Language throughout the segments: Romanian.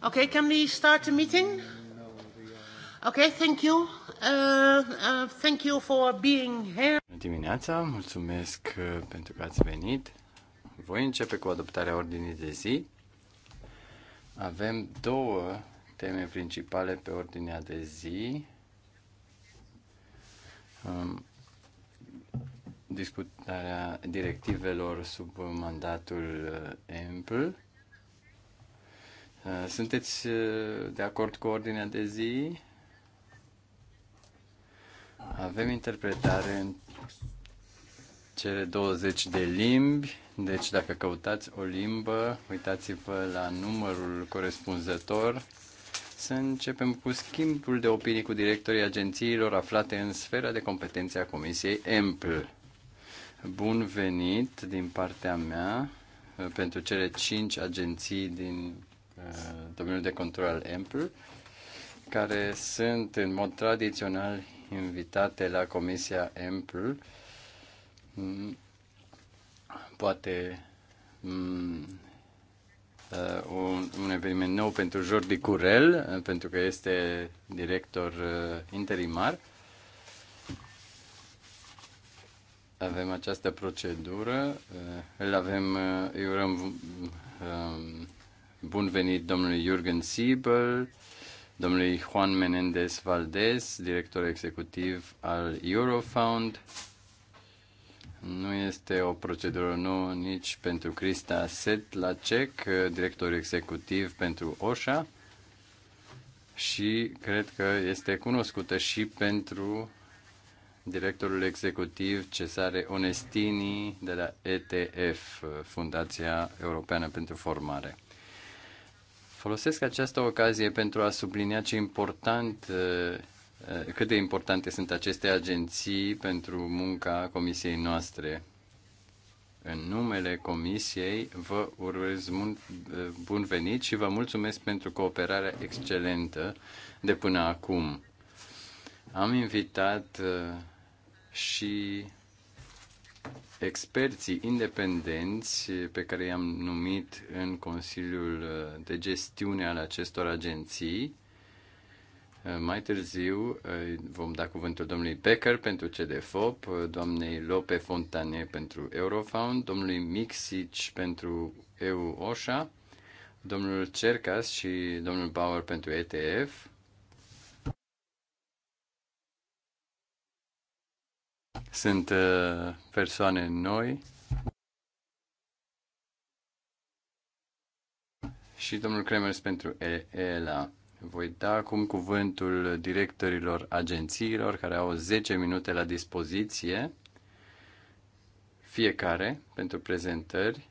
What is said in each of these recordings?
Okay, can we start the meeting? Okay, thank you. Uh, uh, thank you for being here. Dimineața, mulțumesc uh, pentru că ați venit. Voi începe cu adoptarea ordinii de zi. Avem două teme principale pe ordinea de zi. Um, discutarea directivelor sub mandatul EMPL uh, Uh, sunteți uh, de acord cu ordinea de zi? Avem interpretare în cele 20 de limbi, deci dacă căutați o limbă, uitați-vă la numărul corespunzător. Să începem cu schimbul de opinii cu directorii agențiilor aflate în sfera de competențe a Comisiei EMPL. Bun venit din partea mea pentru cele 5 agenții din Uh, domeniul de control al EMPL, care sunt în mod tradițional invitate la Comisia EMPL. Mm, poate mm, uh, un, un eveniment nou pentru Jordi Curel, uh, pentru că este director interimar. Avem această procedură, îl avem, îi urăm um, Bun venit domnului Jürgen Siebel, domnului Juan Menendez Valdez, director executiv al Eurofound. Nu este o procedură nouă nici pentru Crista Setlacek, director executiv pentru OSHA și cred că este cunoscută și pentru directorul executiv Cesare Onestini de la ETF, Fundația Europeană pentru Formare. Folosesc această ocazie pentru a sublinia ce important, eh, cât de importante sunt aceste agenții pentru munca comisiei noastre. În numele comisiei vă urez eh, bun venit și vă mulțumesc pentru cooperarea excelentă de până acum. Am invitat eh, și experții independenți pe care i-am numit în Consiliul de Gestiune al acestor agenții. Uh, mai târziu uh, vom da cuvântul domnului Becker pentru CDFOP, uh, doamnei Lope Fontane pentru Eurofound, domnului Mixic pentru EU-OSHA, domnul Cercas și domnul Bauer pentru ETF Sunt uh, persoane noi și domnul Kremers pentru ELA. Voi da acum cuvântul directorilor agențiilor care au 10 minute la dispoziție fiecare pentru prezentări.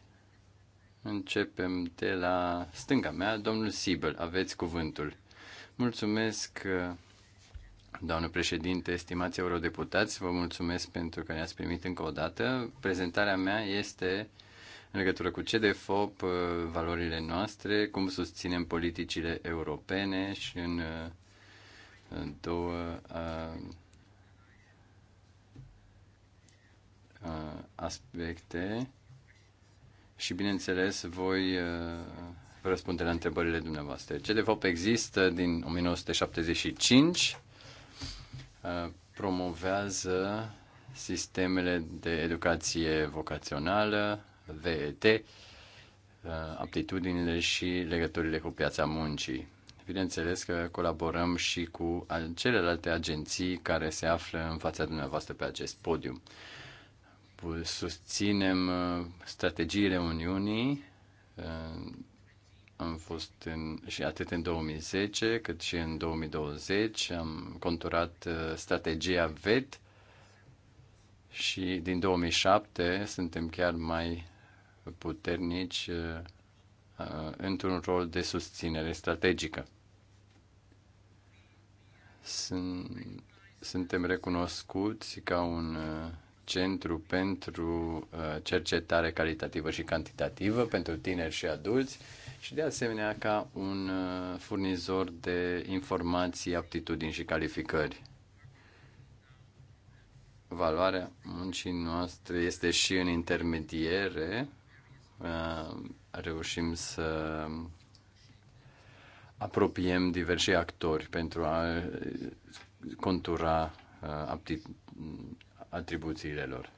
Începem de la stânga mea, domnul Sibel, aveți cuvântul. Mulțumesc uh, Doamnă președinte, estimați eurodeputați, vă mulțumesc pentru că ne-ați primit încă o dată. Prezentarea mea este în legătură cu CDFOP, uh, valorile noastre, cum susținem politicile europene și în uh, două uh, aspecte și, bineînțeles, voi răspunde la întrebările dumneavoastră. CDFOP există din 1975 Uh, promovează sistemele de educație vocațională, VET, uh, aptitudinile și legăturile cu piața muncii. Bineînțeles că colaborăm și cu celelalte agenții care se află în fața dumneavoastră pe acest podium. Susținem uh, strategiile Uniunii am fost în, și atât în 2010 cât și în 2020. Am conturat uh, strategia VET și din 2007 suntem chiar mai puternici uh, uh, într-un rol de susținere strategică. Sunt, suntem recunoscuți ca un Centru pentru uh, Cercetare Calitativă și Cantitativă pentru tineri și adulți și de asemenea ca un uh, furnizor de informații, aptitudini și calificări. Valoarea muncii noastre este și în intermediere. Uh, reușim să apropiem diversi actori pentru a contura aptitudini atribuțiile lor.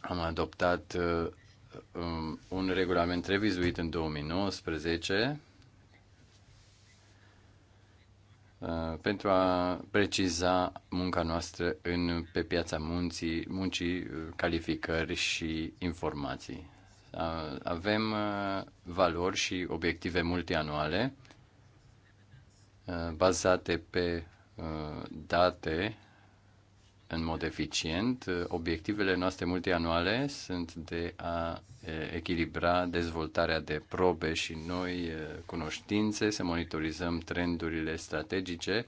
Am adoptat uh, um, un regulament revizuit în 2019 uh, pentru a preciza munca noastră în, pe piața munții, muncii, uh, calificări și informații. Avem valori și obiective multianuale bazate pe date în mod eficient. Obiectivele noastre multianuale sunt de a echilibra dezvoltarea de probe și noi cunoștințe, să monitorizăm trendurile strategice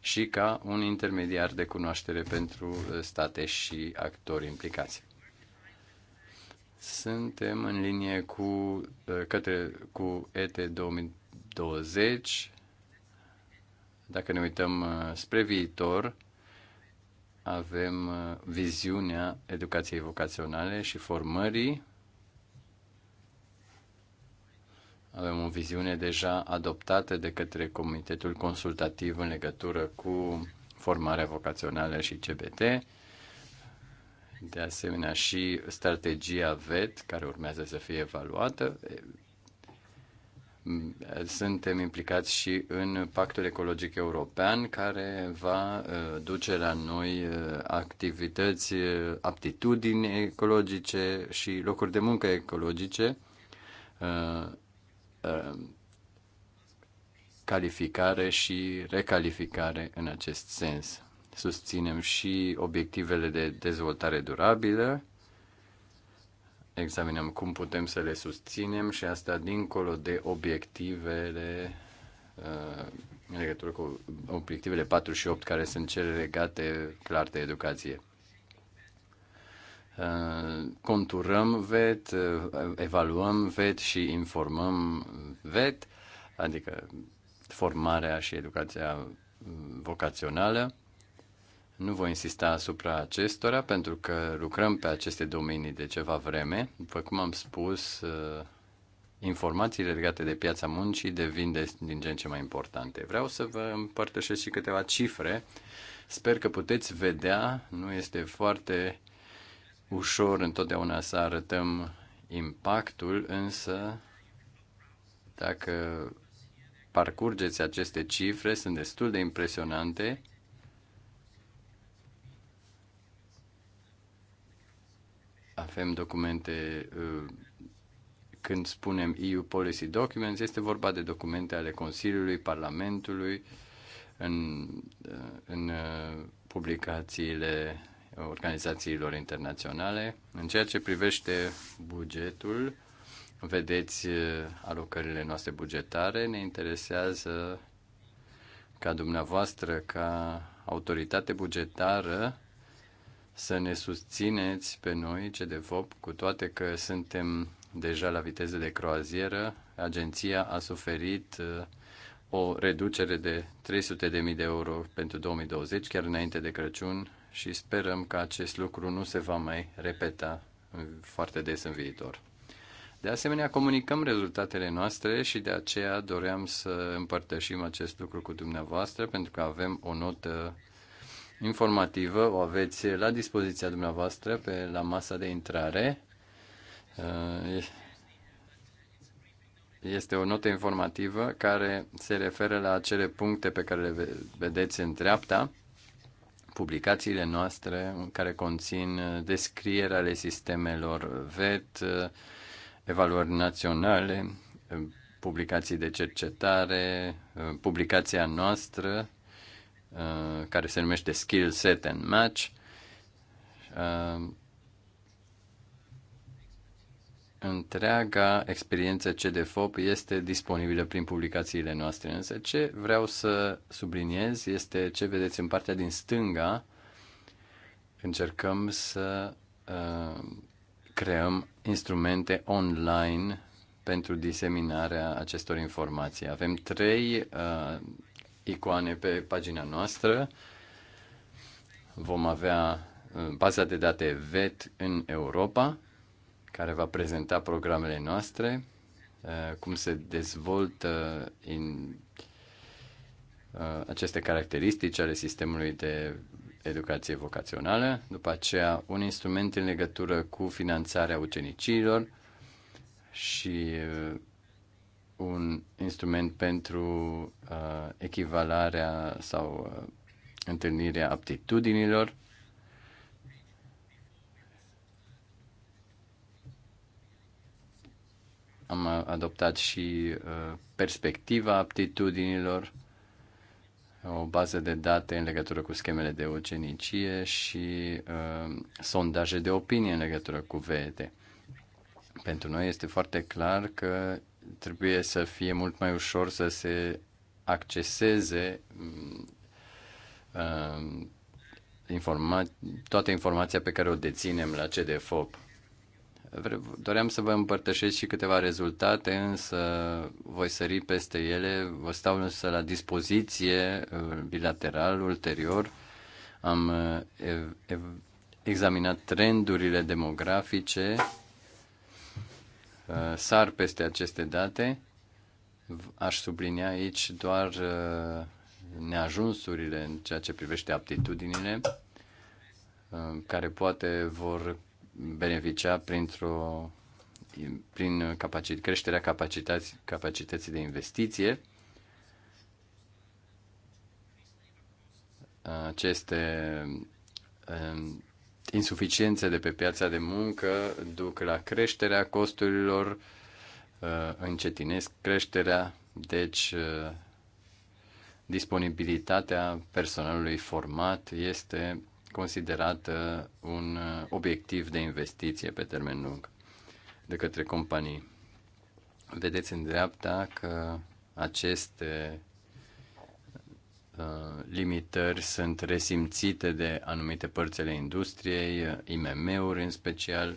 și ca un intermediar de cunoaștere pentru state și actori implicați. Suntem în linie cu, către, cu ET 2020. Dacă ne uităm spre viitor, avem uh, viziunea educației vocaționale și formării. Avem o viziune deja adoptată de către Comitetul Consultativ în legătură cu formarea vocațională și CBT. De asemenea și strategia VET, care urmează să fie evaluată, suntem implicați și în Pactul Ecologic European, care va uh, duce la noi uh, activități, uh, aptitudini ecologice și locuri de muncă ecologice, calificare și recalificare în acest sens. Susținem și obiectivele de dezvoltare durabilă examinăm cum putem să le susținem și asta dincolo de obiectivele uh, în legătură cu obiectivele 4 și 8 care sunt cele legate clar de educație. Uh, conturăm VET, uh, evaluăm VET și informăm VET, adică formarea și educația vocațională nu voi insista asupra acestora pentru că lucrăm pe aceste domenii de ceva vreme. După cum am spus, uh, informațiile legate de piața muncii devin de, din ce în ce mai importante. Vreau să vă împărtășesc și câteva cifre. Sper că puteți vedea, nu este foarte ușor întotdeauna să arătăm impactul, însă dacă parcurgeți aceste cifre, sunt destul de impresionante avem documente uh, când spunem EU Policy Documents, este vorba de documente ale Consiliului, Parlamentului, în, uh, în uh, publicațiile organizațiilor internaționale. În ceea ce privește bugetul, vedeți alocările noastre bugetare. Ne interesează ca dumneavoastră, ca autoritate bugetară, să ne susțineți pe noi, ce de fop, cu toate că suntem deja la viteză de croazieră. Agenția a suferit uh, o reducere de 300.000 de euro pentru 2020, chiar înainte de Crăciun, și sperăm că acest lucru nu se va mai repeta foarte des în viitor. De asemenea, comunicăm rezultatele noastre și de aceea doream să împărtășim acest lucru cu dumneavoastră, pentru că avem o notă informativă o aveți la dispoziția dumneavoastră pe la masa de intrare. Uh, este o notă informativă care se referă la acele puncte pe care le vedeți în dreapta, publicațiile noastre care conțin uh, descrieri ale sistemelor VET, uh, evaluări naționale, publicații de cercetare, publicația noastră Uh, care se numește Skill Set and Match. Uh, întreaga experiență CDFOP este disponibilă prin publicațiile noastre, însă ce vreau să subliniez este ce vedeți în partea din stânga. Încercăm să uh, creăm instrumente online pentru diseminarea acestor informații. Avem trei uh, icoane pe pagina noastră. Vom avea uh, baza de date VET în Europa, care va prezenta programele noastre, uh, cum se dezvoltă în uh, aceste caracteristici ale sistemului de educație vocațională, după aceea un instrument în legătură cu finanțarea ucenicilor și un instrument pentru uh, echivalarea sau uh, întâlnirea aptitudinilor. Am adoptat și uh, perspectiva aptitudinilor, o bază de date în legătură cu schemele de ucenicie și uh, sondaje de opinie în legătură cu VET. Pentru noi este foarte clar că trebuie să fie mult mai ușor să se acceseze uh, informa- toată informația pe care o deținem la CDFOP. Doream să vă împărtășesc și câteva rezultate, însă voi sări peste ele. Vă stau însă la dispoziție uh, bilateral, ulterior. Am uh, examinat trendurile demografice Uh, sar peste aceste date. Aș sublinia aici doar uh, neajunsurile în ceea ce privește aptitudinile, uh, care poate vor beneficia printr-o, prin capacit- creșterea capacități, capacității de investiție. Aceste insuficiențe de pe piața de muncă duc la creșterea costurilor, uh, încetinesc creșterea, deci uh, disponibilitatea personalului format este considerată un uh, obiectiv de investiție pe termen lung de către companii. Vedeți în dreapta că aceste Uh, limitări sunt resimțite de anumite părți ale industriei, uh, IMM-uri în special,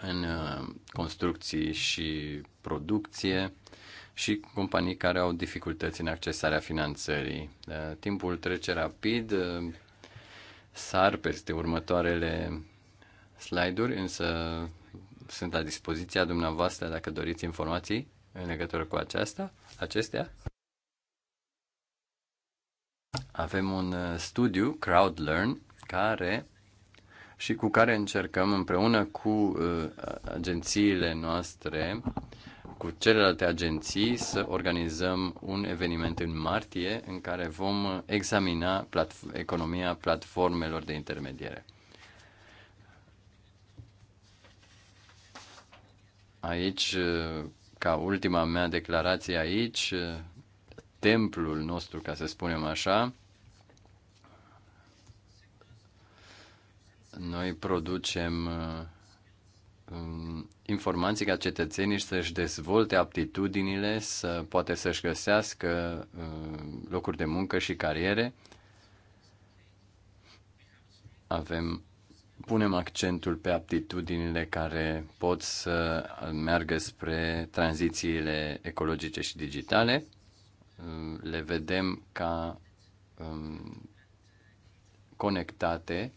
în uh, construcții și producție și companii care au dificultăți în accesarea finanțării. Timpul trece rapid, sar peste următoarele slide-uri, însă sunt la dispoziția dumneavoastră dacă doriți informații în legătură cu aceasta, acestea. Avem un uh, studiu, CrowdLearn, care și cu care încercăm împreună cu uh, agențiile noastre, cu celelalte agenții, să organizăm un eveniment în martie în care vom examina plat- economia platformelor de intermediere. Aici, uh, ca ultima mea declarație aici, uh, templul nostru, ca să spunem așa. Noi producem uh, informații ca cetățenii să-și dezvolte aptitudinile, să poate să-și găsească uh, locuri de muncă și cariere. Avem punem accentul pe aptitudinile care pot să meargă spre tranzițiile ecologice și digitale. Um, le vedem ca um, conectate.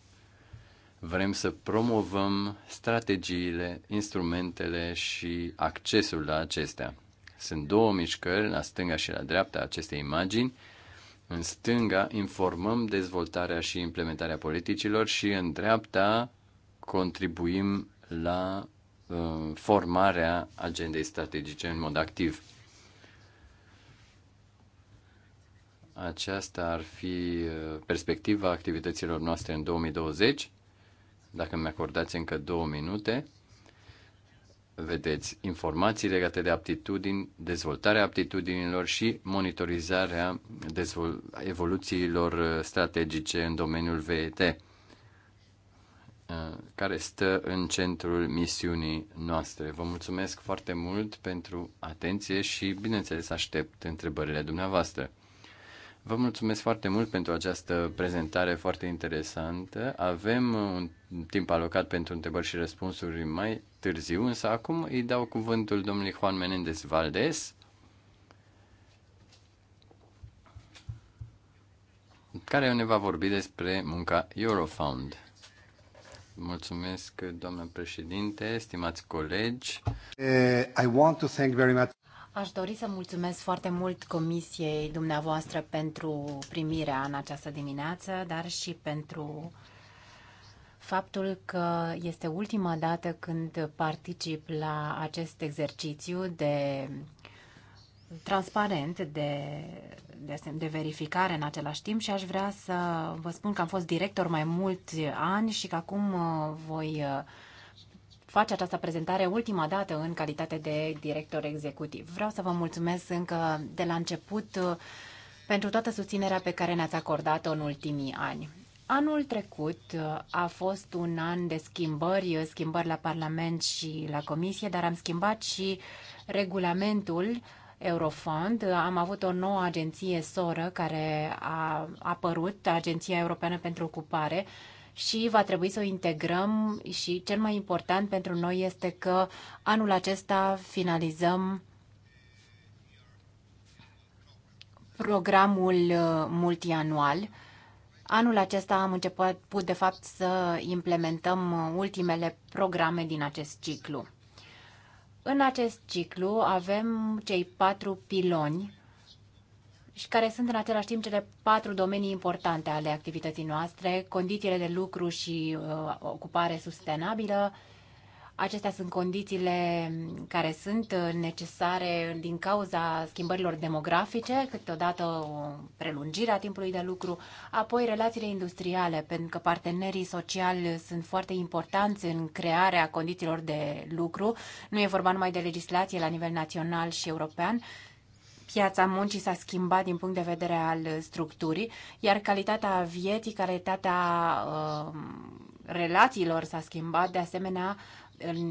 Vrem să promovăm strategiile, instrumentele și accesul la acestea. Sunt două mișcări, la stânga și la dreapta, aceste imagini. În stânga informăm dezvoltarea și implementarea politicilor și în dreapta contribuim la uh, formarea agendei strategice în mod activ. Aceasta ar fi uh, perspectiva activităților noastre în 2020. Dacă mi acordați încă două minute, vedeți informații legate de aptitudini, dezvoltarea aptitudinilor și monitorizarea evoluțiilor uh, strategice în domeniul VET, uh, care stă în centrul misiunii noastre. Vă mulțumesc foarte mult pentru atenție și, bineînțeles, aștept întrebările dumneavoastră. Vă mulțumesc foarte mult pentru această prezentare foarte interesantă. Avem un timp alocat pentru întrebări și răspunsuri mai târziu, însă acum îi dau cuvântul domnului Juan Menendez Valdez, care ne va vorbi despre munca Eurofound. Mulțumesc, doamnă președinte, stimați colegi. Uh, I want to thank very much. Aș dori să mulțumesc foarte mult comisiei dumneavoastră pentru primirea în această dimineață, dar și pentru faptul că este ultima dată când particip la acest exercițiu de transparent, de, de, de verificare în același timp și aș vrea să vă spun că am fost director mai mulți ani și că acum uh, voi uh, face această prezentare ultima dată în calitate de director executiv. Vreau să vă mulțumesc încă de la început uh, pentru toată susținerea pe care ne-ați acordat-o în ultimii ani. Anul trecut uh, a fost un an de schimbări, uh, schimbări la Parlament și la Comisie, dar am schimbat și regulamentul Eurofond. Am avut o nouă agenție soră care a apărut, Agenția Europeană pentru Ocupare, și va trebui să o integrăm și cel mai important pentru noi este că anul acesta finalizăm programul uh, multianual. Anul acesta am început, de fapt, să implementăm uh, ultimele programe din acest ciclu. În acest ciclu avem cei patru piloni și care sunt în același timp cele patru domenii importante ale activității noastre, condițiile de lucru și uh, ocupare sustenabilă. Acestea sunt condițiile care sunt uh, necesare din cauza schimbărilor demografice, câteodată o prelungire a timpului de lucru, apoi relațiile industriale, pentru că partenerii sociali sunt foarte importanți în crearea condițiilor de lucru. Nu e vorba numai de legislație la nivel național și european, Piața muncii s-a schimbat din punct de vedere al structurii, iar calitatea vieții, calitatea uh, relațiilor s-a schimbat de asemenea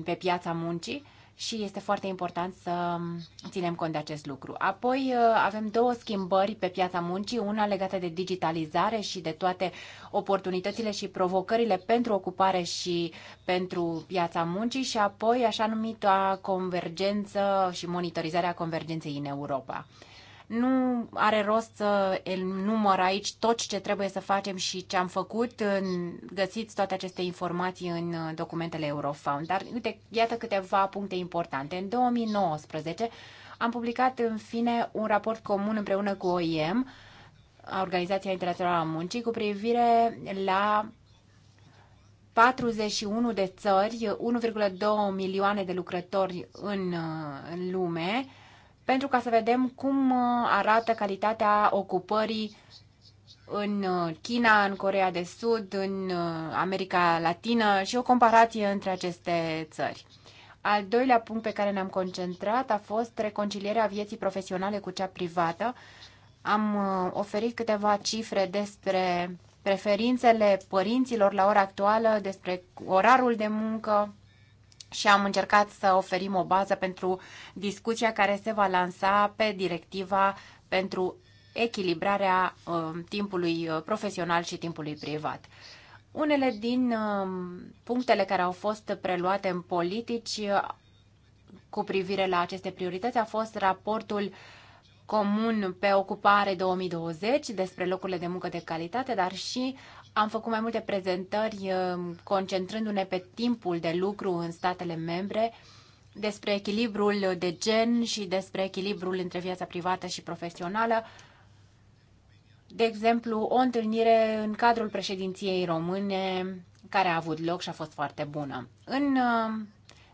pe piața muncii și este foarte important să ținem cont de acest lucru. Apoi uh, avem două schimbări pe piața muncii, una legată de digitalizare și de toate oportunitățile și provocările pentru ocupare și pentru piața muncii și apoi așa numită convergență și monitorizarea convergenței în Europa. Nu are rost să număr aici tot ce trebuie să facem și ce am făcut. Găsiți toate aceste informații în uh, documentele Eurofound. Dar uite, iată câteva puncte importante. În 2019 am publicat în fine un raport comun împreună cu OIM, Organizația Internațională a Muncii, cu privire la 41 de țări, 1,2 milioane de lucrători în, uh, în lume, pentru ca să vedem cum uh, arată calitatea ocupării în uh, China, în Corea de Sud, în uh, America Latină și o comparație între aceste țări. Al doilea punct pe care ne-am concentrat a fost reconcilierea vieții profesionale cu cea privată. Am oferit câteva cifre despre preferințele părinților la ora actuală, despre orarul de muncă, și am încercat să oferim o bază pentru discuția care se va lansa pe directiva pentru echilibrarea um, timpului uh, profesional și timpului privat. Unele din um, punctele care au fost preluate în politici uh, cu privire la aceste priorități a fost raportul comun pe ocupare 2020 despre locurile de muncă de calitate, dar și am făcut mai multe prezentări um, concentrându-ne pe timpul de lucru în statele membre despre echilibrul de gen și despre echilibrul între viața privată și profesională. De exemplu, o întâlnire în cadrul președinției române care a avut loc și a fost foarte bună. În um,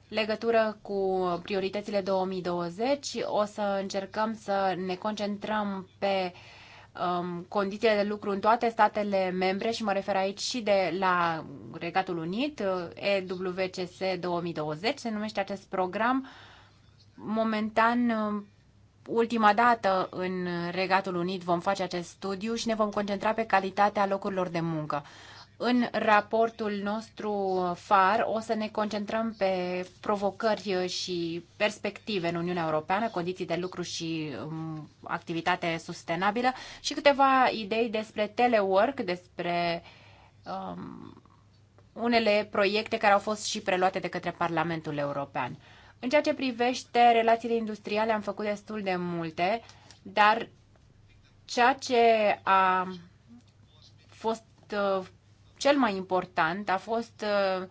legătură cu prioritățile 2020, o să încercăm să ne concentrăm pe uh, um, condițiile de lucru în toate statele membre și mă refer aici și de la Regatul Unit, uh, EWCS 2020 se numește acest program. Momentan uh, ultima dată în Regatul Unit vom face acest studiu și ne vom concentra pe calitatea locurilor de muncă în raportul nostru FAR o să ne concentrăm pe provocări și perspective în Uniunea Europeană, condiții de lucru și um, activitate sustenabilă și câteva idei despre telework, despre um, unele proiecte care au fost și preluate de către Parlamentul European. În ceea ce privește relațiile industriale am făcut destul de multe, dar ceea ce a fost uh, cel mai important a fost uh,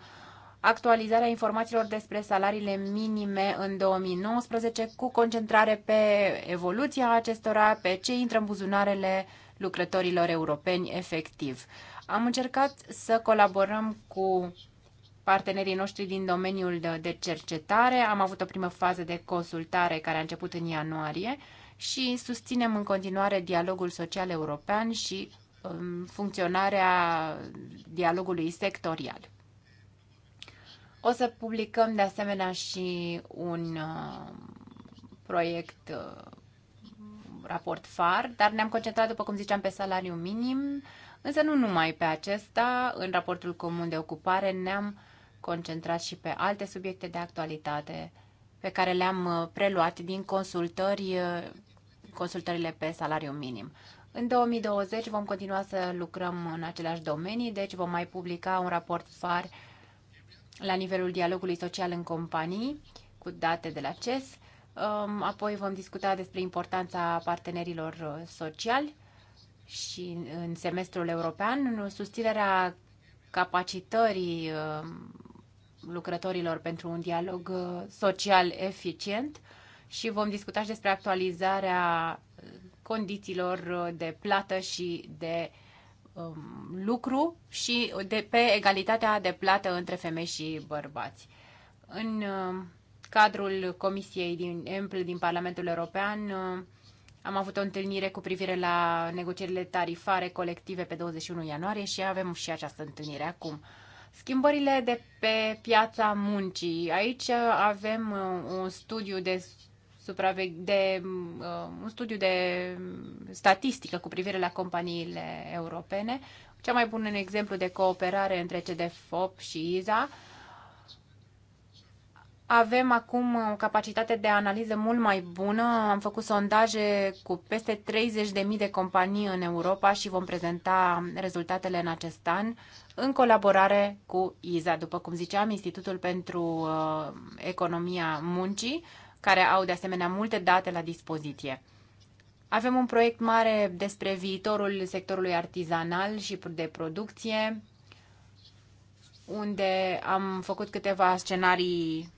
actualizarea informațiilor despre salariile minime în 2019 cu concentrare pe evoluția acestora, pe ce intră în buzunarele lucrătorilor europeni efectiv. Am încercat să colaborăm cu partenerii noștri din domeniul de cercetare. Am avut o primă fază de consultare care a început în ianuarie și susținem în continuare dialogul social european și funcționarea dialogului sectorial. O să publicăm de asemenea și un uh, proiect uh, raport FAR, dar ne-am concentrat, după cum ziceam, pe salariu minim, însă nu numai pe acesta. În raportul comun de ocupare ne-am concentrat și pe alte subiecte de actualitate pe care le-am uh, preluat din consultări, consultările pe salariu minim. În 2020 vom continua să lucrăm în aceleași domenii, deci vom mai publica un raport far la nivelul dialogului social în companii cu date de la CES. Um, apoi vom discuta despre importanța partenerilor uh, sociali și în semestrul european, în susținerea capacitării um, lucrătorilor pentru un dialog uh, social eficient și vom discuta și despre actualizarea condițiilor uh, de plată și de um, lucru și de, pe egalitatea de plată între femei și bărbați. În uh, cadrul Comisiei din EMPL din Parlamentul European uh, am avut o întâlnire cu privire la negocierile tarifare colective pe 21 ianuarie și avem și această întâlnire acum. Schimbările de pe piața muncii. Aici avem un studiu de de uh, un studiu de statistică cu privire la companiile europene. Cea mai bun exemplu de cooperare între CDFOP și ISA avem acum o capacitate de analiză mult mai bună. Am făcut sondaje cu peste 30.000 de companii în Europa și vom prezenta rezultatele în acest an în colaborare cu ISA, după cum ziceam, Institutul pentru uh, Economia Muncii care au de asemenea multe date la dispoziție. Avem un proiect mare despre viitorul sectorului artizanal și de producție, unde am făcut câteva scenarii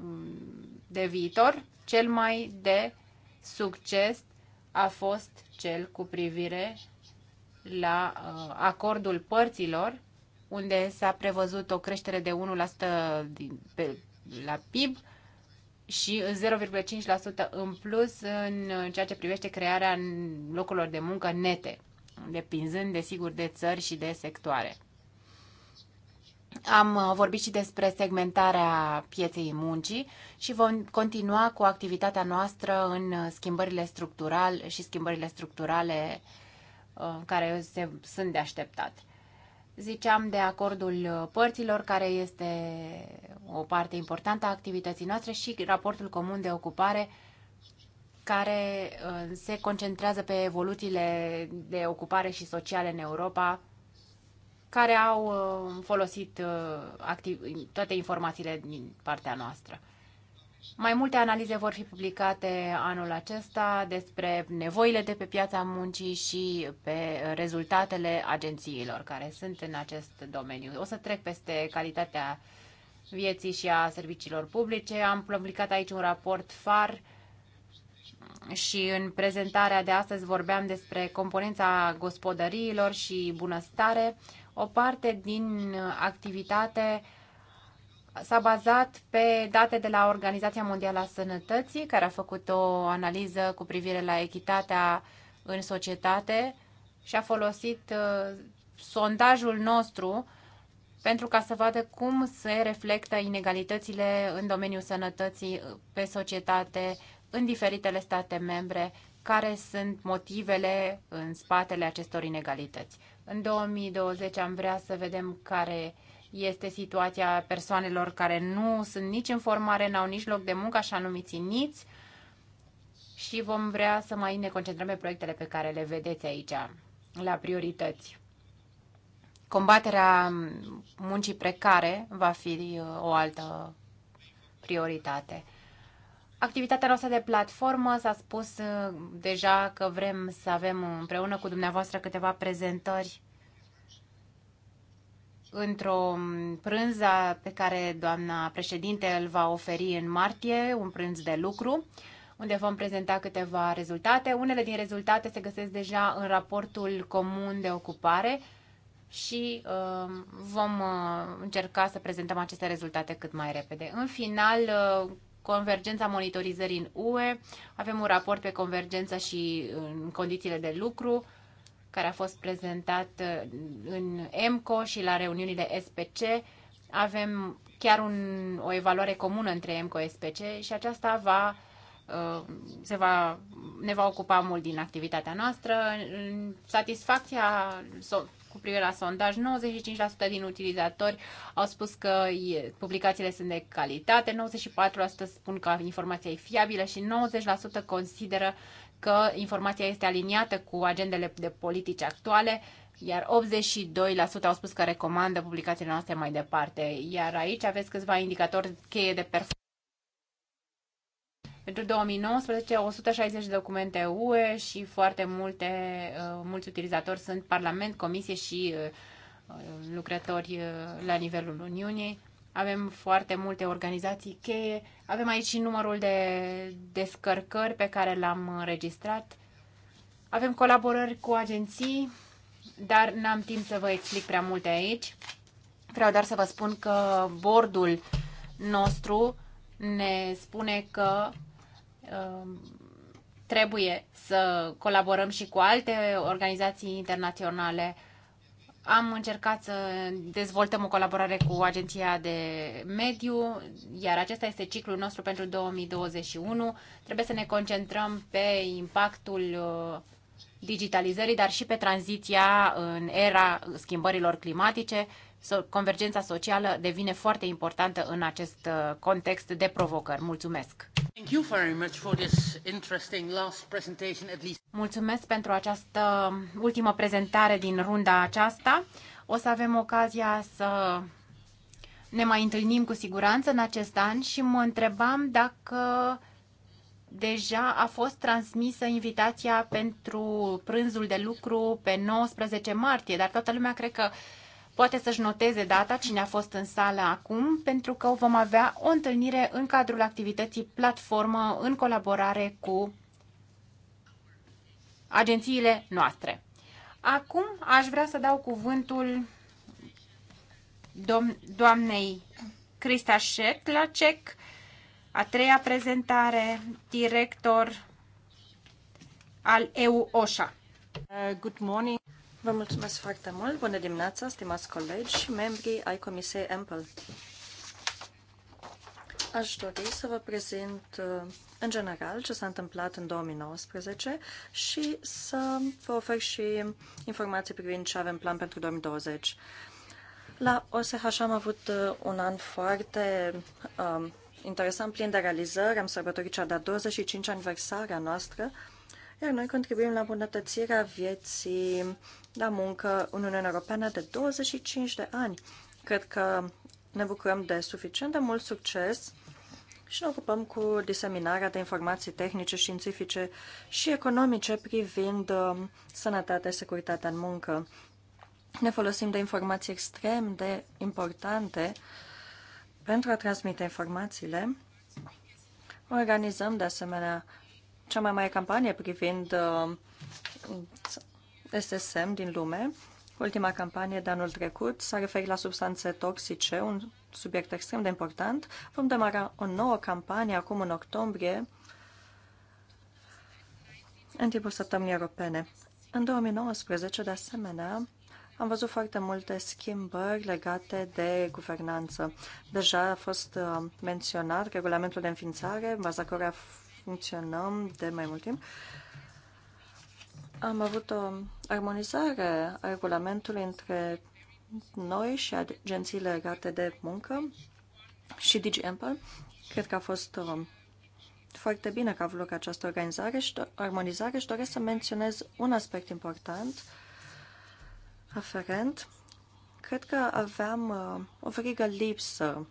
mm, de viitor. Cel mai de succes a fost cel cu privire la uh, acordul părților, unde s-a prevăzut o creștere de 1% la PIB și 0,5% în plus în ceea ce privește crearea locurilor de muncă nete, depinzând, desigur, de țări și de sectoare. Am uh, vorbit și despre segmentarea pieței muncii și vom continua cu activitatea noastră în schimbările structurale și schimbările structurale uh, care se, sunt de așteptat. Ziceam de acordul uh, părților, care este o parte importantă a activității noastre și raportul comun de ocupare, care uh, se concentrează pe evoluțiile de ocupare și sociale în Europa, care au uh, folosit toate informațiile din partea noastră. Mai multe analize vor fi publicate anul acesta despre nevoile de pe piața muncii și pe rezultatele agențiilor care sunt în acest domeniu. O să trec peste calitatea vieții și a serviciilor publice. Am publicat aici un raport FAR și în prezentarea de astăzi vorbeam despre componența gospodăriilor și bunăstare. O parte din activitate s-a bazat pe date de la Organizația Mondială a Sănătății, care a făcut o analiză cu privire la echitatea în societate și a folosit uh, sondajul nostru pentru ca să vadă cum se reflectă inegalitățile în domeniul sănătății uh, pe societate în diferitele state membre, care sunt motivele în spatele acestor inegalități. În 2020 am vrea să vedem care uh, este situația persoanelor care nu sunt nici în formare, n-au nici loc de muncă, așa numiți niți, și vom vrea să mai ne concentrăm pe proiectele pe care le vedeți aici, la priorități. Combaterea muncii precare va fi uh, o altă prioritate. Activitatea noastră de platformă s-a spus uh, deja că vrem să avem împreună cu dumneavoastră câteva prezentări într-o prânză pe care doamna președinte îl va oferi în martie, un prânz de lucru, unde vom prezenta câteva rezultate. Unele din rezultate se găsesc deja în raportul comun de ocupare și uh, vom uh, încerca să prezentăm aceste rezultate cât mai repede. În final, uh, convergența monitorizării în UE, avem un raport pe convergență și în condițiile de lucru, care a fost prezentat uh, în EMCO și la reuniunile SPC. Avem chiar un, o evaluare comună între EMCO-SPC și aceasta va, uh, se va, ne va ocupa mult din activitatea noastră. Satisfacția cu privire la sondaj, 95% din utilizatori au spus că publicațiile sunt de calitate, 94% spun că informația e fiabilă și 90% consideră că informația este aliniată cu agendele de politici actuale, iar 82% au spus că recomandă publicațiile noastre mai departe. Iar aici aveți câțiva indicatori cheie de performanță. Pentru 2019, 160 de documente UE și foarte multe, uh, mulți utilizatori sunt Parlament, Comisie și uh, uh, lucrători la nivelul Uniunii avem foarte multe organizații cheie, avem aici și numărul de descărcări pe care l-am înregistrat, avem colaborări cu agenții, dar n-am timp să vă explic prea multe aici. Vreau doar să vă spun că bordul nostru ne spune că uh, trebuie să colaborăm și cu alte organizații internaționale uh, am încercat să dezvoltăm o colaborare cu Agenția de Mediu, iar acesta este ciclul nostru pentru 2021. Trebuie să ne concentrăm pe impactul uh, digitalizării, dar și pe tranziția în era schimbărilor climatice. Convergența socială devine foarte importantă în acest uh, context de provocări. Mulțumesc! Mulțumesc pentru această ultimă prezentare din runda aceasta. O să avem ocazia să ne mai întâlnim cu siguranță în acest an și mă întrebam dacă deja a fost transmisă invitația pentru prânzul de lucru pe 19 martie, dar toată lumea cred că poate să-și noteze data cine a fost în sală acum, pentru că vom avea o întâlnire în cadrul activității platformă în colaborare cu agențiile noastre. Acum aș vrea să dau cuvântul doamnei Crista Șetlacek, a treia prezentare, director al EU OSHA. Uh, good morning. Vă mulțumesc foarte mult. Bună dimineața, stimați colegi și membrii ai Comisiei Ample. Aș dori să vă prezint uh, în general ce s-a întâmplat în 2019 și să vă ofer și informații privind ce avem plan pentru 2020. La OSH am avut uh, un an foarte um, interesant, plin de realizări. Am sărbătorit cea de-a 25 aniversare a noastră iar noi contribuim la îmbunătățirea vieții la muncă în Uniunea Europeană de 25 de ani. Cred că ne bucurăm de suficient de mult succes și ne ocupăm cu diseminarea de informații tehnice, științifice și economice privind uh, sănătatea și securitatea în muncă. Ne folosim de informații extrem de importante pentru a transmite informațiile. Organizăm de asemenea cea mai mare campanie privind uh, SSM din lume. Ultima campanie de anul trecut s-a referit la substanțe toxice, un subiect extrem de important. Vom demara o nouă campanie acum în octombrie, în timpul săptămânii europene. În 2019, de asemenea, am văzut foarte multe schimbări legate de guvernanță. Deja a fost uh, menționat regulamentul de înființare, în baza a funcționăm de mai mult timp, am avut o armonizare a regulamentului între noi și agențiile legate de muncă și DigiEmple. Cred că a fost uh, foarte bine că a avut loc această organizare și armonizare și doresc să menționez un aspect important aferent. Cred că aveam uh, o frigă lipsă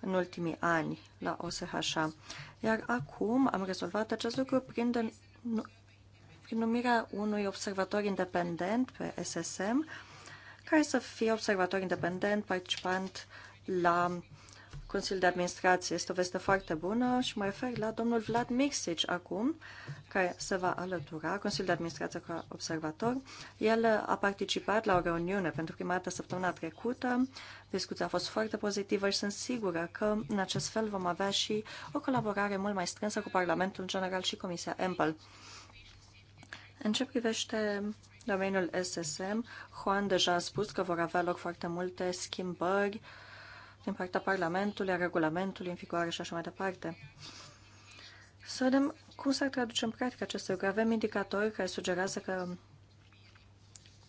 în ultimii ani la OSHA. Iar acum am rezolvat acest lucru prin, de, prin numirea unui observator independent pe SSM, care să fie observator independent, participant la Consiliul de Administrație. Este o veste foarte bună și mă refer la domnul Vlad Mixici acum, care se va alătura Consiliul de Administrație ca observator. El a participat la o reuniune pentru prima dată săptămâna trecută. Discuția a fost foarte pozitivă și sunt sigură că în acest fel vom avea și o colaborare mult mai strânsă cu Parlamentul în general și Comisia Ample. În ce privește domeniul SSM, Juan deja a spus că vor avea loc foarte multe schimbări uh, din partea Parlamentului, a regulamentului în vigoare și așa mai departe. Să vedem cum s-ar traduce în practică acest lucru. Avem indicatori care sugerează că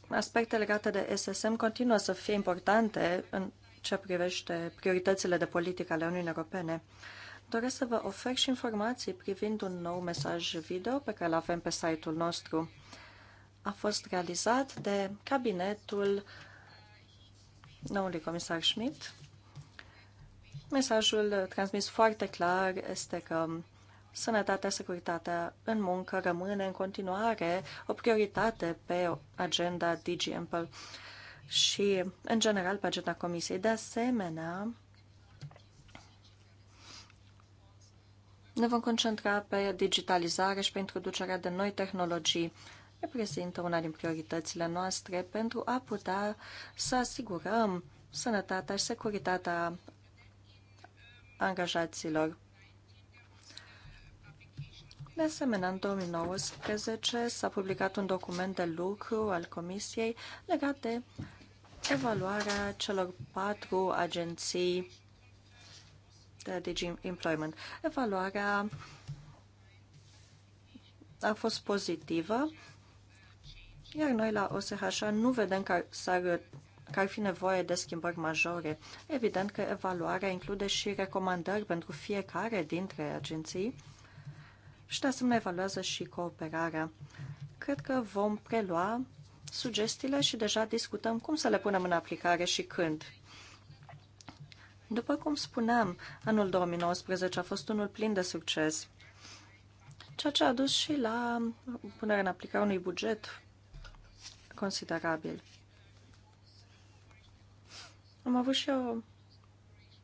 aspecte legate de SSM continuă să fie importante în ce privește prioritățile de politică ale Uniunii Europene. Doresc să vă ofer și informații privind un nou mesaj video pe care îl avem pe site-ul nostru. A fost realizat de cabinetul noului comisar Schmidt Mesajul transmis foarte clar este că sănătatea, securitatea în muncă rămâne în continuare o prioritate pe agenda DigiEmpel și, în general, pe agenda Comisiei. De asemenea, ne vom concentra pe digitalizare și pe introducerea de noi tehnologii. Reprezintă una din prioritățile noastre pentru a putea să asigurăm sănătatea și securitatea angajaților. De asemenea, în 2019 s-a publicat un document de lucru al Comisiei legat de evaluarea celor patru agenții de Digi Employment. Evaluarea a fost pozitivă, iar noi la OSHA nu vedem că s-ar că ar fi nevoie de schimbări majore. Evident că evaluarea include și recomandări pentru fiecare dintre agenții și de asemenea evaluează și cooperarea. Cred că vom prelua sugestiile și deja discutăm cum să le punem în aplicare și când. După cum spuneam, anul 2019 a fost unul plin de succes, ceea ce a dus și la punerea în aplicare unui buget considerabil. Am avut și o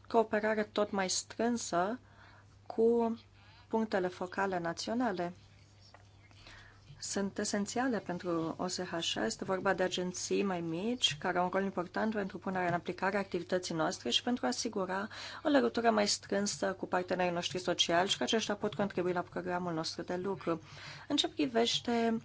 cooperare tot mai strânsă cu punctele focale naționale. Sunt esențiale pentru OSHS. Este vorba de agenții mai mici care au un rol important pentru punerea în aplicare a activității noastre și pentru a asigura o legătură mai strânsă cu partenerii noștri sociali și că aceștia pot contribui la programul nostru de lucru. În ce privește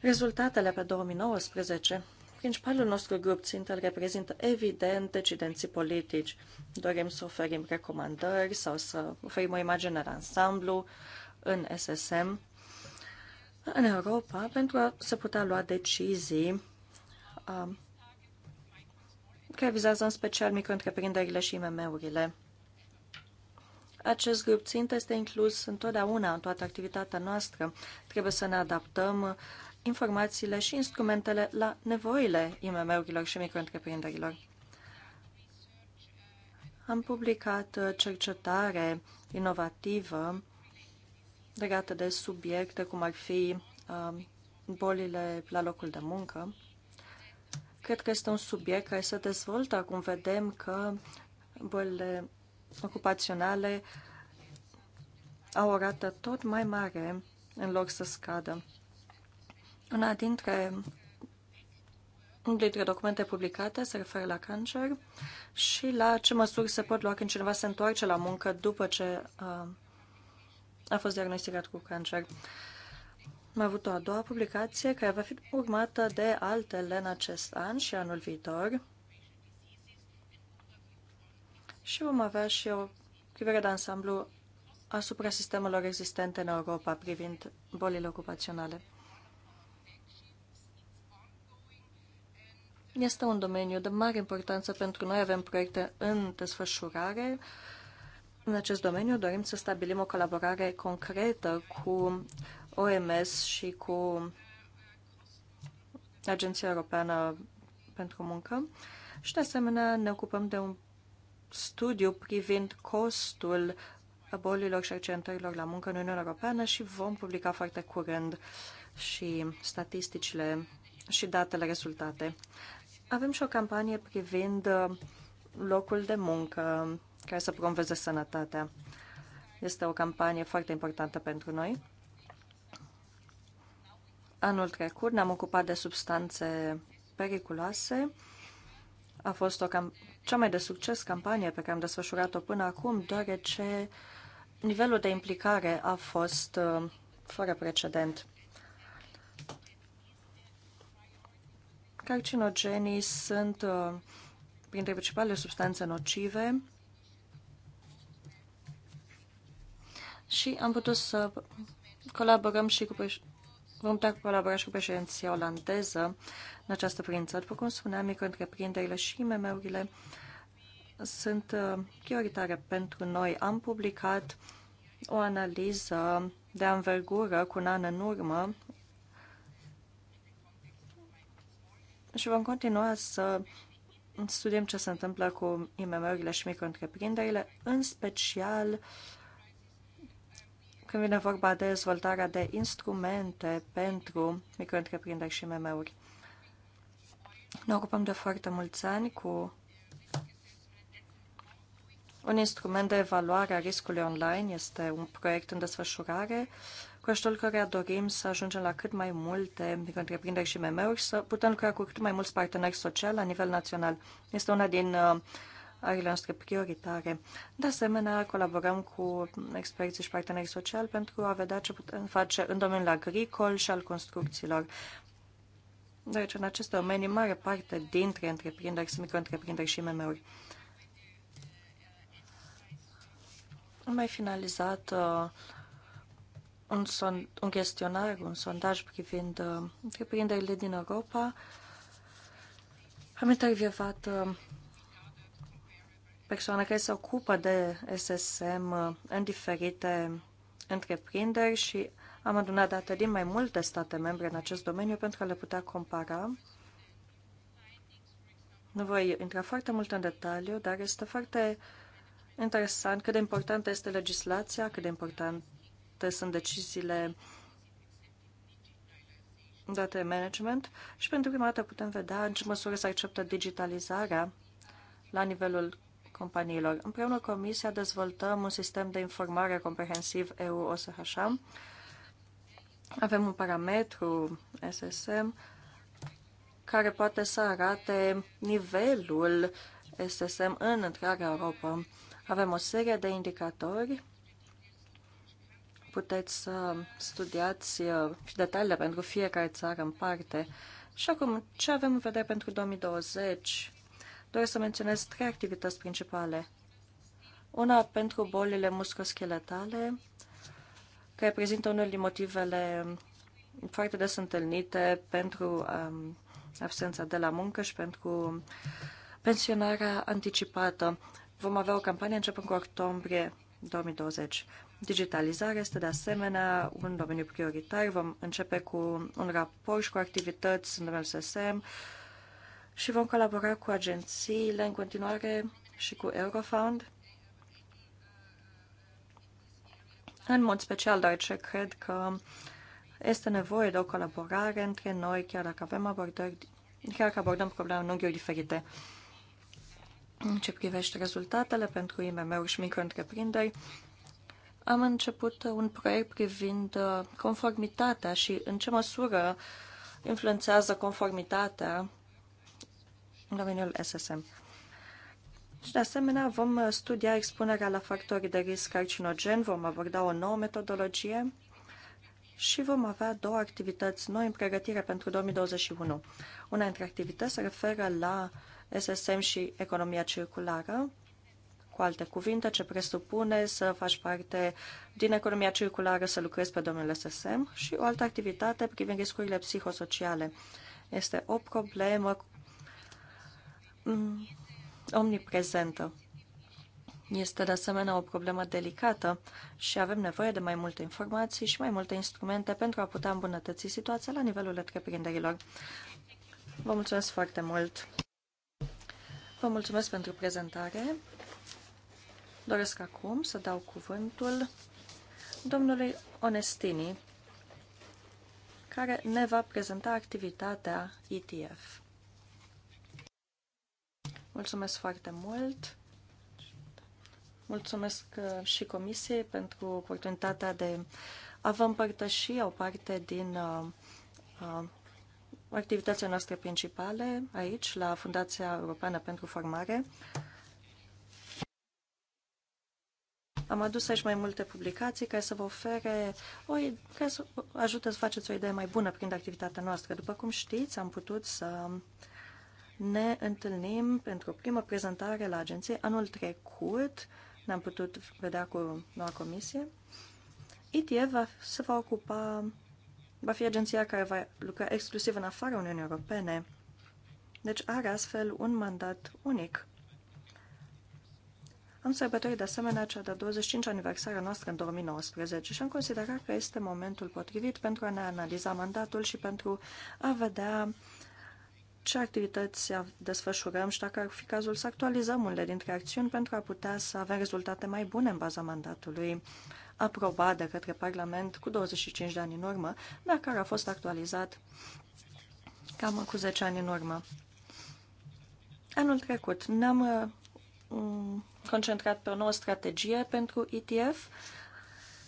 rezultatele pe 2019, Principalul nostru grup țintă îl reprezintă evident decidenții politici. Dorim să oferim recomandări sau să oferim o imagine de ansamblu în SSM în Europa pentru a se putea lua decizii um, care vizează în special micro-întreprinderile și IMM-urile. Acest grup țintă este inclus întotdeauna în toată activitatea noastră. Trebuie să ne adaptăm uh, informațiile și instrumentele la nevoile IMM-urilor și micro-întreprinderilor. Am publicat uh, cercetare inovativă legată de subiecte cum ar fi uh, bolile la locul de muncă. Cred că este un subiect care se dezvoltă acum. Vedem că bolile ocupaționale au o rată tot mai mare în loc să scadă. Una dintre unul dintre documente publicate se referă la cancer și la ce măsuri se pot lua când cineva se întoarce la muncă după ce uh, a fost diagnosticat cu cancer. Am avut o a doua publicație care va fi urmată de altele în acest an și anul viitor. Și vom avea și o privire de ansamblu asupra sistemelor existente în Europa privind bolile ocupaționale. Este un domeniu de mare importanță pentru noi, avem proiecte în desfășurare. În acest domeniu dorim să stabilim o colaborare concretă cu OMS și cu Agenția Europeană pentru Muncă și, de asemenea, ne ocupăm de un studiu privind costul bolilor și accidentărilor la muncă în Uniunea Europeană și vom publica foarte curând și statisticile și datele rezultate. Avem și o campanie privind uh, locul de muncă care să promoveze sănătatea. Este o campanie foarte importantă pentru noi. Anul trecut ne-am ocupat de substanțe periculoase. A fost o cam- cea mai de succes campanie pe care am desfășurat-o până acum, deoarece nivelul de implicare a fost uh, fără precedent. Carcinogenii sunt uh, printre principalele substanțe nocive și am putut să colaborăm și cu vom putea colabora și cu președinția olandeză în această prință. După cum spuneam, micro-întreprinderile și IMM-urile sunt uh, prioritare pentru noi. Am publicat o analiză de anvergură cu un an în urmă și vom continua să studiem ce se întâmplă cu IMM-urile și micro-întreprinderile, în special când vine vorba de dezvoltarea de instrumente pentru micro-întreprinderi și IMM-uri. Ne ocupăm de foarte mulți ani cu un instrument de evaluare a riscului online. Este un proiect în desfășurare uh, cu ajutorul căreia dorim să ajungem la cât mai multe întreprinderi și MM-uri, să putem lucra cu cât mai mulți parteneri sociali la nivel național. Este una din uh, arile noastre prioritare. De asemenea, colaborăm cu experții și partenerii sociali pentru a vedea ce putem face în domeniul agricol și al construcțiilor. Deci, în aceste domenii, mare parte dintre întreprinderi, micro-întreprinderi și MM-uri. Am mai finalizat uh, un, son, un chestionar, un sondaj privind uh, întreprinderile din Europa. Am intervievat uh, persoane care se ocupă de SSM uh, în diferite întreprinderi și am adunat date din mai multe state membre în acest domeniu pentru a le putea compara. Nu voi intra foarte mult în detaliu, dar este foarte interesant cât de importantă este legislația, cât de important Importante sunt deciziile date de management și pentru prima dată putem vedea în ce măsură se acceptă digitalizarea la nivelul companiilor. Împreună cu Comisia dezvoltăm un sistem de informare comprehensiv EU-OSHH. Avem un parametru SSM care poate să arate nivelul SSM în întreaga Europa. Avem o serie de indicatori puteți să studiați uh, și detaliile pentru fiecare țară în parte. Și acum, ce avem în vedere pentru 2020? Doresc să menționez trei activități principale. Una pentru bolile musculoscheletale, care prezintă unul din motivele foarte des întâlnite pentru um, absența de la muncă și pentru pensionarea anticipată. Vom avea o campanie începând cu octombrie 2020. Digitalizarea este de asemenea un domeniu prioritar. Vom începe cu un raport și cu activități în domeniul SSM și vom colabora cu agențiile în continuare și cu Eurofound. În mod special, deoarece cred că este nevoie de o colaborare între noi, chiar dacă avem abordări, chiar dacă abordăm probleme în unghiuri diferite. În ce privește rezultatele pentru IMM-uri și micro-întreprinderi, am început un proiect privind uh, conformitatea și în ce măsură influențează conformitatea în domeniul SSM. Și de asemenea vom uh, studia expunerea la factori de risc carcinogen, vom aborda o nouă metodologie și vom avea două activități noi în pregătire pentru 2021. Una dintre activități se referă la SSM și economia circulară, cu alte cuvinte, ce presupune să faci parte din economia circulară, să lucrezi pe domeniul SSM și o altă activitate privind riscurile psihosociale. Este o problemă mm, omniprezentă. Este de asemenea o problemă delicată și avem nevoie de mai multe informații și mai multe instrumente pentru a putea îmbunătăți situația la nivelul întreprinderilor. Vă mulțumesc foarte mult! Vă mulțumesc pentru prezentare. Doresc acum să dau cuvântul domnului Onestini, care ne va prezenta activitatea ETF. Mulțumesc foarte mult! Mulțumesc uh, și Comisiei pentru oportunitatea de a vă împărtăși o parte din uh, uh, activitățile noastre principale aici, la Fundația Europeană pentru Formare. Uh, Am adus aici mai multe publicații care să vă ofere o, care să ajute să faceți o idee mai bună prin activitatea noastră. După cum știți, am putut să ne întâlnim pentru o primă prezentare la agenție anul trecut. Ne-am putut vedea cu noua comisie. ETF va, se va ocupa, va fi agenția care va lucra exclusiv în afara Uniunii Europene. Deci are astfel un mandat unic am sărbătorit de asemenea cea de 25 aniversare noastră în 2019 și am considerat că este momentul potrivit pentru a ne analiza mandatul și pentru a vedea ce activități desfășurăm și dacă ar fi cazul să actualizăm unele dintre acțiuni pentru a putea să avem rezultate mai bune în baza mandatului aprobat de către Parlament cu 25 de ani în urmă, dar care a fost actualizat cam cu 10 ani în urmă. Anul trecut ne-am Mm, concentrat pe o nouă strategie pentru ETF.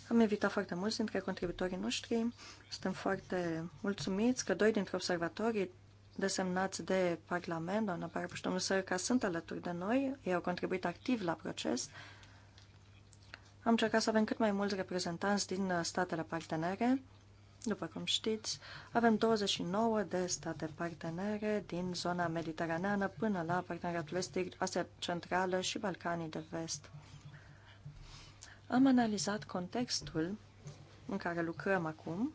Am invitat foarte mulți dintre contributorii noștri. Suntem foarte mulțumiți că doi dintre observatorii desemnați de Parlament, doamna Barbu și domnul Sărca, sunt alături de noi. Ei au contribuit activ la proces. Am încercat să avem cât mai mulți reprezentanți din statele partenere după cum știți, avem 29 de state partenere din zona mediteraneană până la parteneriatul estic, Asia Centrală și Balcanii de Vest. Am analizat contextul în care lucrăm acum,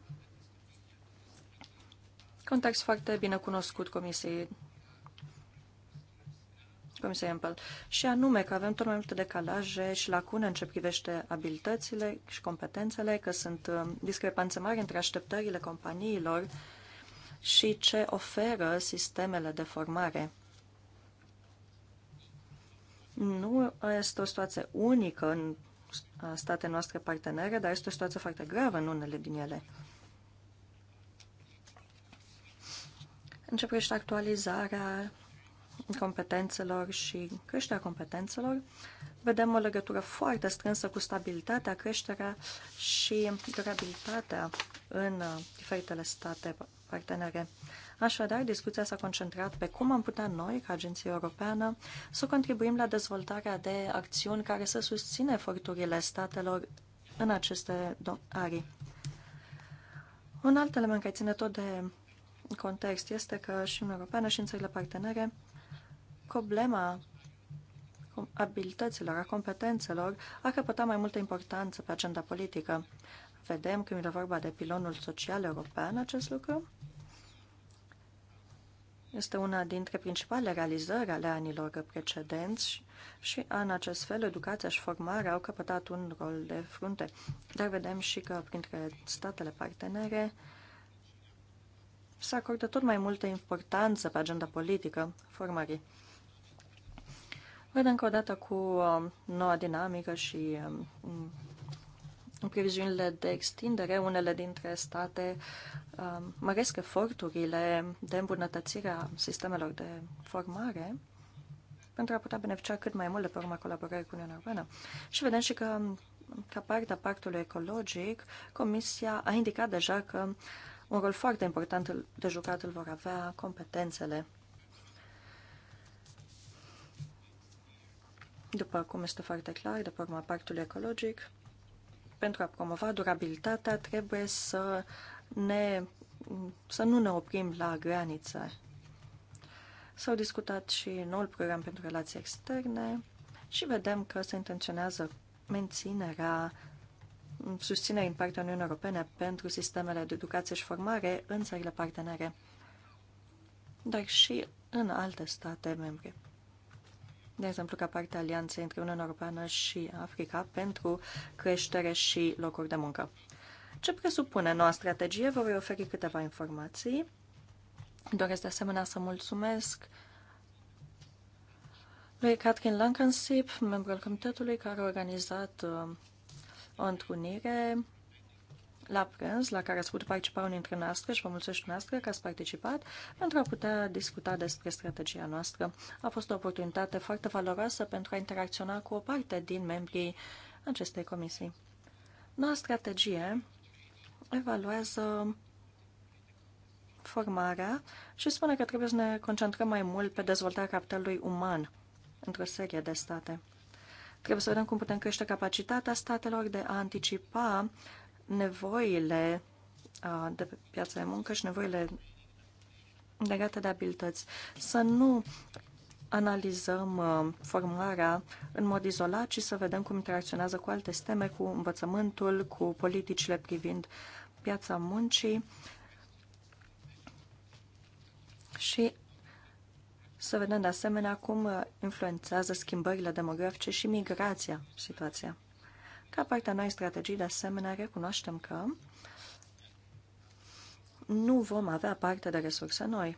context foarte bine cunoscut Comisiei Comisia Empel, și anume că avem tot mai multe decalaje și lacune în ce privește abilitățile și competențele, că sunt um, discrepanțe mari între așteptările companiilor și ce oferă sistemele de formare. Nu este o situație unică în state noastre partenere, dar este o situație foarte gravă în unele din ele. În ce privește actualizarea competențelor și creșterea competențelor, vedem o legătură foarte strânsă cu stabilitatea, creșterea și durabilitatea în uh, diferitele state partenere. Așadar, discuția s-a concentrat pe cum am putea noi, ca Agenție Europeană, să contribuim la dezvoltarea de acțiuni care să susțină eforturile statelor în aceste arii. Un alt element care ține tot de context este că și în Europeană și în țările partenere Problema abilităților, a competențelor a căpătat mai multă importanță pe agenda politică. Vedem când e vorba de pilonul social european acest lucru. Este una dintre principalele realizări ale anilor precedenți și în acest fel educația și formarea au căpătat un rol de frunte. Dar vedem și că printre statele partenere se acordă tot mai multă importanță pe agenda politică formării. Văd încă o dată cu um, noua dinamică și um, um, previziunile de extindere, unele dintre state măresc eforturile de îmbunătățire a sistemelor de formare pentru a putea beneficia cât mai mult de pe urma colaborării cu Uniunea Europeană. Și vedem și că, ca parte a pactului ecologic, Comisia a indicat deja că un rol foarte important de jucat îl vor avea competențele după cum este foarte clar, după urma pactului ecologic, pentru a promova durabilitatea trebuie să, ne, să nu ne oprim la graniță. S-au discutat și noul program pentru relații externe și vedem că se intenționează menținerea susținerii în partea Uniunii Europene pentru sistemele de educație și formare în țările partenere, dar și în alte state membre de exemplu ca parte alianței între Uniunea Europeană și Africa pentru creștere și locuri de muncă. Ce presupune noua strategie? Vă voi oferi câteva informații. Doresc de asemenea să mulțumesc lui Catherine Lankansip, membrul comitetului care a organizat uh, o întrunire la prânz, la care ați putut participa unii dintre noastre și vă mulțumesc noastră că ați participat pentru a putea discuta despre strategia noastră. A fost o oportunitate foarte valoroasă pentru a interacționa cu o parte din membrii acestei comisii. Noua strategie evaluează formarea și spune că trebuie să ne concentrăm mai mult pe dezvoltarea capitalului uman într-o serie de state. Trebuie să vedem cum putem crește capacitatea statelor de a anticipa nevoile de pe piața de muncă și nevoile legate de abilități. Să nu analizăm formarea în mod izolat, ci să vedem cum interacționează cu alte sisteme, cu învățământul, cu politicile privind piața muncii și să vedem de asemenea cum influențează schimbările demografice și migrația situația. Ca partea noi strategii, de asemenea, recunoaștem că nu vom avea parte de resurse noi.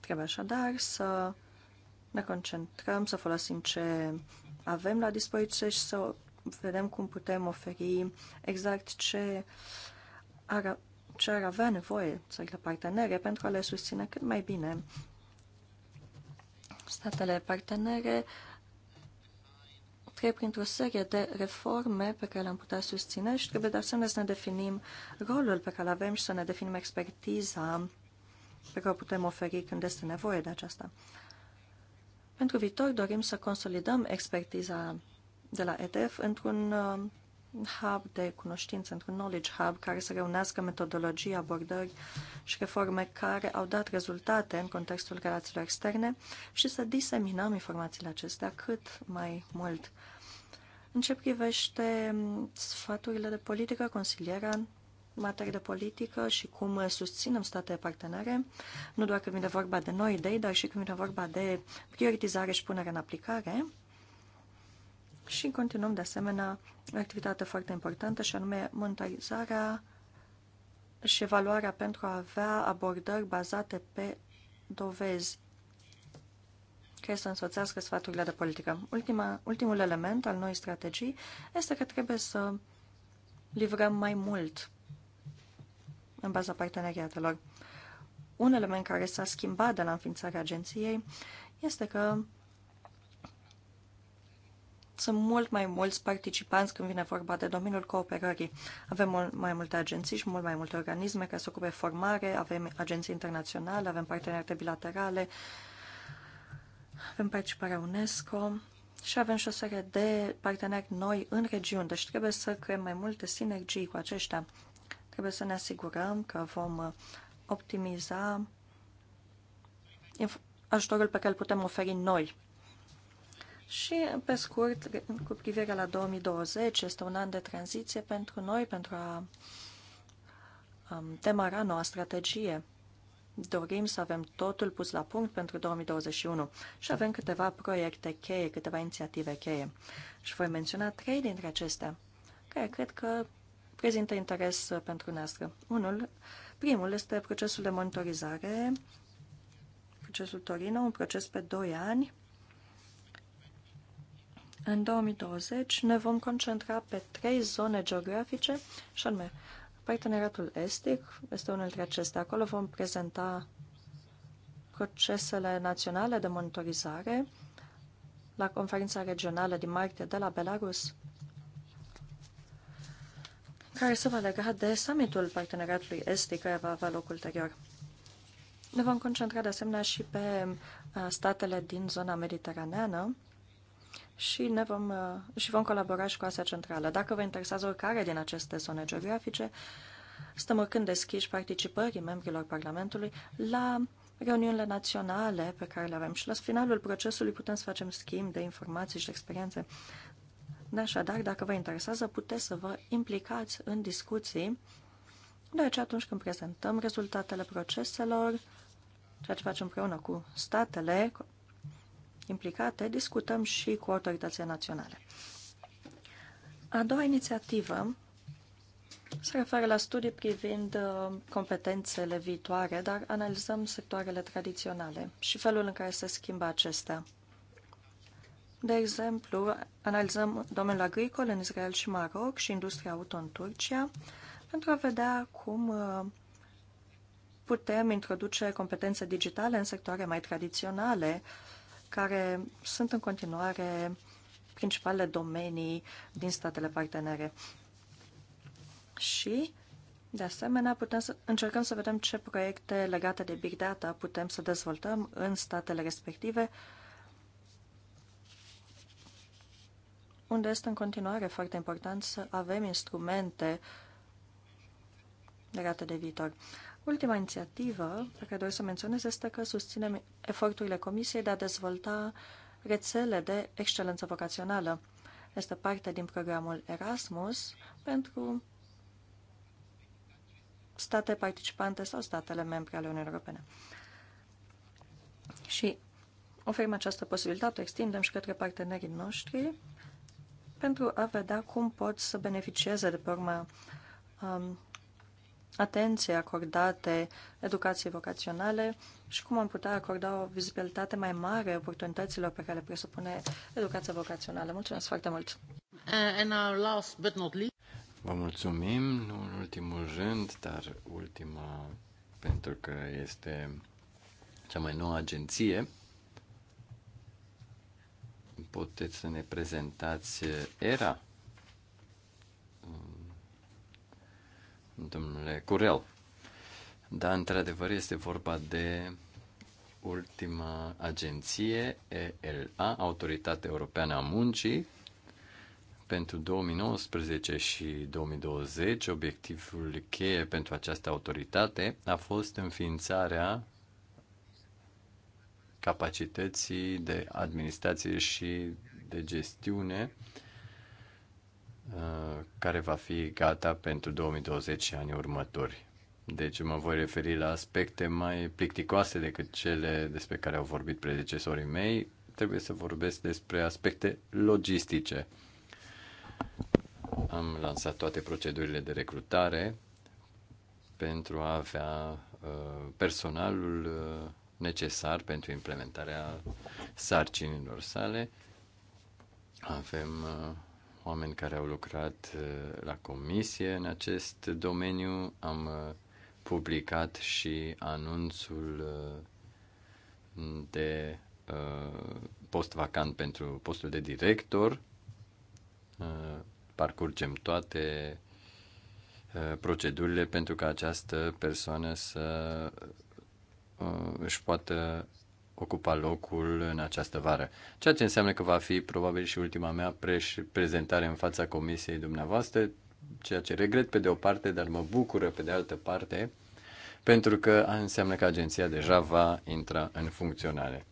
Trebuie așadar să ne concentrăm, să folosim ce avem la dispoziție și să vedem cum putem oferi exact ce ar, ce ar avea nevoie țările partenere pentru a le susține cât mai bine. Statele partenere uh, trebuie printr-o serie de reforme pe care le-am putea susține și trebuie de asemenea să ne definim rolul pe care îl avem și să ne definim expertiza pe care o putem oferi când este nevoie de aceasta. Pentru viitor dorim să consolidăm expertiza de la ETF într-un uh, hub de cunoștință, într-un knowledge hub care să reunească metodologii, abordări și reforme care au dat rezultate în contextul relațiilor externe și să diseminăm informațiile acestea cât mai mult. În ce privește mm, sfaturile de politică, consilierea în materie de politică și cum eh, susținem state partenere, nu doar când vine vorba de noi idei, dar și când vine vorba de prioritizare și punere în aplicare. Și continuăm, de asemenea, o activitate foarte importantă, și anume monitorizarea și evaluarea pentru a avea abordări bazate pe dovezi trebuie să însoțească sfaturile de politică. Ultima, ultimul element al noii strategii este că trebuie să livrăm mai mult în baza parteneriatelor. Un element care s-a schimbat de la înființarea agenției este că sunt mult mai mulți participanți când vine vorba de domeniul cooperării. Avem mult mai multe agenții și mult mai multe organisme care se ocupe formare, avem agenții internaționale, avem parteneriate bilaterale, avem participarea UNESCO și avem și o serie de parteneri noi în regiune, deci trebuie să creăm mai multe sinergii cu aceștia. Trebuie să ne asigurăm că vom uh, optimiza ajutorul pe care îl putem oferi noi. Și, pe scurt, cu privire la 2020, este un an de tranziție pentru noi, pentru a um, demara noua strategie dorim să avem totul pus la punct pentru 2021 și avem câteva proiecte cheie, câteva inițiative cheie. Și voi menționa trei dintre acestea, care cred că prezintă interes pentru noastră. Unul, primul este procesul de monitorizare, procesul Torino, un proces pe 2 ani. În 2020 ne vom concentra pe trei zone geografice, și anume Parteneriatul Estic este unul dintre acestea. Acolo vom prezenta procesele naționale de monitorizare la conferința regională din martie de la Belarus, care se va lega de summitul parteneriatului estic care va avea loc ulterior. Ne vom concentra de asemenea și pe uh, statele din zona mediteraneană, și, ne vom, uh, și vom colabora și cu Asia Centrală. Dacă vă interesează oricare din aceste zone geografice, stăm oricând deschiși participării membrilor Parlamentului la reuniunile naționale pe care le avem și la finalul procesului putem să facem schimb de informații și de experiențe. De așadar, dacă vă interesează, puteți să vă implicați în discuții, aceea deci, atunci când prezentăm rezultatele proceselor, ceea ce facem împreună cu statele, implicate, discutăm și cu autoritățile naționale. A doua inițiativă se referă la studii privind uh, competențele viitoare, dar analizăm sectoarele tradiționale și felul în care se schimbă acestea. De exemplu, analizăm domeniul agricol în Israel și Maroc și industria auto în Turcia pentru a vedea cum uh, putem introduce competențe digitale în sectoare mai tradiționale, care sunt în continuare principalele domenii din statele partenere. Și, de asemenea, putem să încercăm să vedem ce proiecte legate de Big Data putem să dezvoltăm în statele respective, unde este în continuare foarte important să avem instrumente legate de viitor. Ultima inițiativă pe care doresc să menționez este că susținem eforturile Comisiei de a dezvolta rețele de excelență vocațională. Este parte din programul Erasmus pentru state participante sau statele membre ale Uniunii Europene. Și oferim această posibilitate, o extindem și către partenerii noștri pentru a vedea cum pot să beneficieze de pe urma um, atenție acordate educației vocaționale și cum am putea acorda o vizibilitate mai mare oportunităților pe care le presupune educația vocațională. Mulțumesc foarte mult! Uh, and our last but not least... Vă mulțumim, nu în ultimul rând, dar ultima, pentru că este cea mai nouă agenție. Puteți să ne prezentați ERA. domnule Curel. Da, într-adevăr, este vorba de ultima agenție, ELA, Autoritatea Europeană a Muncii, pentru 2019 și 2020, obiectivul cheie pentru această autoritate a fost înființarea capacității de administrație și de gestiune Uh, care va fi gata pentru 2020 și anii următori. Deci mă voi referi la aspecte mai plicticoase decât cele despre care au vorbit predecesorii mei. Trebuie să vorbesc despre aspecte logistice. Am lansat toate procedurile de recrutare pentru a avea uh, personalul uh, necesar pentru implementarea sarcinilor sale. Avem oameni care au lucrat uh, la comisie în acest domeniu. Am uh, publicat și anunțul uh, de post vacant pentru postul de director. Parcurgem toate procedurile pentru ca această persoană să își poată ocupa locul în această vară. Ceea ce înseamnă că va fi probabil și ultima mea prezentare în fața comisiei dumneavoastră, ceea ce regret pe de o parte, dar mă bucură pe de altă parte, pentru că înseamnă că agenția deja va intra în funcționare.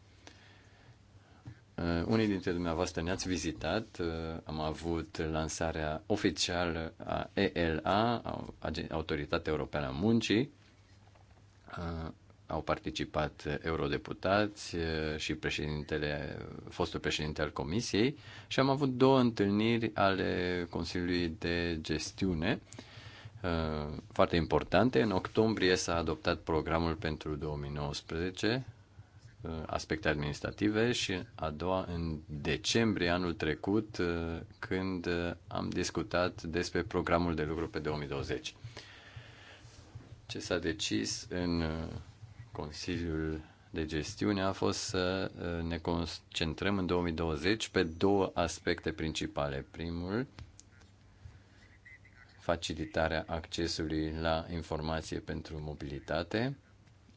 Uh, unii dintre dumneavoastră ne-ați vizitat, uh, am avut lansarea oficială a ELA, Autoritatea Europeană a Muncii, uh, au participat eurodeputați eh, și președintele, fostul președinte al Comisiei și am avut două întâlniri ale Consiliului de Gestiune eh, foarte importante. În octombrie s-a adoptat programul pentru 2019, eh, aspecte administrative și a doua în decembrie anul trecut când am discutat despre programul de lucru pe 2020. Ce s-a decis în Consiliul de gestiune a fost să uh, ne concentrăm în 2020 pe două aspecte principale. Primul, facilitarea accesului la informație pentru mobilitate.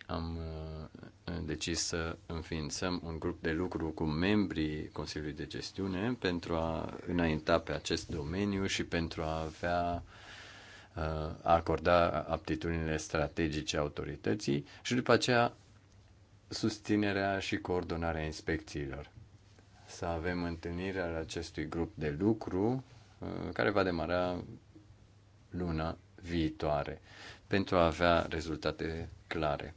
Am uh, decis să înființăm un grup de lucru cu membrii Consiliului de Gestiune pentru a înainta pe acest domeniu și pentru a avea uh, Uh, a acorda aptitudinile strategice autorității și după aceea susținerea și coordonarea inspecțiilor. Să avem întâlnirea acestui grup de lucru uh, care va demara luna viitoare pentru a avea rezultate clare.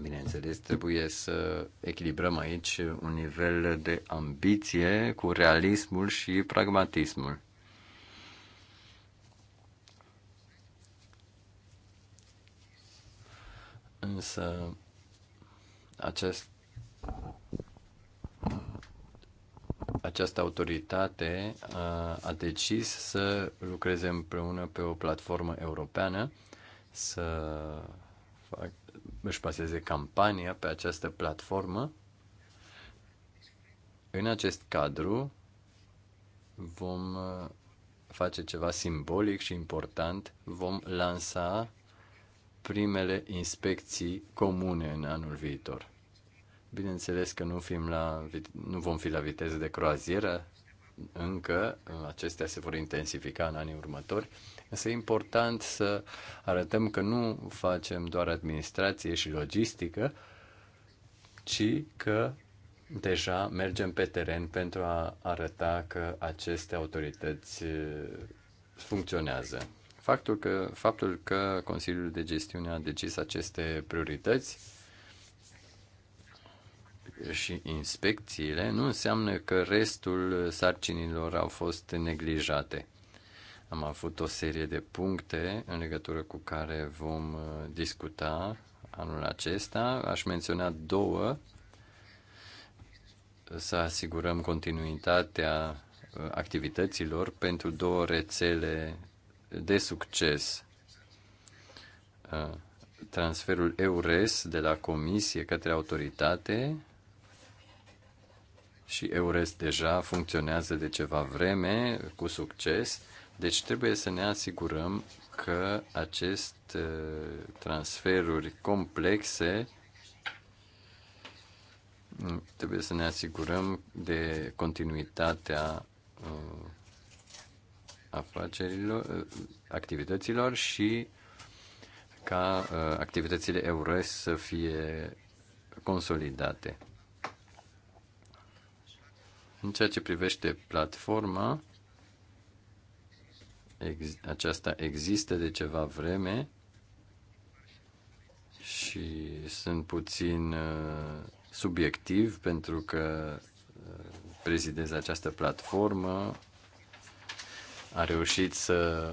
Bineînțeles, trebuie să echilibrăm aici un nivel de ambiție cu realismul și pragmatismul. Însă acest, această autoritate a, a decis să lucreze împreună pe o platformă europeană, să fac, își paseze campania pe această platformă. În acest cadru vom face ceva simbolic și important, vom lansa primele inspecții comune în anul viitor. Bineînțeles că nu, fim la, nu vom fi la viteză de croazieră încă, acestea se vor intensifica în anii următori, însă e important să arătăm că nu facem doar administrație și logistică, ci că deja mergem pe teren pentru a arăta că aceste autorități funcționează. Faptul că, faptul că Consiliul de Gestiune a decis aceste priorități și inspecțiile nu înseamnă că restul sarcinilor au fost neglijate. Am avut o serie de puncte în legătură cu care vom uh, discuta anul acesta. Aș menționa două. Să asigurăm continuitatea uh, activităților pentru două rețele de succes. Uh, transferul EURES de la Comisie către autoritate și EURES deja funcționează de ceva vreme cu succes, deci trebuie să ne asigurăm că aceste uh, transferuri complexe mm, trebuie să ne asigurăm de continuitatea uh, afacerilor, uh, activităților și ca uh, activitățile EURES să fie consolidate. În ceea ce privește platforma, ex- aceasta există de ceva vreme și sunt puțin uh, subiectiv pentru că prezidez această platformă a reușit să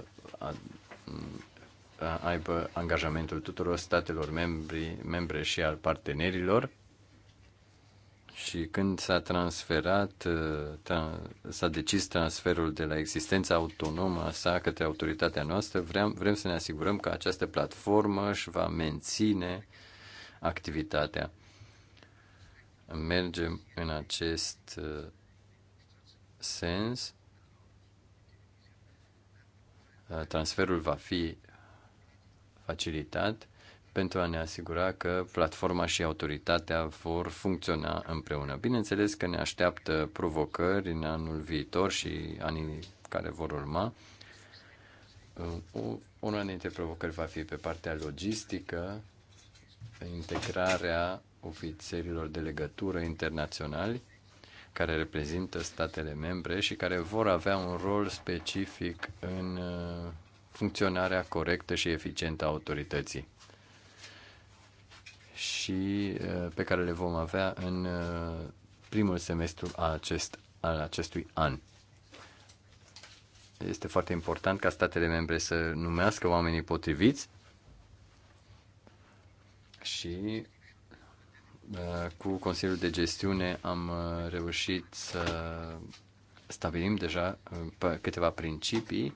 aibă angajamentul tuturor statelor membri, membre și al partenerilor și când s-a transferat, ă, s-a decis transferul de la existența autonomă a sa către autoritatea noastră, vrem, vrem să ne asigurăm că această platformă își va menține activitatea. Mergem în acest ă, sens Uh, transferul va fi facilitat pentru a ne asigura că platforma și autoritatea vor funcționa împreună. Bineînțeles că ne așteaptă provocări în anul viitor și anii care vor urma. Uh, una dintre provocări va fi pe partea logistică, integrarea ofițerilor de legătură internaționali care reprezintă statele membre și care vor avea un rol specific în uh, funcționarea corectă și eficientă a autorității și uh, pe care le vom avea în uh, primul semestru al, acest, al acestui an. Este foarte important ca statele membre să numească oamenii potriviți și Uh, cu Consiliul de Gestiune am uh, reușit să stabilim deja uh, câteva principii.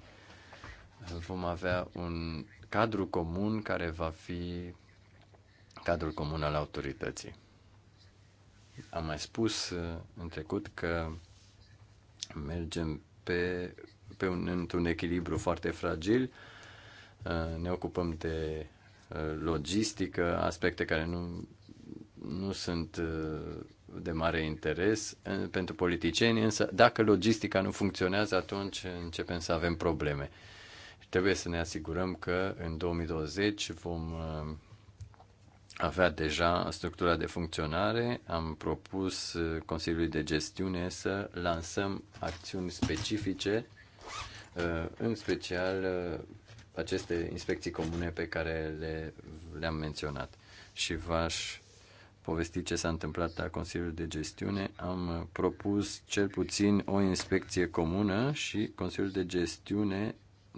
Vom avea un cadru comun care va fi cadrul comun al autorității. Am mai spus în trecut că mergem pe, pe un, într-un echilibru foarte fragil, ne ocupăm de logistică, aspecte care nu nu sunt uh, de mare interes uh, pentru politicieni, însă dacă logistica nu funcționează, atunci începem să avem probleme. Trebuie să ne asigurăm că în 2020 vom uh, avea deja structura de funcționare. Am propus Consiliului de Gestiune să lansăm acțiuni specifice, în special aceste inspecții comune pe care le, le-am menționat. Și v-aș povestit ce s-a întâmplat la Consiliul de Gestiune, am propus cel puțin o inspecție comună și Consiliul de Gestiune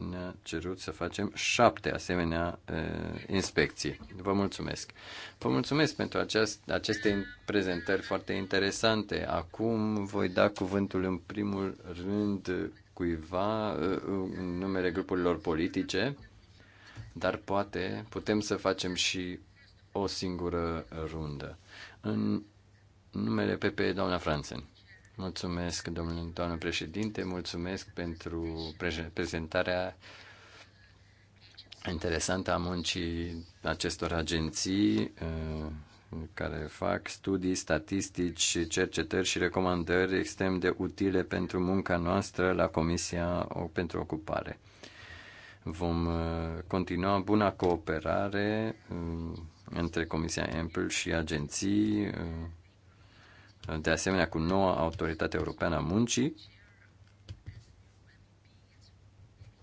ne-a cerut să facem șapte asemenea uh, inspecții. Vă mulțumesc. Vă mulțumesc pentru aceast, aceste prezentări foarte interesante. Acum voi da cuvântul în primul rând cuiva uh, în numele grupurilor politice, dar poate putem să facem și o singură rundă. În numele PP, doamna Franțen. Mulțumesc, domnule, doamnă președinte, mulțumesc pentru prezentarea interesantă a muncii acestor agenții uh, care fac studii, statistici, cercetări și recomandări extrem de utile pentru munca noastră la Comisia pentru Ocupare. Vom uh, continua buna cooperare uh, între Comisia Ample și agenții, uh, de asemenea cu noua Autoritate Europeană a Muncii.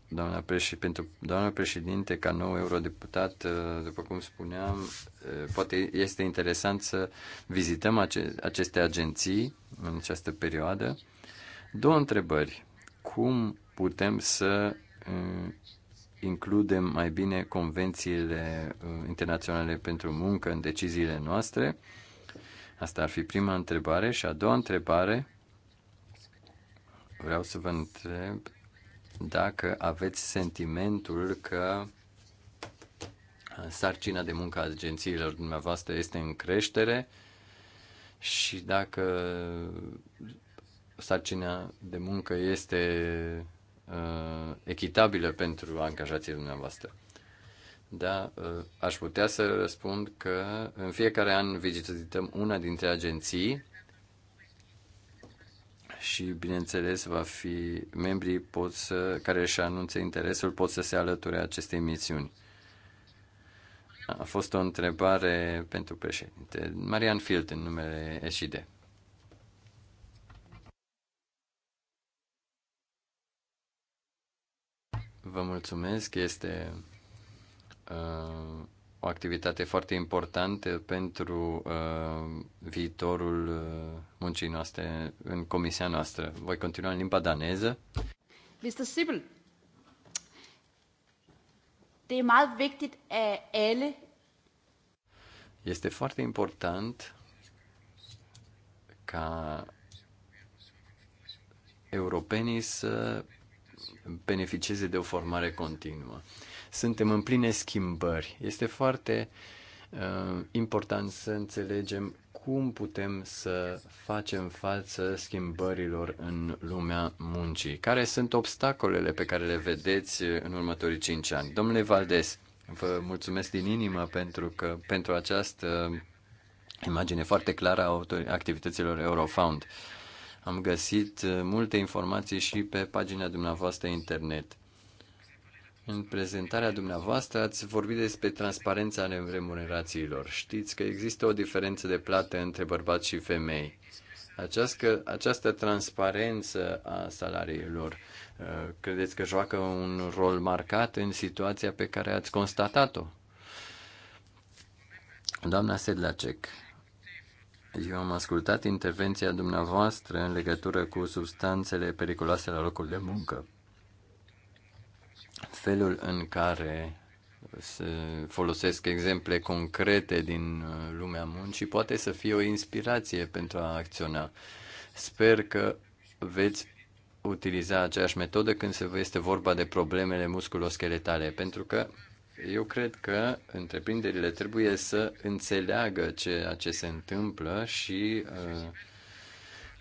Doamna, președinte, pentru, doamna președinte, ca nou eurodeputat, uh, după cum spuneam, uh, poate este interesant să vizităm ace- aceste agenții în această perioadă. Două întrebări. Cum putem să includem mai bine convențiile uh, internaționale pentru muncă în deciziile noastre? Asta ar fi prima întrebare. Și a doua întrebare, vreau să vă întreb dacă aveți sentimentul că uh, sarcina de muncă a agențiilor dumneavoastră este în creștere și dacă sarcina de muncă este uh, echitabile pentru angajații dumneavoastră. Da, uh, aș putea să răspund că în fiecare an vizităm una dintre agenții și, bineînțeles, va fi membrii pot să, care își anunțe interesul pot să se alăture acestei misiuni. A fost o întrebare pentru președinte. Marian Field, în numele SID. Vă mulțumesc, este uh, o activitate foarte importantă pentru uh, viitorul uh, muncii noastre în comisia noastră. Voi continua în limba daneză. Mr. Sibyl, det er meget vigtigt, at alle este foarte important ca europenii să beneficieze de o formare continuă. Suntem în pline schimbări. Este foarte uh, important să înțelegem cum putem să facem față schimbărilor în lumea muncii. Care sunt obstacolele pe care le vedeți uh, în următorii 5 ani? Domnule Valdes, vă mulțumesc din inimă pentru, că, pentru această imagine foarte clară a activităților Eurofound. Uh, am găsit uh, multe informații și pe pagina dumneavoastră internet. În prezentarea dumneavoastră ați vorbit despre transparența remunerațiilor. Știți că există o diferență de plată între bărbați și femei. Această, această transparență a salariilor, uh, credeți că joacă un rol marcat în situația pe care ați constatat-o? Doamna Sedlacek, eu am ascultat intervenția dumneavoastră în legătură cu substanțele periculoase la locul de muncă. Felul în care se folosesc exemple concrete din uh, lumea muncii poate să fie o inspirație pentru a acționa. Sper că veți utiliza aceeași metodă când se este vorba de problemele musculoscheletale, pentru că eu cred că întreprinderile trebuie să înțeleagă ceea ce se întâmplă și, uh,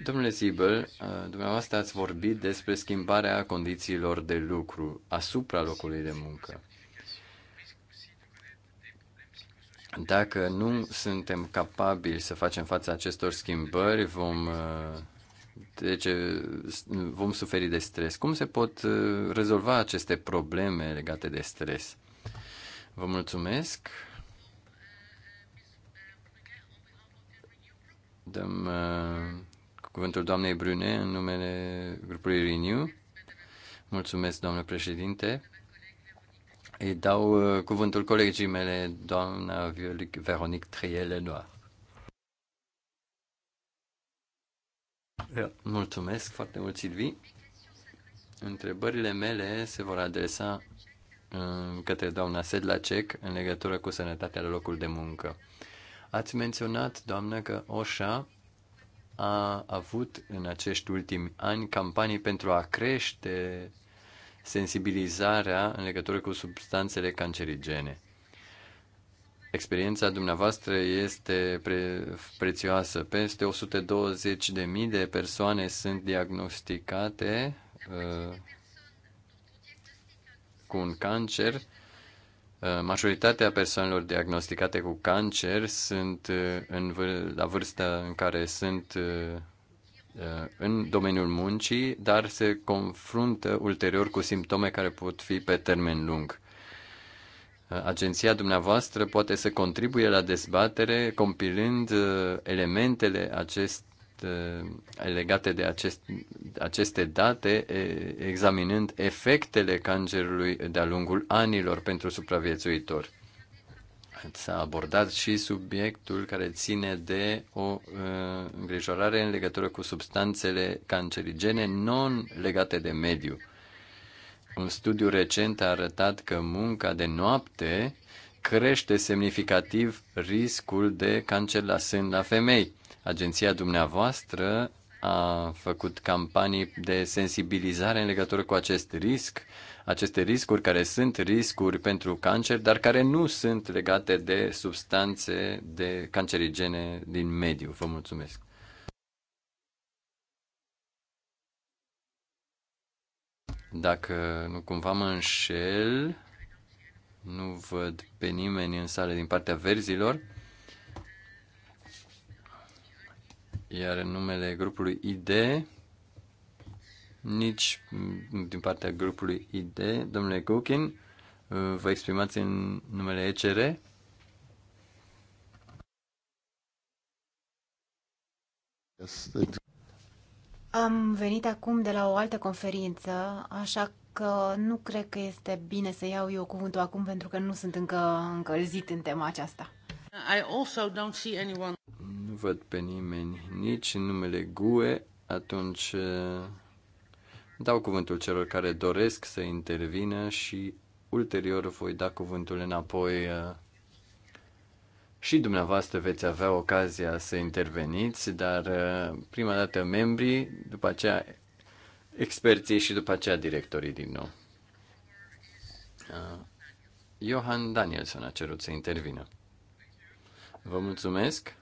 domnule Zibel, uh, dumneavoastră ați vorbit despre schimbarea condițiilor de lucru asupra locului de muncă. Dacă nu suntem capabili să facem față acestor schimbări, vom uh, deci vom suferi de stres. Cum se pot rezolva aceste probleme legate de stres? Vă mulțumesc. Dăm uh, cuvântul doamnei Brune în numele grupului Renew. Mulțumesc, doamnă președinte. Îi dau uh, cuvântul colegii mele, doamna Triele Noir. Mulțumesc foarte mult, Silvi. Întrebările mele se vor adresa Uh, către doamna Sedlacek în legătură cu sănătatea la locul de muncă. Ați menționat, doamnă, că OSHA a avut în acești ultimi ani campanii pentru a crește sensibilizarea în legătură cu substanțele cancerigene. Experiența dumneavoastră este pre- prețioasă. Peste 120.000 de persoane sunt diagnosticate uh, cu un cancer, uh, majoritatea persoanelor diagnosticate cu cancer sunt uh, în vâr- la vârsta în care sunt uh, în domeniul muncii, dar se confruntă ulterior cu simptome care pot fi pe termen lung. Agenția dumneavoastră poate să contribuie la dezbatere compilând elementele acest, Eh, legate de acest, aceste date, examinând efectele cancerului de-a lungul anilor pentru supraviețuitori. S-a abordat și subiectul care ține de o eh, îngrijorare în legătură cu substanțele cancerigene non legate de mediu. Un studiu recent a arătat că munca de noapte crește semnificativ riscul de cancer la sân la femei. Agenția dumneavoastră a făcut campanii de sensibilizare în legătură cu acest risc, aceste riscuri care sunt riscuri pentru cancer, dar care nu sunt legate de substanțe de cancerigene din mediu. Vă mulțumesc. Dacă nu cumva mă înșel, nu văd pe nimeni în sală din partea verzilor. Iar în numele grupului ID, nici din partea grupului ID, domnule Gokin, vă exprimați în numele ECR? Am venit acum de la o altă conferință, așa că nu cred că este bine să iau eu cuvântul acum pentru că nu sunt încă încălzit în tema aceasta. I also don't see anyone văd pe nimeni nici în numele GUE, atunci uh, dau cuvântul celor care doresc să intervină și ulterior voi da cuvântul înapoi uh, și dumneavoastră veți avea ocazia să interveniți, dar uh, prima dată membrii, după aceea experții și după aceea directorii din nou. Johan Danielson a cerut să intervină. Vă mulțumesc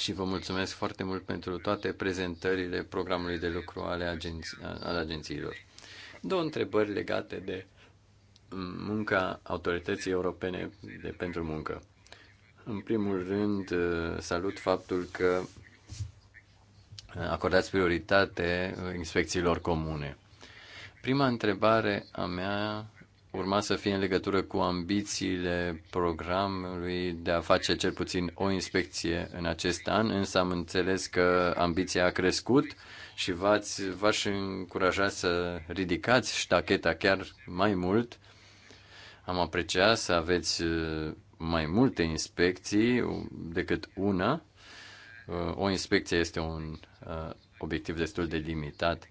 și vă mulțumesc foarte mult pentru toate prezentările programului de lucru ale, agenți- ale agențiilor. Două întrebări legate de munca Autorității Europene de pentru Muncă. În primul rând, salut faptul că acordați prioritate inspecțiilor comune. Prima întrebare a mea urma să fie în legătură cu ambițiile programului de a face cel puțin o inspecție în acest an, însă am înțeles că ambiția a crescut și v-ați, v-aș încuraja să ridicați ștacheta chiar mai mult. Am apreciat să aveți uh, mai multe inspecții decât una. Uh, o inspecție este un uh, obiectiv destul de limitat.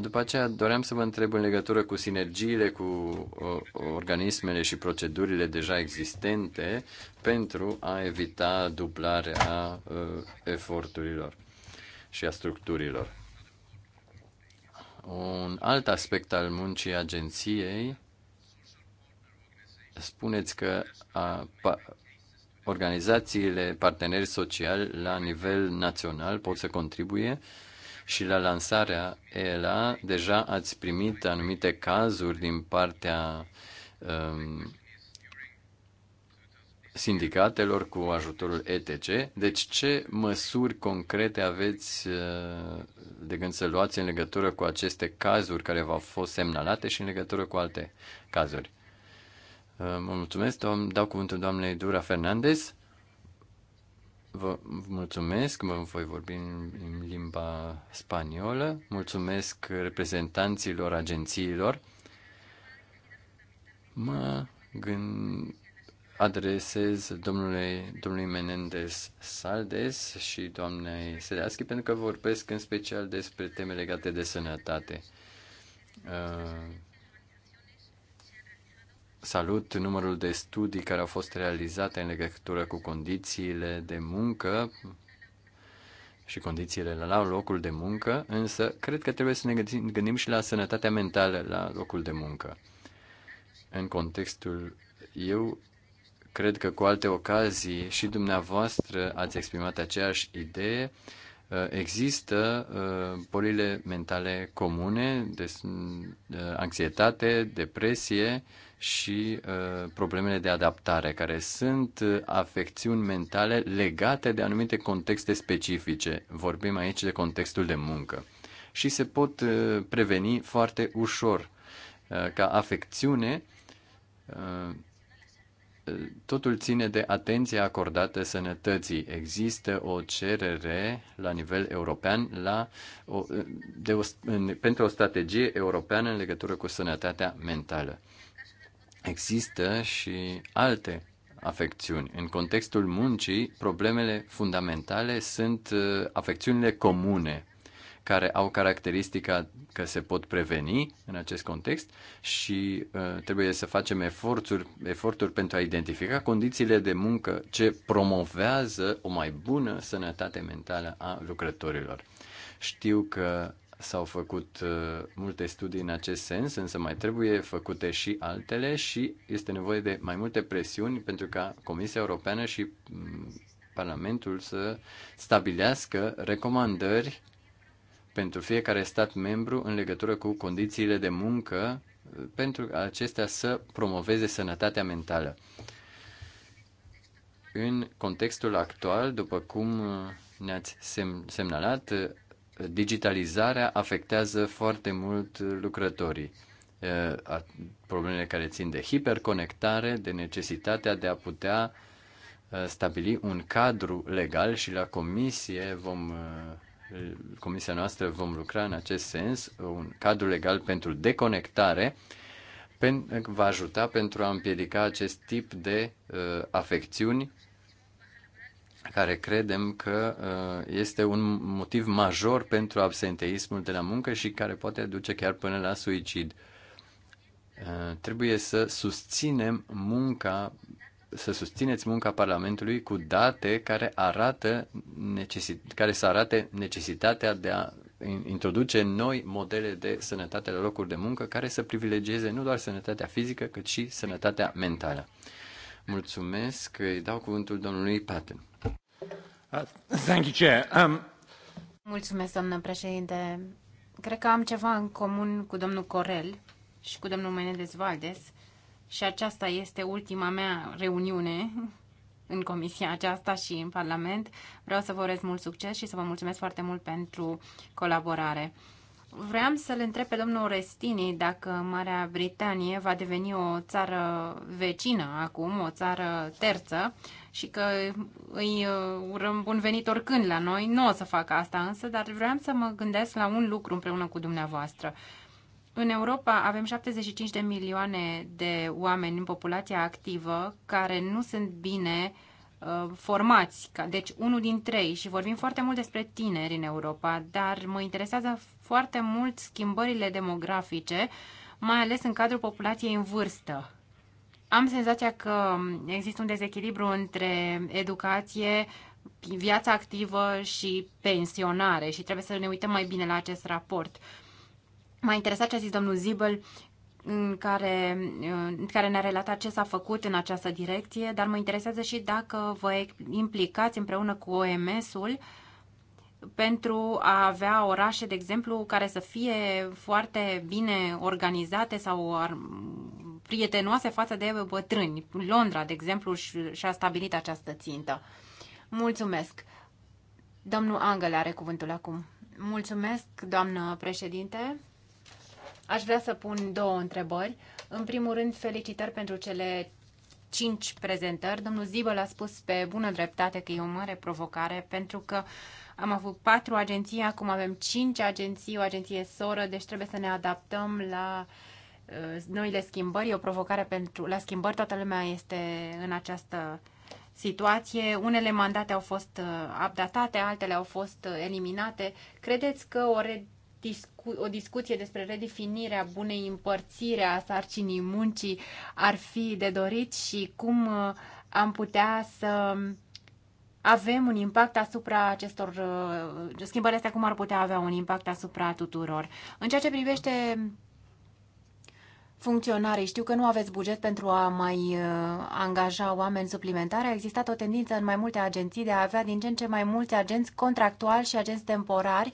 După aceea doream să vă întreb în legătură cu sinergiile cu organismele și procedurile deja existente pentru a evita dublarea eforturilor și a structurilor. Un alt aspect al muncii agenției spuneți că a, pa, organizațiile parteneri sociali la nivel național pot să contribuie uh, și la lansarea ELA deja ați primit anumite cazuri din partea um, sindicatelor cu ajutorul ETC. Deci ce măsuri concrete aveți uh, de gând să luați în legătură cu aceste cazuri care v-au fost semnalate și în legătură cu alte cazuri? Uh, mă mulțumesc, dau cuvântul doamnei Dura Fernandez. Vă mulțumesc, mă voi vorbi în, în limba spaniolă. Mulțumesc reprezentanților agențiilor. Mă gând, adresez domnului, domnului Menendez Saldes și doamnei Sedeaschi pentru că vorbesc în special despre teme legate de sănătate. Uh, Salut numărul de studii care au fost realizate în legătură cu condițiile de muncă și condițiile la locul de muncă, însă cred că trebuie să ne gândim și la sănătatea mentală la locul de muncă. În contextul eu cred că cu alte ocazii și dumneavoastră ați exprimat aceeași idee. Uh, există uh, bolile mentale comune, de uh, anxietate, depresie și uh, problemele de adaptare, care sunt uh, afecțiuni mentale legate de anumite contexte specifice. Vorbim aici de contextul de muncă. Și se pot uh, preveni foarte ușor uh, ca afecțiune. Uh, Totul ține de atenția acordată sănătății. Există o cerere la nivel european la o, de o, în, pentru o strategie europeană în legătură cu sănătatea mentală există și alte afecțiuni. În contextul muncii, problemele fundamentale sunt uh, afecțiunile comune, care au caracteristica că se pot preveni în acest context și uh, trebuie să facem eforturi, eforturi pentru a identifica condițiile de muncă ce promovează o mai bună sănătate mentală a lucrătorilor. Știu că S-au făcut uh, multe studii în acest sens, însă mai trebuie făcute și altele și este nevoie de mai multe presiuni pentru ca Comisia Europeană și mm, Parlamentul să stabilească recomandări pentru fiecare stat membru în legătură cu condițiile de muncă uh, pentru acestea să promoveze sănătatea mentală. În contextul actual, după cum uh, ne-ați semnalat, digitalizarea afectează foarte mult lucrătorii. Problemele care țin de hiperconectare, de necesitatea de a putea stabili un cadru legal și la comisie vom comisia noastră vom lucra în acest sens, un cadru legal pentru deconectare pen, va ajuta pentru a împiedica acest tip de uh, afecțiuni care credem că uh, este un motiv major pentru absenteismul de la muncă și care poate duce chiar până la suicid. Uh, trebuie să susținem munca, să susțineți munca Parlamentului cu date care arată necesit- care să arate necesitatea de a introduce noi modele de sănătate la locuri de muncă care să privilegieze nu doar sănătatea fizică, cât și sănătatea mentală. Mulțumesc. Îi dau cuvântul domnului Patten. Uh, thank you, Chair. Um... Mulțumesc, doamnă președinte. Cred că am ceva în comun cu domnul Corel și cu domnul Menedes Valdes și aceasta este ultima mea reuniune în comisia aceasta și în Parlament. Vreau să vă urez mult succes și să vă mulțumesc foarte mult pentru colaborare. Vreau să-l întreb pe domnul Restini dacă Marea Britanie va deveni o țară vecină acum, o țară terță și că îi uh, urăm bun venit oricând la noi. Nu o să fac asta însă, dar vreau să mă gândesc la un lucru împreună cu dumneavoastră. În Europa avem 75 de milioane de oameni în populația activă care nu sunt bine uh, Uh, formați, deci unul din trei și vorbim foarte mult despre tineri în Europa, dar mă interesează foarte mult schimbările demografice, mai ales în cadrul populației în vârstă. Am senzația că există un dezechilibru între educație, viața activă și pensionare și trebuie să ne uităm mai bine la acest raport. M-a interesat ce a zis domnul Zibel în care, în uh, care ne-a relatat ce s-a făcut în această direcție, dar mă interesează și dacă vă implicați împreună cu OMS-ul pentru a avea orașe, de exemplu, care să fie foarte bine organizate sau prietenoase față de bătrâni. Londra, de exemplu, și-a stabilit această țintă. Mulțumesc. Domnul Angel are cuvântul acum. Mulțumesc, doamnă președinte. Aș vrea să pun două întrebări. În primul rând, felicitări pentru cele cinci prezentări. Domnul Zibel a spus pe bună dreptate că e o mare provocare pentru că am avut patru agenții, acum avem cinci agenții, o agenție soră, deci trebuie să ne adaptăm la uh, noile schimbări. E o provocare pentru, la schimbări, toată lumea este în această situație. Unele mandate au fost uh, updatate, altele au fost uh, eliminate. Credeți că o red discu- o discuție despre redefinirea bunei împărțire a sarcinii muncii ar fi de dorit și cum uh, am putea să avem un impact asupra acestor uh, schimbări astea, cum ar putea avea un impact asupra tuturor. În ceea ce privește funcționarii, știu că nu aveți buget pentru a mai uh, angaja oameni suplimentari. A existat o tendință în mai multe agenții de a avea din ce în ce mai mulți agenți contractuali și agenți temporari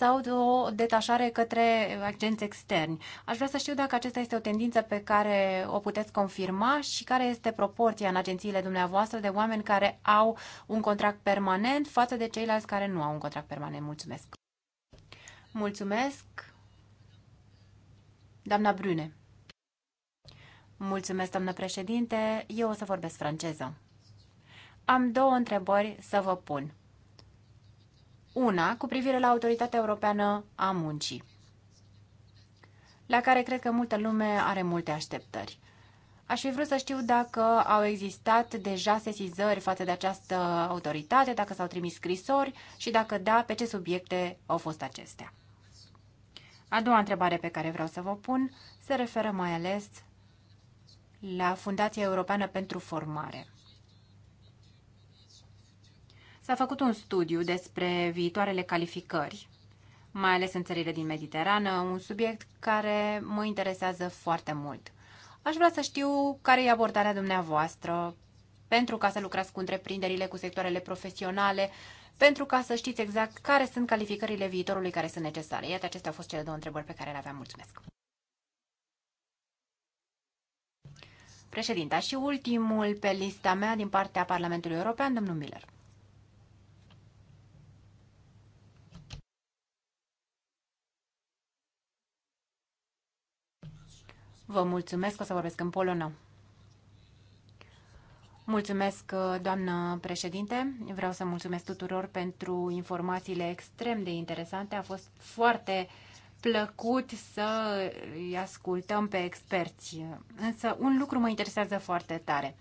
sau de o detașare către agenți externi. Aș vrea să știu dacă acesta este o tendință pe care o puteți confirma și care este proporția în agențiile dumneavoastră de oameni care au un contract permanent față de ceilalți care nu au un contract permanent. Mulțumesc! Mulțumesc! Doamna Brune. Mulțumesc, doamnă președinte. Eu o să vorbesc franceză. Am două întrebări să vă pun. Una, cu privire la Autoritatea Europeană a Muncii, la care cred că multă lume are multe așteptări. Aș fi vrut să știu dacă au existat deja sesizări față de această autoritate, dacă s-au trimis scrisori și dacă da, pe ce subiecte au fost acestea. A doua întrebare pe care vreau să vă pun se referă mai ales la Fundația Europeană pentru Formare. S-a făcut un studiu despre viitoarele calificări, mai ales în țările din Mediterană, un subiect care mă interesează foarte mult. Aș vrea să știu care e abordarea dumneavoastră pentru ca să lucrați cu întreprinderile, cu sectoarele profesionale, pentru ca să știți exact care sunt calificările viitorului care sunt necesare. Iată, acestea au fost cele două întrebări pe care le aveam. Mulțumesc! Președinta și ultimul pe lista mea din partea Parlamentului European, domnul Miller. Vă mulțumesc, o să vorbesc în polonă. Mulțumesc, doamnă președinte. Vreau să mulțumesc tuturor pentru informațiile extrem de interesante. A fost foarte plăcut să îi ascultăm pe experți. Însă un lucru mă interesează foarte tare.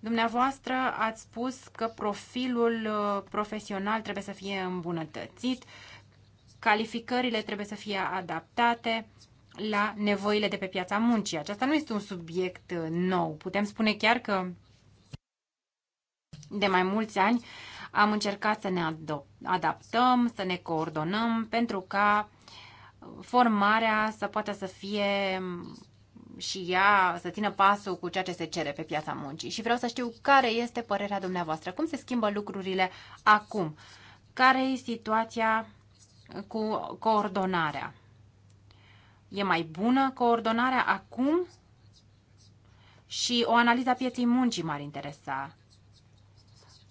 Dumneavoastră ați spus că profilul uh, profesional trebuie să fie îmbunătățit, calificările trebuie să fie adaptate, la nevoile de pe piața muncii. Aceasta nu este un subiect uh, nou. Putem spune chiar că de mai mulți ani am încercat să ne adaptăm, să ne coordonăm pentru ca formarea să poată să fie um, și ea să țină pasul cu ceea ce se cere pe piața muncii. Și vreau să știu care este părerea dumneavoastră. Cum se schimbă lucrurile acum? Care e situația cu coordonarea? E mai bună coordonarea acum? Și o analiză a pieței muncii m-ar interesa.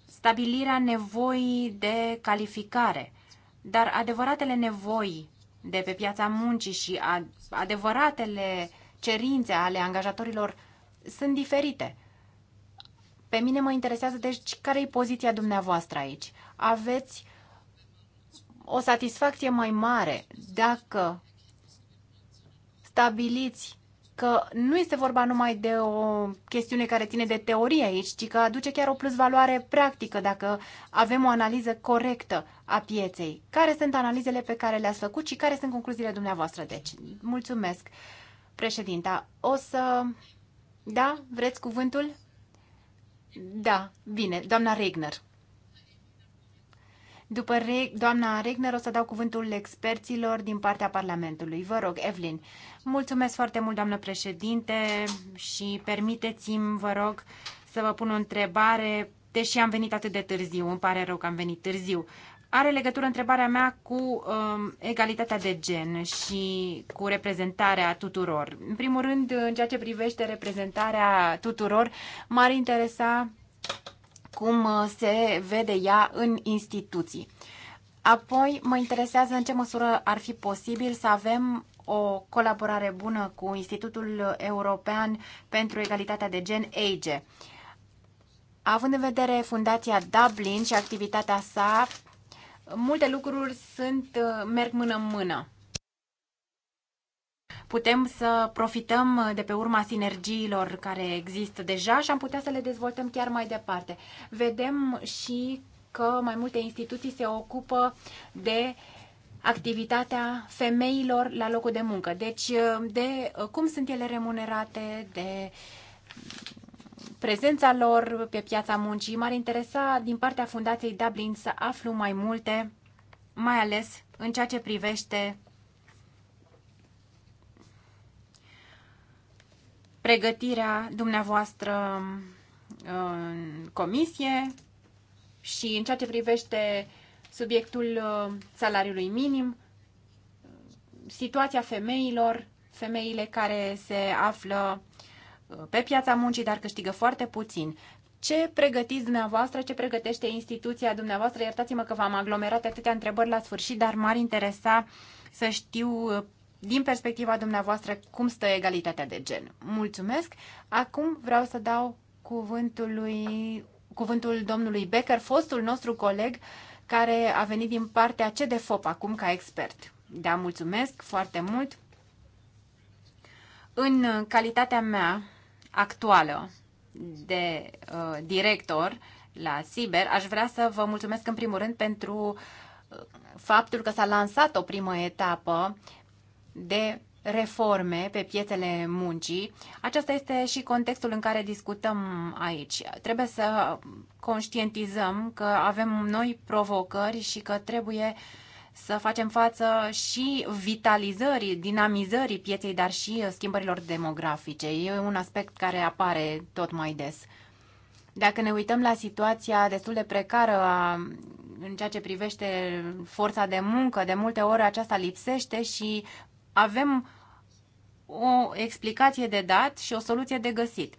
Stabilirea nevoii de calificare. Dar adevăratele nevoi de pe piața muncii și adevăratele cerințe ale angajatorilor sunt diferite. Pe mine mă interesează, deci, care e poziția dumneavoastră aici? Aveți o satisfacție mai mare dacă stabiliți că nu este vorba numai de o chestiune care ține de teorie aici, ci că aduce chiar o plusvaloare practică dacă avem o analiză corectă a pieței. Care sunt analizele pe care le-ați făcut și care sunt concluziile dumneavoastră? Deci, mulțumesc, președinta. O să... Da? Vreți cuvântul? Da, bine, doamna Regner. După Re- doamna Regner o să dau cuvântul experților din partea Parlamentului. Vă rog, Evelyn. Mulțumesc foarte mult, doamnă președinte, și permiteți-mi, vă rog, să vă pun o întrebare, deși am venit atât de târziu. Îmi pare rău că am venit târziu. Are legătură întrebarea mea cu um, egalitatea de gen și cu reprezentarea tuturor. În primul rând, în ceea ce privește reprezentarea tuturor, m-ar interesa cum uh, se vede ea în instituții. Apoi, mă interesează în ce măsură ar fi posibil să avem o colaborare bună cu Institutul European pentru Egalitatea de Gen, EIGE. Având în vedere Fundația Dublin și activitatea sa, multe lucruri sunt, uh, merg mână în mână putem să profităm uh, de pe urma sinergiilor care există deja și am putea să le dezvoltăm chiar mai departe. Vedem și că mai multe instituții se ocupă de activitatea femeilor la locul de muncă. Deci, uh, de uh, cum sunt ele remunerate, de mm, prezența lor pe piața muncii. M-ar interesa din partea Fundației Dublin să aflu mai multe, mai ales în ceea ce privește pregătirea dumneavoastră în comisie și în ceea ce privește subiectul uh, salariului minim, situația femeilor, femeile care se află uh, pe piața muncii, dar câștigă foarte puțin. Ce pregătiți dumneavoastră, ce pregătește instituția dumneavoastră? Iertați-mă că v-am aglomerat atâtea întrebări la sfârșit, dar m-ar interesa să știu uh, din perspectiva dumneavoastră, cum stă egalitatea de gen. Mulțumesc! Acum vreau să dau cuvântul, lui, cuvântul domnului Becker, fostul nostru coleg, care a venit din partea CDFOP acum ca expert. Da, mulțumesc foarte mult! În calitatea mea actuală de uh, director la Siber, aș vrea să vă mulțumesc în primul rând pentru uh, faptul că s-a lansat o primă etapă uh, de reforme pe piețele muncii. Aceasta este și contextul în care discutăm aici. Trebuie să conștientizăm că avem noi provocări și că trebuie să facem față și vitalizării, dinamizării pieței, dar și schimbărilor demografice. E un aspect care apare tot mai des. Dacă ne uităm la situația destul de precară a, în ceea ce privește forța de muncă, de multe ori aceasta lipsește și avem o explicație de dat și o soluție de găsit.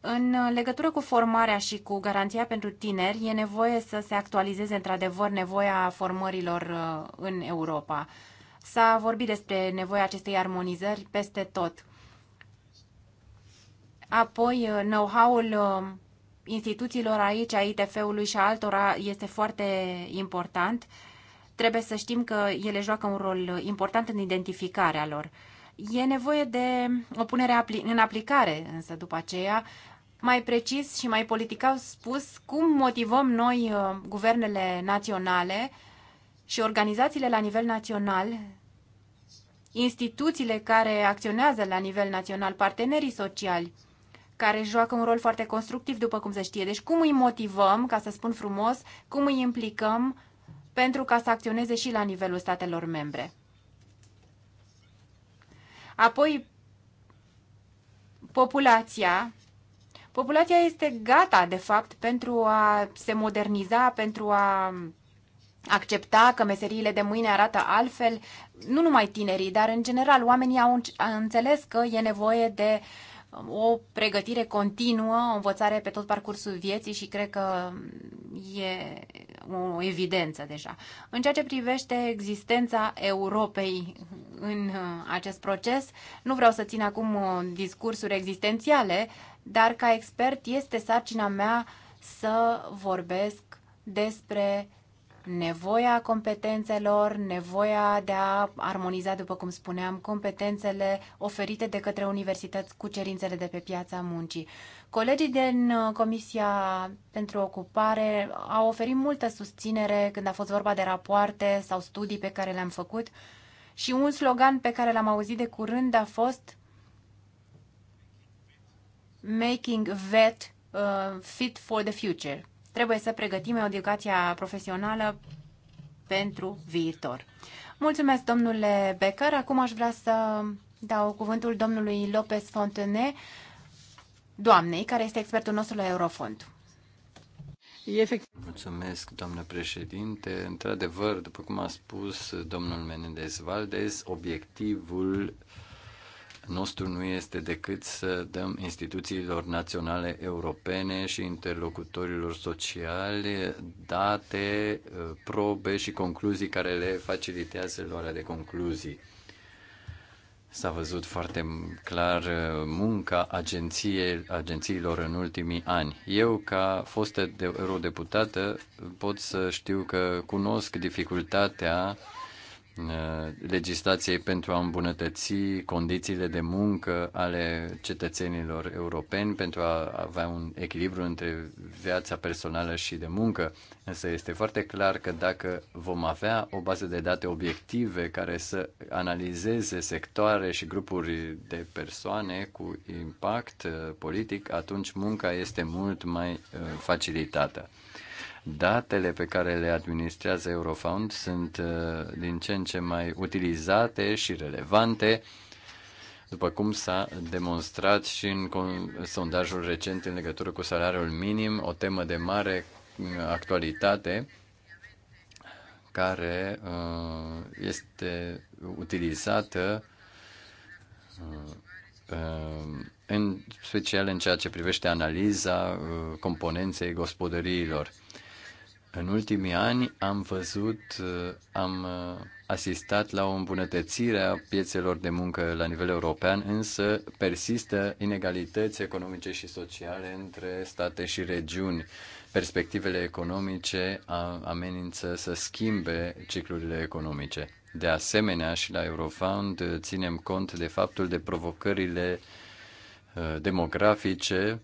În legătură cu formarea și cu garanția pentru tineri, e nevoie să se actualizeze într-adevăr nevoia formărilor uh, în Europa. S-a vorbit despre nevoia acestei armonizări peste tot. Apoi, uh, know-how-ul uh, instituțiilor aici, a ITF-ului și a altora este foarte important trebuie să știm că ele joacă un rol important în identificarea lor. E nevoie de o punere în aplicare, însă după aceea, mai precis și mai politic au spus cum motivăm noi uh, guvernele naționale și organizațiile la nivel național, instituțiile care acționează la nivel național, partenerii sociali, care joacă un rol foarte constructiv, după cum se știe. Deci cum îi motivăm, ca să spun frumos, cum îi implicăm pentru ca să acționeze și la nivelul statelor membre. Apoi, populația. Populația este gata, de fapt, pentru a se moderniza, pentru a accepta că meseriile de mâine arată altfel, nu numai tinerii, dar în general oamenii au înțeles că e nevoie de uh, Um, o pregătire continuă, o învățare pe tot parcursul vieții și cred că e o evidență deja. În ceea ce privește existența Europei în uh, acest proces, nu vreau să țin acum uh, discursuri existențiale, dar ca expert este sarcina mea să vorbesc despre nevoia competențelor, nevoia de a armoniza, după cum spuneam, competențele oferite de către universități cu cerințele de pe piața muncii. Colegii din uh, Comisia pentru Ocupare au oferit multă susținere când a fost vorba de rapoarte sau studii pe care le-am făcut și un slogan pe care l-am auzit de curând a fost Making VET uh, Fit for the Future Trebuie să pregătim educația profesională pentru viitor. Mulțumesc, domnule Becker. Acum aș vrea să dau cuvântul domnului Lopez Fontene, doamnei, care este expertul nostru la Eurofond. Mulțumesc, doamnă președinte. Într-adevăr, după cum a spus domnul Menendez Valdez, obiectivul uh, nostru nu este decât să dăm instituțiilor naționale europene și interlocutorilor sociale date, uh, probe și concluzii care le facilitează luarea de concluzii. S-a văzut foarte clar uh, munca agenție, agențiilor în ultimii ani. Eu, ca fostă eurodeputată, pot să știu că cunosc dificultatea uh, Eh, legislației pentru a îmbunătăți condițiile de muncă ale cetățenilor europeni pentru a avea un echilibru între viața personală și de muncă. Însă este foarte clar că dacă vom avea o bază de date obiective care să analizeze sectoare și grupuri de persoane cu impact eh, politic, atunci munca este mult mai eh, facilitată. Datele pe care le administrează Eurofound sunt uh, din ce în ce mai utilizate și relevante, după cum s-a demonstrat și în sondajul recent în legătură cu salariul minim, o temă de mare uh, actualitate care uh, este utilizată în special în ceea ce privește analiza componenței gospodăriilor. În ultimii ani am văzut, uh, am uh, asistat la o îmbunătățire a piețelor de muncă la nivel european, însă persistă inegalități economice și sociale între state și regiuni. Perspectivele economice amenință să schimbe ciclurile economice. De asemenea, și la Eurofound uh, ținem cont de faptul de provocările demografice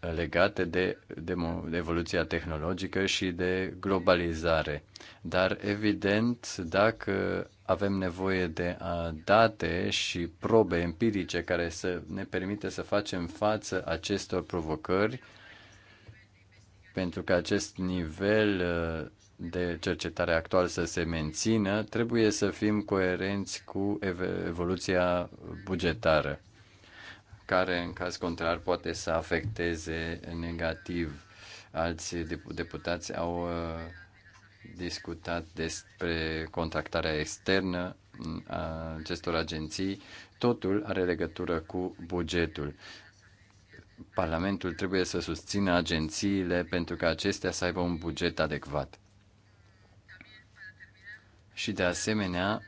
legate de, de, de evoluția tehnologică și de globalizare. Dar, evident, dacă avem nevoie de date și probe empirice care să ne permite să facem față acestor provocări, pentru că acest nivel ă, de cercetare actual să se mențină, trebuie să fim coerenți cu evoluția bugetară care în caz contrar poate să afecteze negativ. Alți deputați au uh, discutat despre contractarea externă mm, a acestor agenții. Totul are legătură cu bugetul. Parlamentul trebuie să susțină agențiile pentru ca acestea să aibă un buget adecvat. Și de asemenea,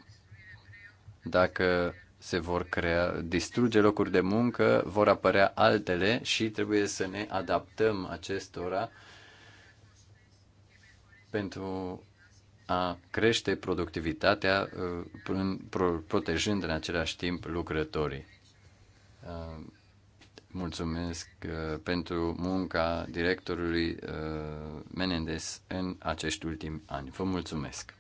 dacă se vor crea, distruge locuri de muncă, vor apărea altele și trebuie să ne adaptăm acestora pentru a crește productivitatea, uh, protejând în același timp lucrătorii. Uh, mulțumesc uh, pentru munca directorului Menendez în acești ultimi ani. Vă mulțumesc!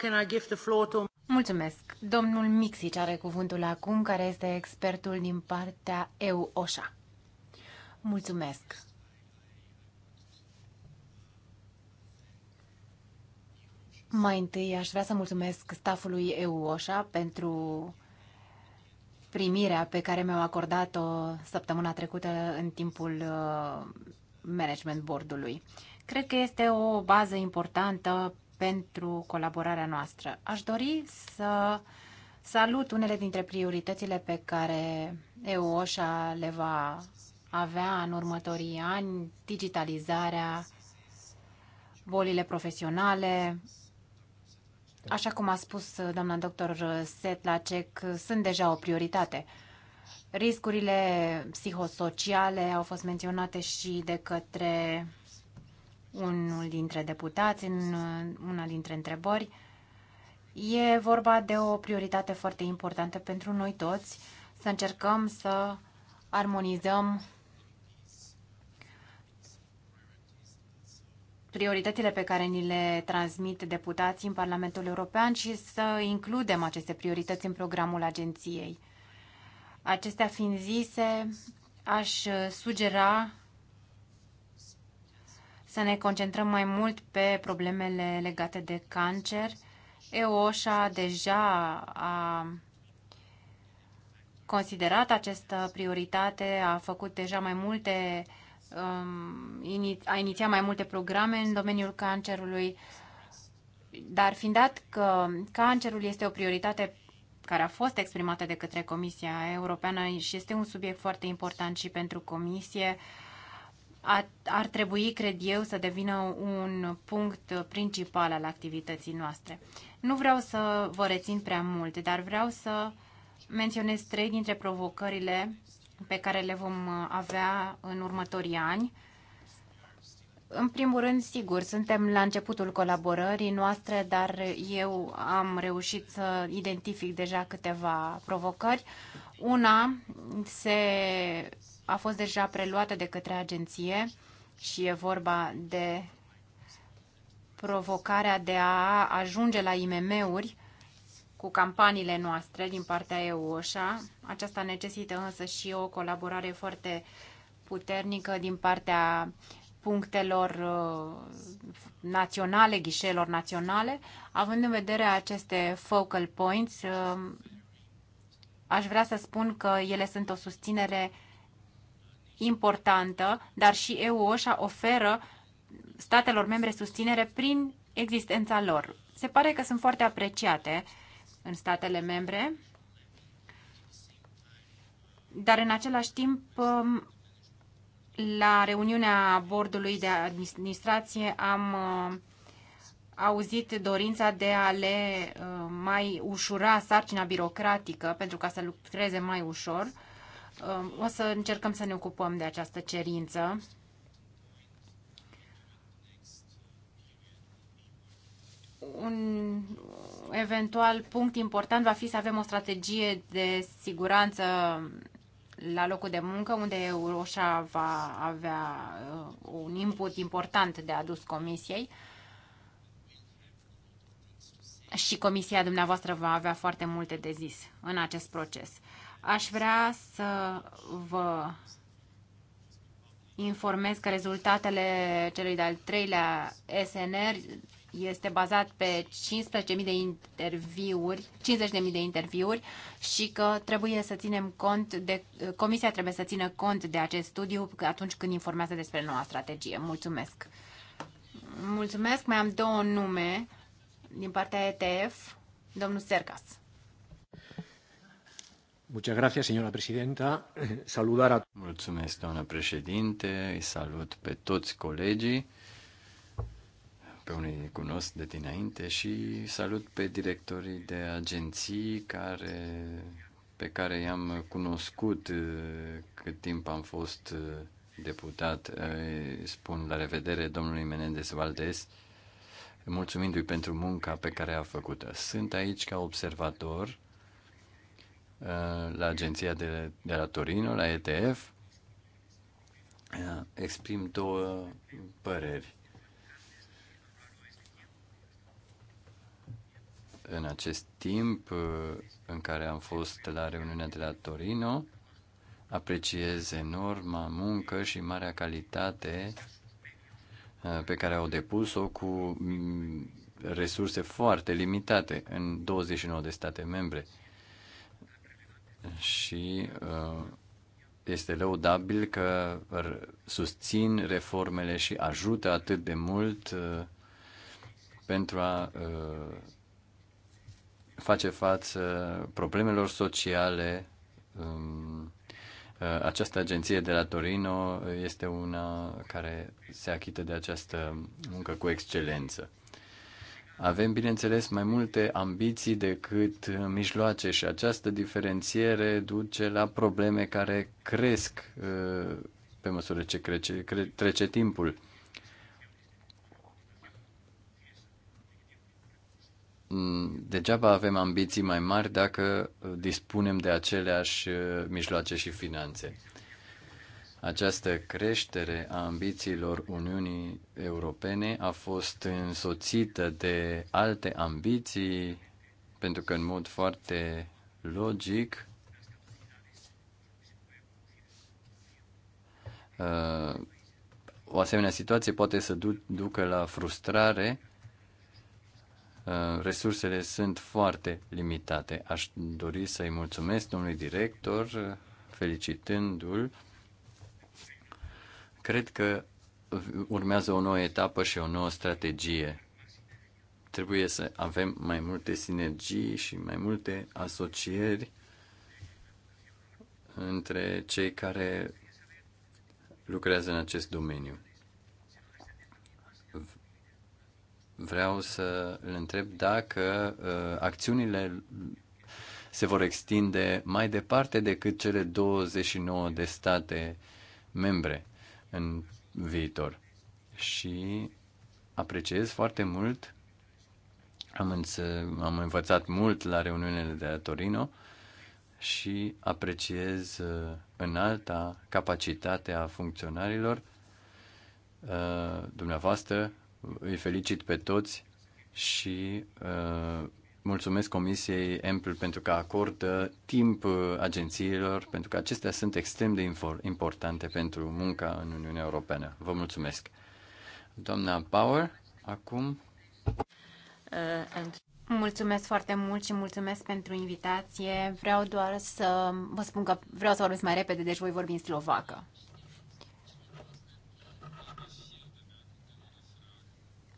can I give the floor to... Mulțumesc. Domnul Mixic are cuvântul acum, care este expertul din partea EU-OSHA. Mulțumesc. Mai întâi aș vrea să mulțumesc stafului EU-OSHA pentru primirea pe care mi-au acordat-o săptămâna trecută în timpul uh, management boardului. Cred că este o bază importantă pentru colaborarea noastră. Aș dori să salut unele dintre prioritățile pe care EUOSHA le va avea în următorii ani, digitalizarea, bolile profesionale, Așa cum a spus doamna doctor Setlacek, sunt deja o prioritate. Riscurile psihosociale au fost menționate și de către unul dintre deputați în uh, una dintre întrebări. E vorba de o prioritate foarte importantă pentru noi toți să încercăm să armonizăm prioritățile pe care ni le transmit deputații în Parlamentul European și să includem aceste priorități în programul agenției. Acestea fiind zise, aș sugera să ne concentrăm mai mult pe problemele legate de cancer. EOSHA deja a considerat această prioritate, a făcut deja mai multe, um, a inițiat mai multe programe în domeniul cancerului, dar fiind dat că cancerul este o prioritate care a fost exprimată de către Comisia Europeană și este un subiect foarte important și pentru Comisie, uh, ar, trebui, cred eu, să devină un punct principal al activității noastre. Nu vreau să vă rețin prea mult, dar vreau să menționez trei dintre provocările pe care le vom avea în următorii ani. În primul rând, sigur, suntem la începutul colaborării noastre, dar eu am reușit să identific deja câteva provocări. Una se a fost deja preluată de către agenție și e vorba de provocarea de a ajunge la IMM-uri cu campaniile noastre din partea eu Aceasta necesită însă și o colaborare foarte puternică din partea punctelor uh, naționale, ghișelor naționale. Având în vedere aceste focal points, uh, aș vrea să spun că ele sunt o susținere importantă, dar și EU OSHA oferă statelor membre susținere prin existența lor. Se pare că sunt foarte apreciate în statele membre, dar în același timp um, la reuniunea bordului de administrație am uh, auzit dorința de a le uh, mai ușura sarcina birocratică pentru ca să lucreze mai ușor Um, o să încercăm să ne ocupăm de această cerință. Un eventual punct important va fi să avem o strategie de siguranță la locul de muncă, unde Euroșa va avea uh, un input important de adus comisiei și comisia dumneavoastră va avea foarte multe de zis în acest proces. Aș vrea să vă informez că rezultatele celui de-al treilea SNR este bazat pe 15.000 de interviuri, 50.000 de interviuri și că trebuie să ținem cont de, comisia trebuie să țină cont de acest studiu atunci când informează despre noua strategie. Mulțumesc! Mulțumesc, mai am două nume din partea ETF, domnul Sercas. Muchas gracias, señora presidenta. Saludar a... Mulțumesc, doamnă președinte. salut pe toți colegii, pe unii cunosc de dinainte și salut pe directorii de agenții care, pe care i-am cunoscut eh, cât timp am fost eh, deputat. Îi spun la revedere domnului Menendez Valdez, mulțumindu-i pentru munca pe care a făcut-o. Sunt aici ca observator Uh, la agenția de, de la Torino, la ETF, uh, exprim două păreri. În acest timp uh, în care am fost la reuniunea de la Torino, apreciez enorma muncă și marea calitate pe care au depus-o cu mm, resurse foarte limitate în 29 de state membre și uh, este lăudabil că susțin reformele și ajută atât de mult uh, pentru a uh, face față problemelor sociale. Um, această agenție de la Torino este una care se achită de această muncă cu excelență. Avem, bineînțeles, mai multe ambiții decât mijloace și această diferențiere duce la probleme care cresc uh, pe măsură ce crece, cre, trece timpul. Mm, degeaba avem ambiții mai mari dacă uh, dispunem de aceleași uh, mijloace și finanțe. Această creștere a ambițiilor Uniunii Europene a fost însoțită de alte ambiții, pentru că în mod foarte logic uh, o asemenea situație poate să ducă la frustrare. Uh, resursele sunt foarte limitate. Aș dori să-i mulțumesc domnului director, felicitându-l Cred că urmează o nouă etapă și o nouă strategie. Trebuie să avem mai multe sinergii și mai multe asocieri între cei care lucrează în acest domeniu. Vreau să îl întreb dacă uh, acțiunile se vor extinde mai departe decât cele 29 de state membre în viitor. Și apreciez foarte mult, am, înțe- am învățat mult la reuniunile de la Torino și apreciez uh, în alta capacitatea funcționarilor. Uh, dumneavoastră îi felicit pe toți și uh, Mulțumesc Comisiei Ample pentru că acordă timp uh, agențiilor, pentru că acestea sunt extrem de importante pentru munca în Uniunea Europeană. Vă mulțumesc. Doamna Bauer, acum. Uh, mulțumesc foarte mult și mulțumesc pentru invitație. Vreau doar să vă spun că vreau să vorbesc mai repede, deci voi vorbi în slovacă.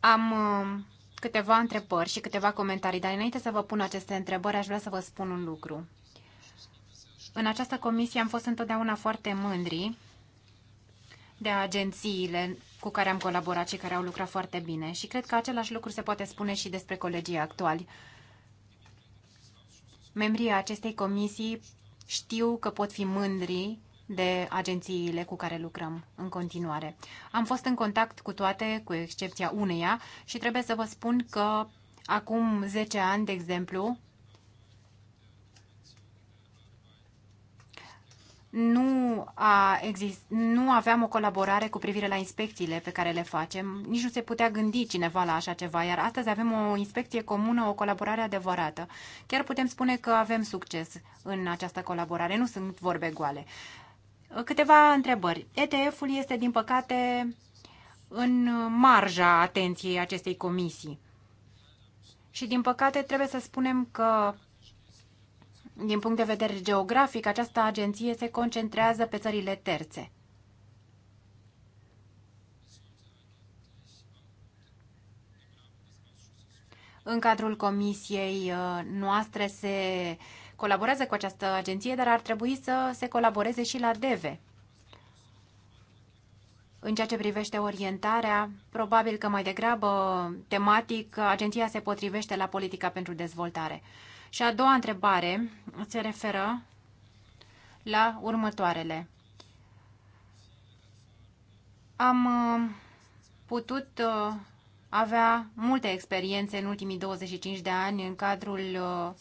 Am uh, câteva întrebări și câteva comentarii, dar înainte să vă pun aceste întrebări, aș vrea să vă spun un lucru. În această comisie am fost întotdeauna foarte mândri de agențiile cu care am colaborat și care au lucrat foarte bine și cred că același lucru se poate spune și despre colegii actuali. Membrii acestei comisii știu că pot fi mândri de agențiile cu care lucrăm în continuare. Am fost în contact cu toate, cu excepția uneia, și trebuie să vă spun că acum 10 ani, de exemplu, nu, a exist, nu aveam o colaborare cu privire la inspecțiile pe care le facem. Nici nu se putea gândi cineva la așa ceva, iar astăzi avem o inspecție comună, o colaborare adevărată. Chiar putem spune că avem succes în această colaborare, nu sunt vorbe goale. Câteva întrebări. ETF-ul este, din păcate, în marja atenției acestei comisii. Și, din păcate, trebuie să spunem că, din punct de vedere geografic, această agenție se concentrează pe țările terțe. În cadrul comisiei uh, noastre se colaborează cu această agenție, dar ar trebui să se colaboreze și la DEVE. În ceea ce privește orientarea, probabil că mai degrabă tematic agenția se potrivește la politica pentru dezvoltare. Și a doua întrebare se referă la următoarele. Am uh, putut uh, avea multe experiențe în ultimii 25 de ani în cadrul uh,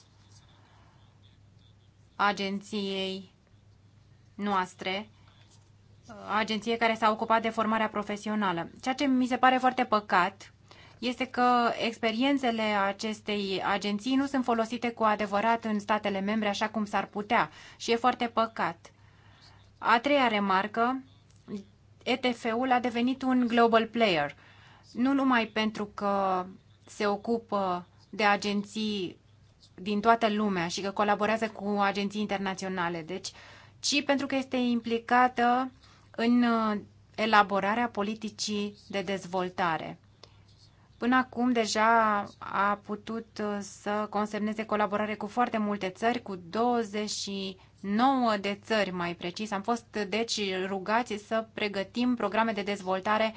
agenției noastre, agenție care s-a ocupat de formarea profesională. Ceea ce mi se pare foarte păcat este că experiențele acestei agenții nu sunt folosite cu adevărat în statele membre așa cum s-ar putea și e foarte păcat. A treia remarcă, ETF-ul a devenit un global player, nu numai pentru că se ocupă de agenții din toată lumea și că colaborează cu agenții internaționale, deci, ci pentru că este implicată în uh, elaborarea politicii de dezvoltare. Până acum deja a putut uh, să consemneze colaborare cu foarte multe țări, cu 29 de țări mai precis. Am fost deci rugați să pregătim programe de dezvoltare,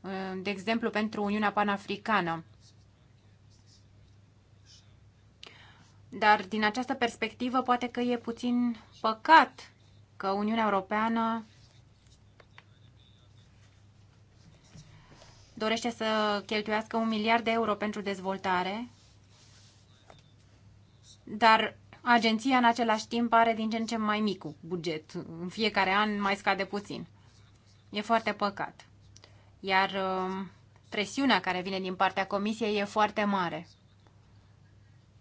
uh, de exemplu pentru Uniunea Panafricană. Dar din această perspectivă poate că e puțin păcat că Uniunea Europeană dorește să cheltuiască un miliard de euro pentru dezvoltare, dar agenția în același timp are din ce în ce mai mic buget. În fiecare an mai scade puțin. E foarte păcat. Iar um, presiunea care vine din partea comisiei e foarte mare.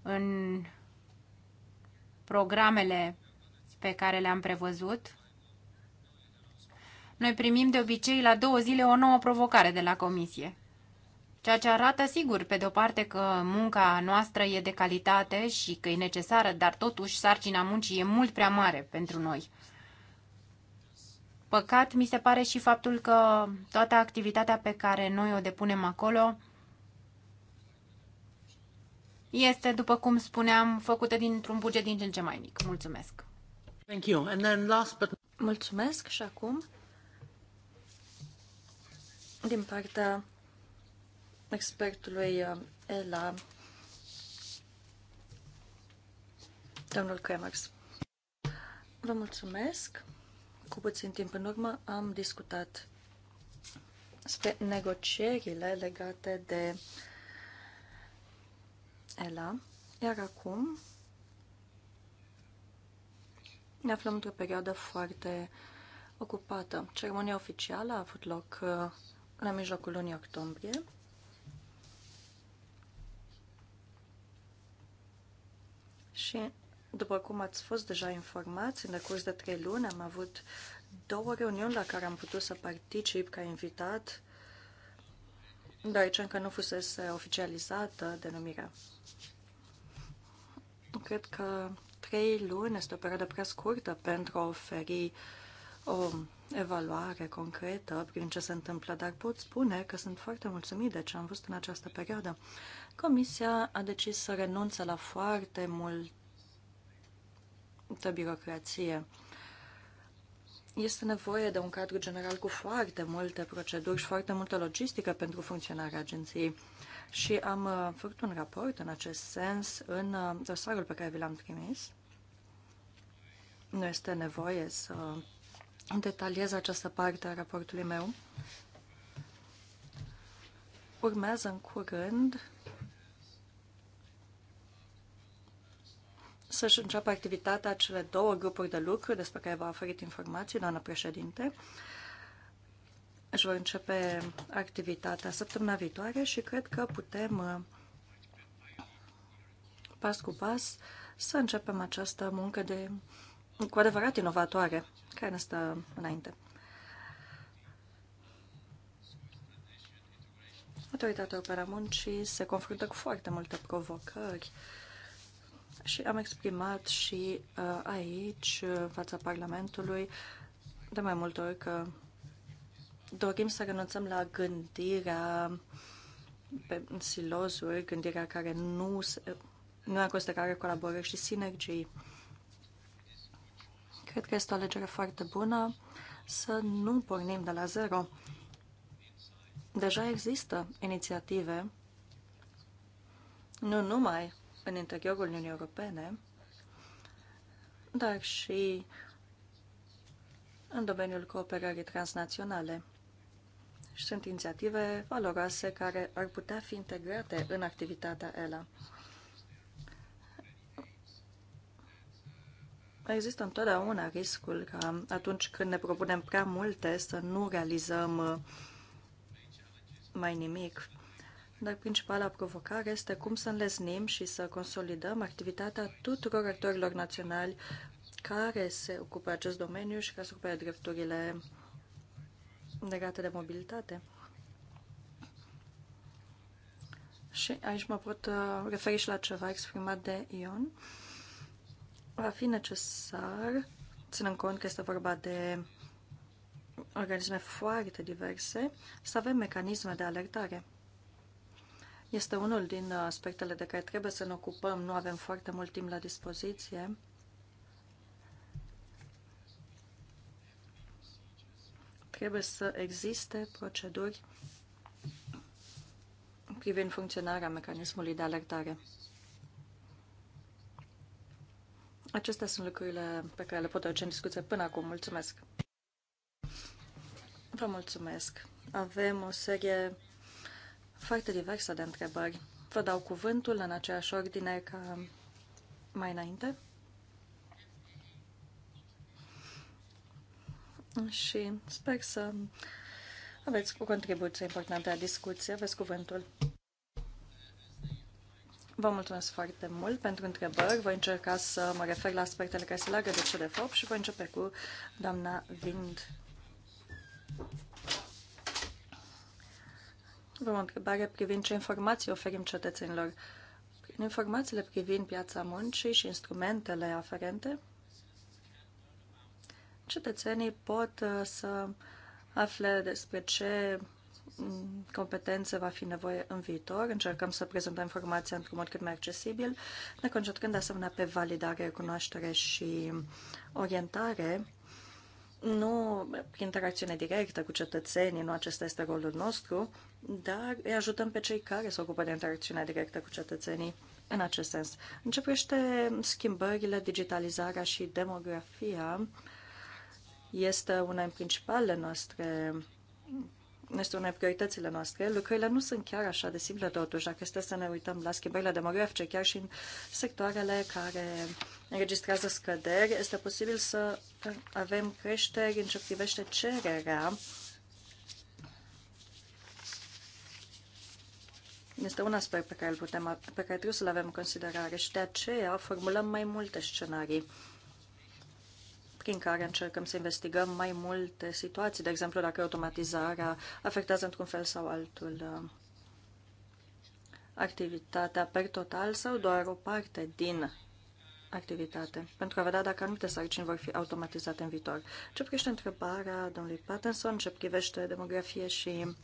În programele pe care le-am prevăzut. Noi primim de obicei la două zile o nouă provocare de la comisie. Ceea ce arată, sigur, pe de-o parte că munca noastră e de calitate și că e necesară, dar totuși sarcina muncii e mult prea mare pentru noi. Păcat mi se pare și faptul că toată activitatea pe care noi o depunem acolo este, după cum spuneam, făcută dintr-un buget din ce în ce mai mic. Mulțumesc! Thank you. And then last but... Mulțumesc și acum din partea expertului uh, Ela, domnul Kremers. Vă mulțumesc. Cu puțin timp în urmă am discutat despre negocierile legate de uh, Ela. Iar acum ne aflăm într-o perioadă foarte ocupată. Ceremonia oficială a avut loc uh, la mijlocul lunii octombrie. Și, după cum ați fost deja informați, în decurs de trei luni am avut două reuniuni la care am putut să particip ca invitat da, aici încă nu fusese oficializată denumirea. Cred că trei luni este o perioadă prea scurtă pentru a oferi o evaluare concretă prin ce se întâmplă, dar pot spune că sunt foarte mulțumit de ce am văzut în această perioadă. Comisia a decis să renunțe la foarte multă birocrație este nevoie de un cadru general cu foarte multe proceduri și foarte multă logistică pentru funcționarea agenției. Și am uh, făcut un raport în acest sens în uh, dosarul pe care vi l-am trimis. Nu este nevoie să detaliez această parte a raportului meu. Urmează în curând să-și înceapă activitatea cele două grupuri de lucru despre care v-a oferit informații, doamna președinte. Își vor începe activitatea săptămâna viitoare și cred că putem uh, pas cu pas să începem această muncă de cu adevărat inovatoare care ne stă înainte. Autoritatea Opera Muncii se confruntă cu foarte multe provocări și am exprimat și uh, aici, uh, în fața Parlamentului, de mai multe ori că dorim să renunțăm la gândirea pe silozuri, gândirea care nu, se, nu costă care colaborări și sinergii. Cred că este o alegere foarte bună să nu pornim de la zero. Deja există inițiative, nu numai în interiorul Uniunii Europene, dar și în domeniul cooperării transnaționale. Și sunt inițiative valoroase care ar putea fi integrate în activitatea ELA. Există întotdeauna riscul că atunci când ne propunem prea multe să nu realizăm mai nimic dar principala provocare este cum să înlesnim și să consolidăm activitatea tuturor actorilor naționali care se ocupă acest domeniu și care se ocupă de drepturile legate de mobilitate. Și aici mă pot uh, referi și la ceva exprimat de Ion. Va fi necesar, ținând cont că este vorba de organisme foarte diverse, să avem mecanisme de alertare. Este unul din aspectele de care trebuie să ne ocupăm. Nu avem foarte mult timp la dispoziție. Trebuie să existe proceduri privind funcționarea mecanismului de alertare. Acestea sunt lucrurile pe care le pot aduce în discuție până acum. Mulțumesc! Vă mulțumesc! Avem o serie foarte diversă de întrebări. Vă dau cuvântul în aceeași ordine ca mai înainte. Și sper să aveți o contribuție importantă la discuție. Aveți cuvântul. Vă mulțumesc foarte mult pentru întrebări. Voi încerca să mă refer la aspectele care se leagă de fapt și voi începe cu doamna Vind. Avem o întrebare privind ce informații oferim cetățenilor. Prin informațiile privind piața muncii și instrumentele aferente, cetățenii pot uh, să afle despre ce mm, competențe va fi nevoie în viitor. Încercăm să prezentăm informația într-un mod cât mai accesibil, ne concentrând de asemenea pe validare, cunoaștere și orientare nu interacțiune directă cu cetățenii, nu acesta este rolul nostru, dar îi ajutăm pe cei care se ocupă de interacțiunea directă cu cetățenii în acest sens. Începește schimbările, digitalizarea și demografia este una din principalele noastre este una din prioritățile noastre. Lucrurile nu sunt chiar așa de simple totuși, dacă este să ne uităm la schimbările demografice, chiar și în sectoarele care înregistrează scăderi, este posibil să avem creșteri în ce privește cererea. Este un aspect pe care, îl putem, pe care trebuie să-l avem în considerare și de aceea formulăm mai multe scenarii prin care încercăm să investigăm mai multe situații, de exemplu dacă automatizarea afectează într-un fel sau altul uh, activitatea per total sau doar o parte din activitate, pentru a vedea dacă anumite sarcini vor fi automatizate în viitor. Ce privește întrebarea domnului Patterson, ce privește demografie și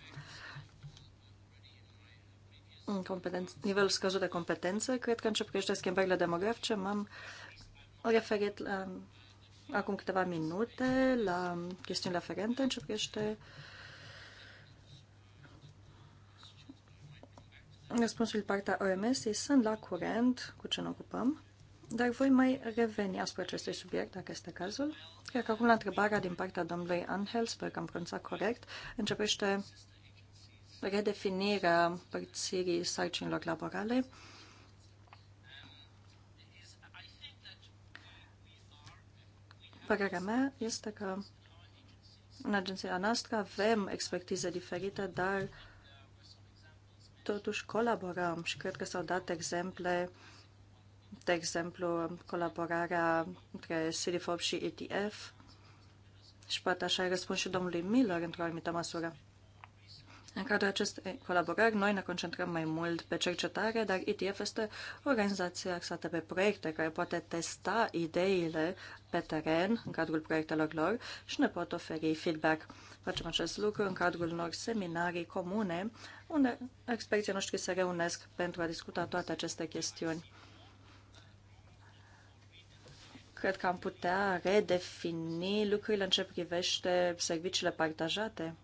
nivelul scăzut de competență, cred că în ce privește schimbările demografice m-am referit la, acum câteva minute la chestiuni aferente, în ce privește Răspunsul partea OMS sunt la curent cu ce ne ocupăm. Dar voi mai reveni asupra acestui subiect, dacă este cazul. Cred că acum la întrebarea din partea domnului Angel, sper că am pronunțat corect, începește redefinirea părțirii sarcinilor laborale. Părerea mea este că în agenția noastră avem expertize diferite, dar totuși colaborăm și cred că s-au dat exemple uh, de exemplu, colaborarea între CDFOP și ETF. Și poate așa ai răspund și domnului Miller într-o anumită măsură. În cadrul acestei colaborări, noi ne concentrăm mai mult pe cercetare, dar ETF este o organizație axată pe proiecte care poate testa ideile pe teren în cadrul proiectelor lor și ne pot oferi feedback. Facem acest lucru în cadrul unor seminarii comune, unde experții noștri se reunesc pentru a discuta toate aceste chestiuni. Cred că am putea redefini lucrurile în ce privește serviciile partajate.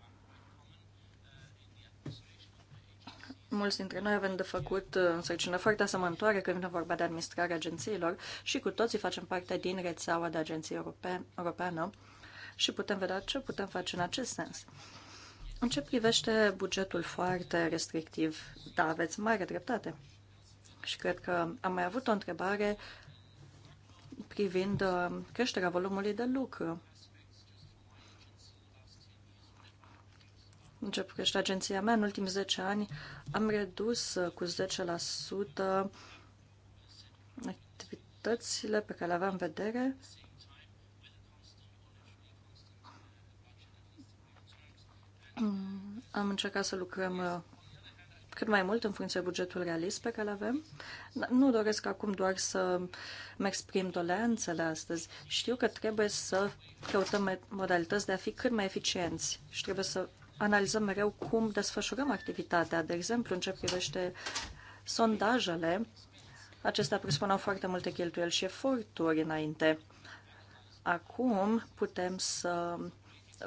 Mulți dintre noi avem de făcut uh, însărcină foarte asemănătoare când vine vorba de administrarea agențiilor și cu toții facem parte din rețeaua de agenții europe, europeană și putem vedea ce putem face în acest sens. În ce privește bugetul foarte restrictiv, da, aveți mare dreptate. Și cred că am mai avut o întrebare privind uh, creșterea volumului de lucru. Încep crește agenția mea. În ultimii 10 ani am redus uh, cu 10% activitățile pe care le aveam în vedere mm, Am încercat să lucrăm uh, cât mai mult în funcție de bugetul realist pe care îl avem. Nu doresc acum doar să mă exprim doleanțele astăzi. Știu că trebuie să căutăm modalități de a fi cât mai eficienți și trebuie să analizăm mereu cum desfășurăm activitatea. De exemplu, în ce privește sondajele, acestea presupunau foarte multe cheltuieli și eforturi înainte. Acum putem să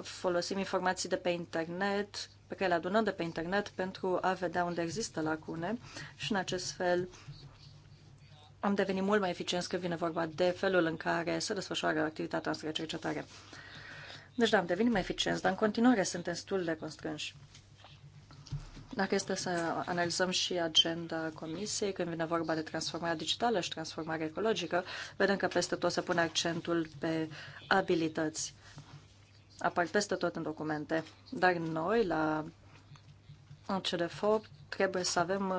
folosim informații de pe internet, pe care le adunăm de pe internet pentru a vedea unde există lacune și în acest fel am devenit mult mai eficienți când vine vorba de felul în care se desfășoară activitatea noastră de cercetare. Deci, da, am devenit mai eficienți, dar în continuare suntem destul de constrânși. Dacă este să analizăm și agenda Comisiei, când vine vorba de transformarea digitală și transformarea ecologică, vedem că peste tot se pune accentul pe abilități apar peste tot în documente. Dar noi, la CDFOP, trebuie să avem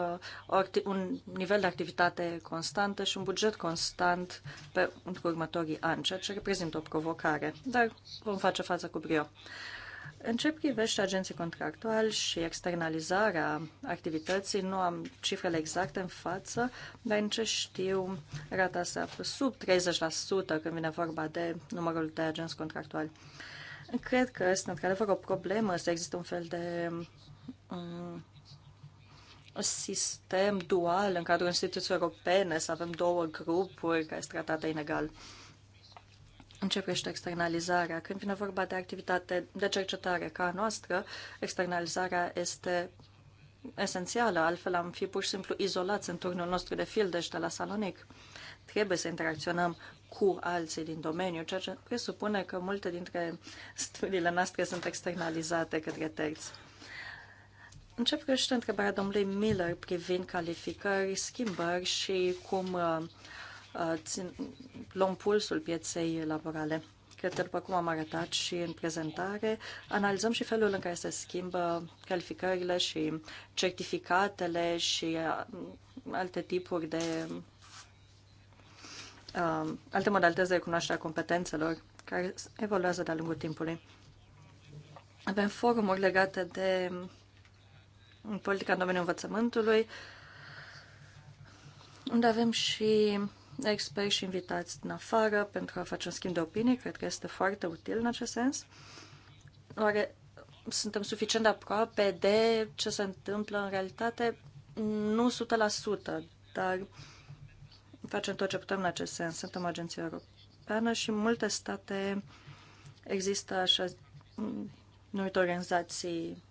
uh, un nivel de activitate constantă și un buget constant pe următorii ani, ceea ce reprezintă o provocare, dar vom face față cu brio. În ce privește agenții contractuali și externalizarea activității, nu am cifrele exacte în față, dar în ce știu, rata se află sub 30% când vine vorba de numărul de agenți contractuali. Cred că este într-adevăr o problemă să există un fel de um, sistem dual în cadrul instituției europene, să avem două grupuri care sunt tratate inegal. Începește externalizarea. Când vine vorba de activitate de cercetare ca a noastră, externalizarea este esențială, altfel am fi pur și simplu izolați în turnul nostru de fildeș de la Salonic. Trebuie să interacționăm cu alții din domeniu, ceea ce presupune că multe dintre studiile noastre sunt externalizate către terți. Încep cu și întrebarea domnului Miller privind calificări, schimbări și cum uh, uh, țin, luăm pulsul pieței laborale. Cred că, după cum am arătat și în prezentare, analizăm și felul în care se schimbă calificările și certificatele și uh, alte tipuri de Um, alte modalități de recunoaștere a competențelor care evoluează de-a lungul timpului. Avem forumuri legate de um, politica în domeniul învățământului, unde avem și experți și invitați din afară pentru a face un schimb de opinii. Cred că este foarte util în acest sens. Oare suntem suficient de aproape de ce se întâmplă în realitate? Nu 100%, dar Facem tot ce putem în acest sens. Suntem o agenție europeană și în multe state există așa numite organizații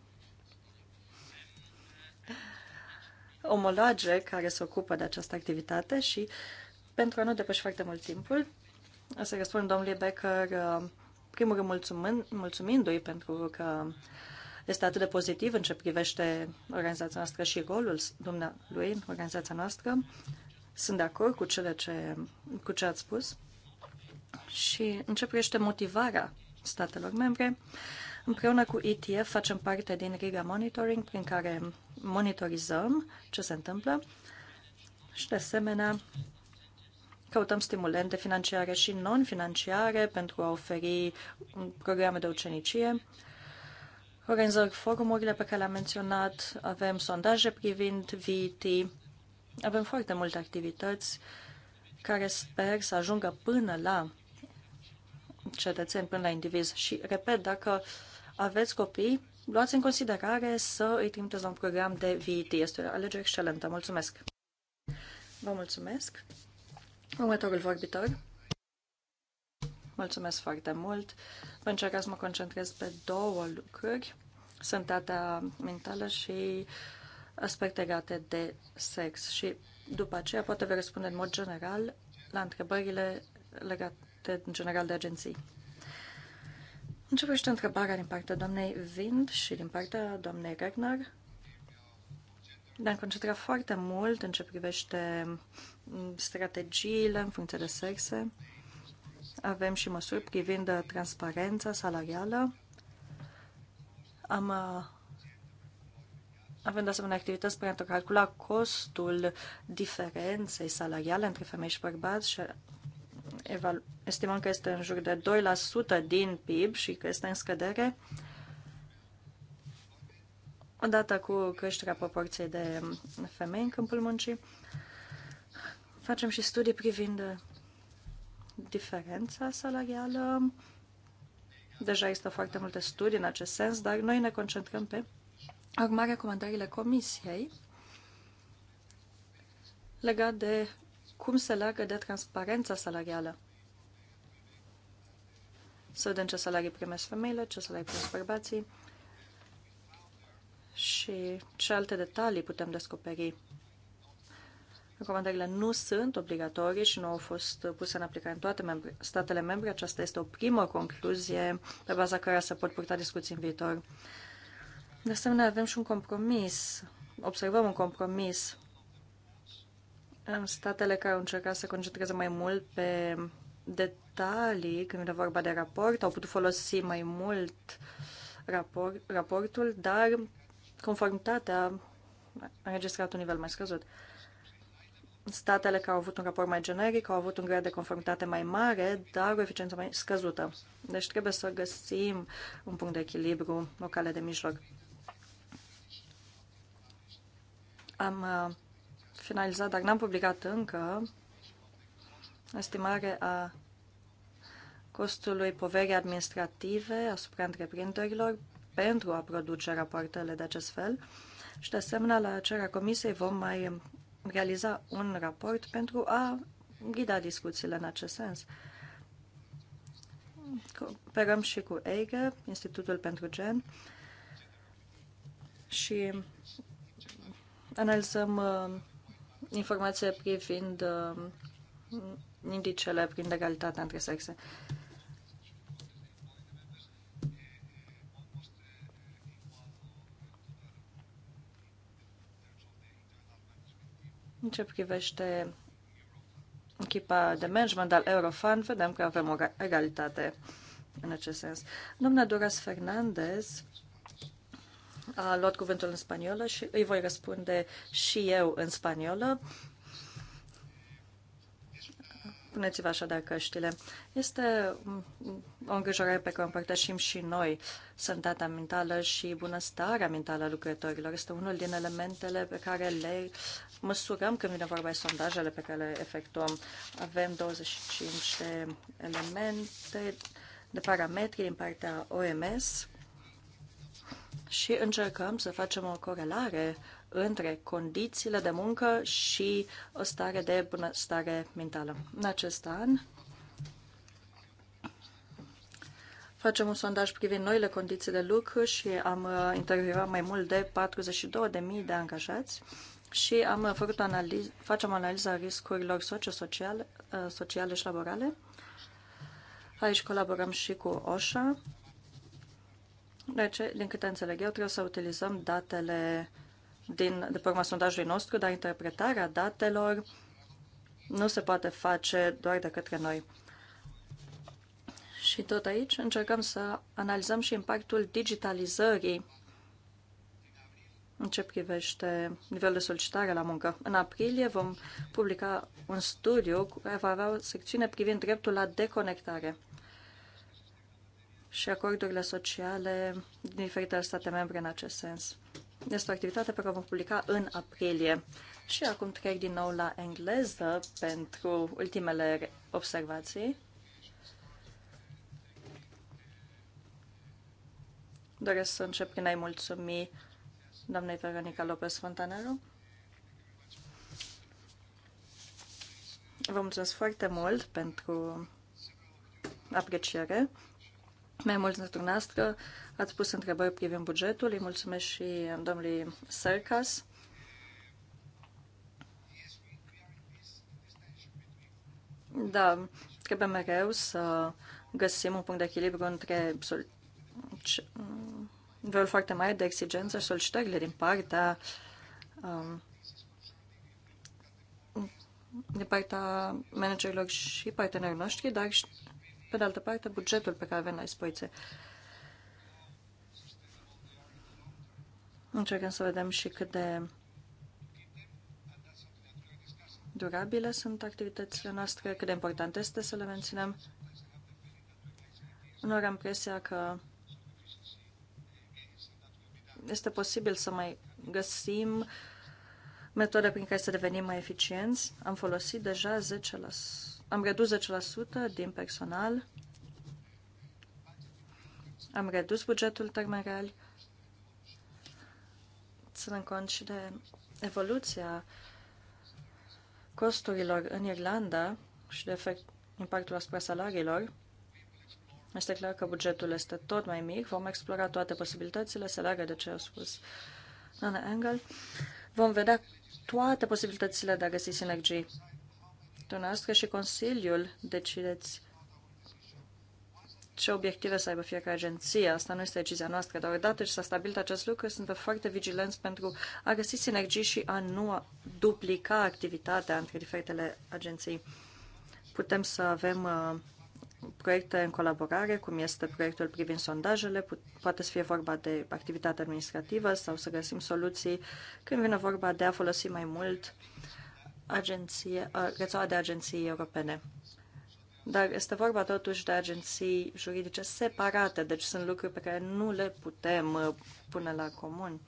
omologe care se ocupă de această activitate și pentru a nu depăși foarte mult timpul, o să răspund domnului Becker, primul rând mulțumind, mulțumindu-i pentru că este atât de pozitiv în ce privește organizația noastră și rolul dumnealui în organizația noastră. Sunt de acord cu, cele ce, cu ce ați spus și în ce privește motivarea statelor membre, împreună cu ETF facem parte din Riga Monitoring, prin care monitorizăm ce se întâmplă și, de asemenea, căutăm stimulente financiare și non-financiare pentru a oferi programe de ucenicie. Organizăm forumurile pe care le-am menționat, avem sondaje privind VT avem foarte multe activități care sper să ajungă până la cetățeni, până la indivizi. Și, repet, dacă aveți copii, luați în considerare să îi trimiteți la un program de VIT. Este o alegere excelentă. Mulțumesc! Vă mulțumesc! Următorul vorbitor. Mulțumesc foarte mult. Vă încercați să mă concentrez pe două lucruri, sănătatea mentală și aspecte legate de sex și după aceea poate vă răspunde în mod general la întrebările legate în general de agenții. Începește întrebarea din partea doamnei Vind și din partea doamnei Regnar. Ne-am concentrat foarte mult în ce privește strategiile în funcție de sexe. Avem și măsuri privind transparența salarială. Am Având asemenea activități pentru a calcula costul diferenței salariale între femei și bărbați și estimăm că este în jur de 2% din PIB și că este în scădere, odată cu creșterea proporției de femei în câmpul muncii, facem și studii privind diferența salarială. Deja există foarte multe studii în acest sens, dar noi ne concentrăm pe Acum, recomandările Comisiei legat de cum se leagă de transparența salarială. Să vedem ce salarii primesc femeile, ce salarii primesc bărbații și ce alte detalii putem descoperi. Recomandările nu sunt obligatorii și nu au fost puse în aplicare în toate membre, statele membre. Aceasta este o primă concluzie pe baza căreia se pot purta discuții în viitor. De asemenea, avem și un compromis. Observăm un compromis în statele care au încercat să concentreze mai mult pe detalii când vine vorba de raport, au putut folosi mai mult raport, raportul, dar conformitatea a înregistrat un nivel mai scăzut. Statele care au avut un raport mai generic au avut un grad de conformitate mai mare, dar o eficiență mai scăzută. Deci trebuie să găsim un punct de echilibru, o cale de mijloc. Am uh, finalizat, dar n-am publicat încă, estimare a costului poverii administrative asupra întreprinderilor pentru a produce rapoartele de acest fel și, de asemenea, la cererea Comisiei vom mai realiza un raport pentru a ghida discuțiile în acest sens. Cooperăm și cu EIGE, Institutul pentru Gen, și analizăm uh, informație privind uh, indicele prin egalitatea între sexe. În ce privește echipa de management al Eurofund, vedem că avem o egalitate în acest sens. Domnul Duras Fernandez a luat cuvântul în spaniolă și îi voi răspunde și eu în spaniolă. Puneți-vă dacă căștile. Este o îngrijorare pe care o împărtășim și noi. Sănătatea mentală și bunăstarea mentală a lucrătorilor este unul din elementele pe care le măsurăm când vine vorba de sondajele pe care le efectuăm. Avem 25 de elemente, de parametri din partea OMS și încercăm să facem o corelare între condițiile de muncă și o stare de bunăstare mentală. În acest an facem un sondaj privind noile condiții de lucru și am intervievat mai mult de 42.000 de angajați și am făcut analiz, facem analiza riscurilor sociale, sociale și laborale. Aici colaborăm și cu OSHA deci, din câte înțeleg eu, trebuie să utilizăm datele din, de pe urma sondajului nostru, dar interpretarea datelor nu se poate face doar de către noi. Și tot aici încercăm să analizăm și impactul digitalizării în ce privește nivelul de solicitare la muncă. În aprilie vom publica un studiu care va avea o secțiune privind dreptul la deconectare și acordurile sociale din diferitele state membre în acest sens. Este o activitate pe care o vom publica în aprilie. Și acum trec din nou la engleză pentru ultimele observații. Doresc să încep prin a-i mulțumi doamnei Veronica Lopez Fontaneru. Vă mulțumesc foarte mult pentru apreciere. Mai mulți dintre dumneavoastră ați pus întrebări privind bugetul. Îi mulțumesc și domnului Sărcas. Da, trebuie mereu să găsim un punct de echilibru între nivelul foarte mare de exigență și solicitările din partea um, din partea managerilor și partenerilor noștri, dar și pe de altă parte, bugetul pe care avem la dispoziție. Încercăm să vedem și cât de durabile sunt activitățile noastre, cât de important este să le menținem. Nu am impresia că este posibil să mai găsim metode prin care să devenim mai eficienți. Am folosit deja 10%, am redus 10% din personal, am redus bugetul termenal. ținând cont și de evoluția costurilor în Irlanda și de efect, impactul asupra salariilor. Este clar că bugetul este tot mai mic. Vom explora toate posibilitățile, se leagă de ce a spus Nana Engel. Vom vedea toate posibilitățile de a găsi sinergii Dumneavoastră și Consiliul decideți ce obiective să aibă fiecare agenție. Asta nu este decizia noastră, dar odată ce s-a stabilit acest lucru, suntem foarte vigilenți pentru a găsi sinergii și a nu duplica activitatea între diferitele agenții. Putem să avem uh, proiecte în colaborare, cum este proiectul privind sondajele, poate să fie vorba de activitate administrativă sau să găsim soluții când vine vorba de a folosi mai mult agenție, rețeaua de agenții europene. Dar este vorba totuși de agenții juridice separate, deci sunt lucruri pe care nu le putem uh, pune la comun.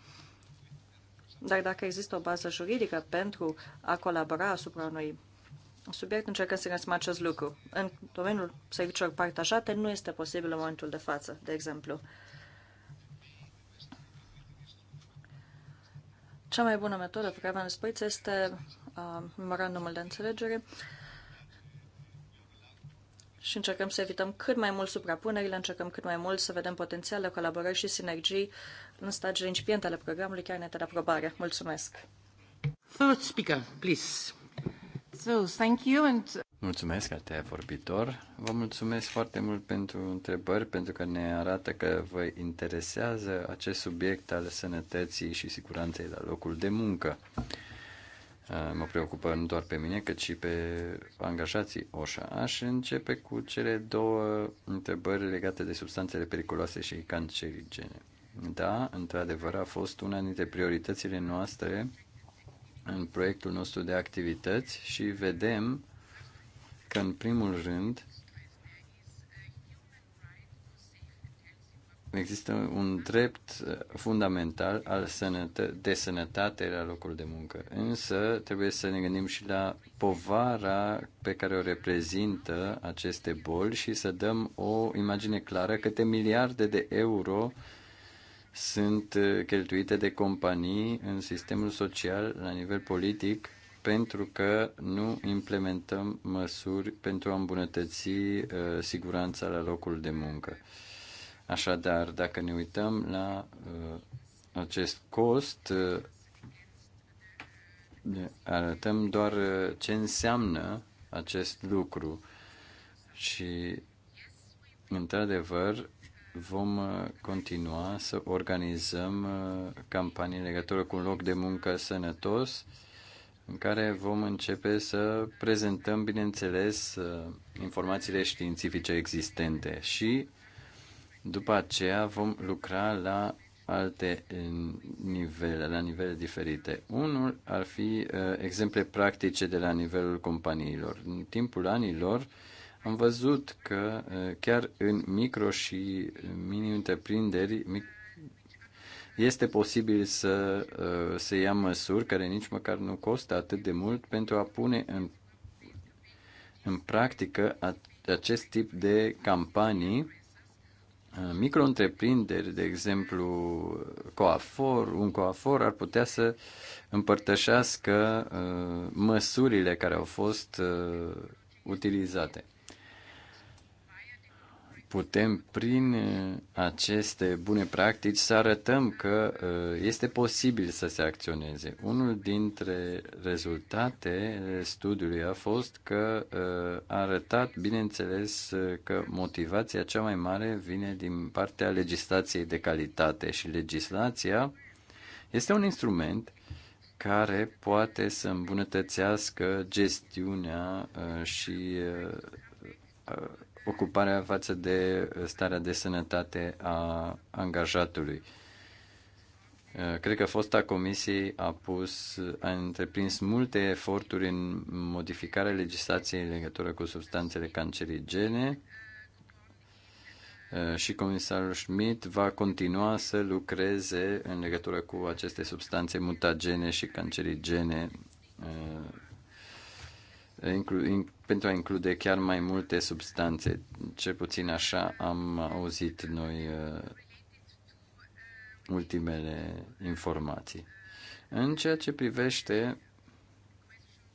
Dar dacă există o bază juridică pentru a colabora asupra unui subiect, încercăm să găsim acest lucru. În domeniul serviciilor partajate nu este posibil în momentul de față, de exemplu. Cea mai bună metodă pe care v-am spus este Uh, memorandumul de înțelegere și încercăm să evităm cât mai mult suprapunerile, încercăm cât mai mult să vedem potențiale colaborări și sinergii în stagiile incipiente ale programului, chiar înainte de aprobare. Mulțumesc! Third speaker, please. So, thank you and... Mulțumesc, Altea Vorbitor. Vă mulțumesc foarte mult pentru întrebări, pentru că ne arată că vă interesează acest subiect al sănătății și siguranței la locul de muncă. Eh, mă preocupă nu doar pe mine, cât și pe angajații OSHA. Aș începe cu cele două întrebări legate de substanțele periculoase și cancerigene. Da, într-adevăr, a fost una dintre prioritățile noastre în proiectul nostru de activități și vedem că, în primul rând, există un drept eh, fundamental al sănătă- de sănătate la locul de muncă. Însă trebuie să ne gândim și la povara pe care o reprezintă aceste boli și să dăm o imagine clară câte miliarde de euro sunt eh, cheltuite de companii în sistemul social la nivel politic pentru că nu implementăm măsuri pentru a îmbunătăți uh, siguranța la locul de muncă. Așadar, dacă ne uităm la uh, acest cost, uh, arătăm doar uh, ce înseamnă acest lucru și, într-adevăr, vom uh, continua să organizăm uh, campanii legătură cu un loc de muncă sănătos, în care vom începe să prezentăm, bineînțeles, informațiile științifice existente și după aceea vom lucra la alte nivele, la nivele diferite. Unul ar fi uh, exemple practice de la nivelul companiilor. În timpul anilor am văzut că uh, chiar în micro și mini întreprinderi mic, este posibil să uh, se ia măsuri care nici măcar nu costă atât de mult pentru a pune în, în practică acest tip de campanii Uh, micro-întreprinderi, de exemplu, coafor, un coafor ar putea să împărtășească uh, măsurile care au fost uh, utilizate putem prin uh, aceste bune practici să arătăm că uh, este posibil să se acționeze. Unul dintre rezultate uh, studiului a fost că a arătat, bineînțeles, că motivația cea mai mare vine din partea legislației de calitate și legislația este un instrument care poate să îmbunătățească gestiunea și ocuparea față de uh, starea de sănătate a angajatului. Uh, cred că fosta comisie a pus, a întreprins multe eforturi în modificarea legislației în legătură cu substanțele cancerigene uh, și comisarul Schmidt va continua să lucreze în legătură cu aceste substanțe mutagene și cancerigene pentru a include chiar mai multe substanțe. Cel puțin așa am auzit noi uh, ultimele informații. În ceea ce privește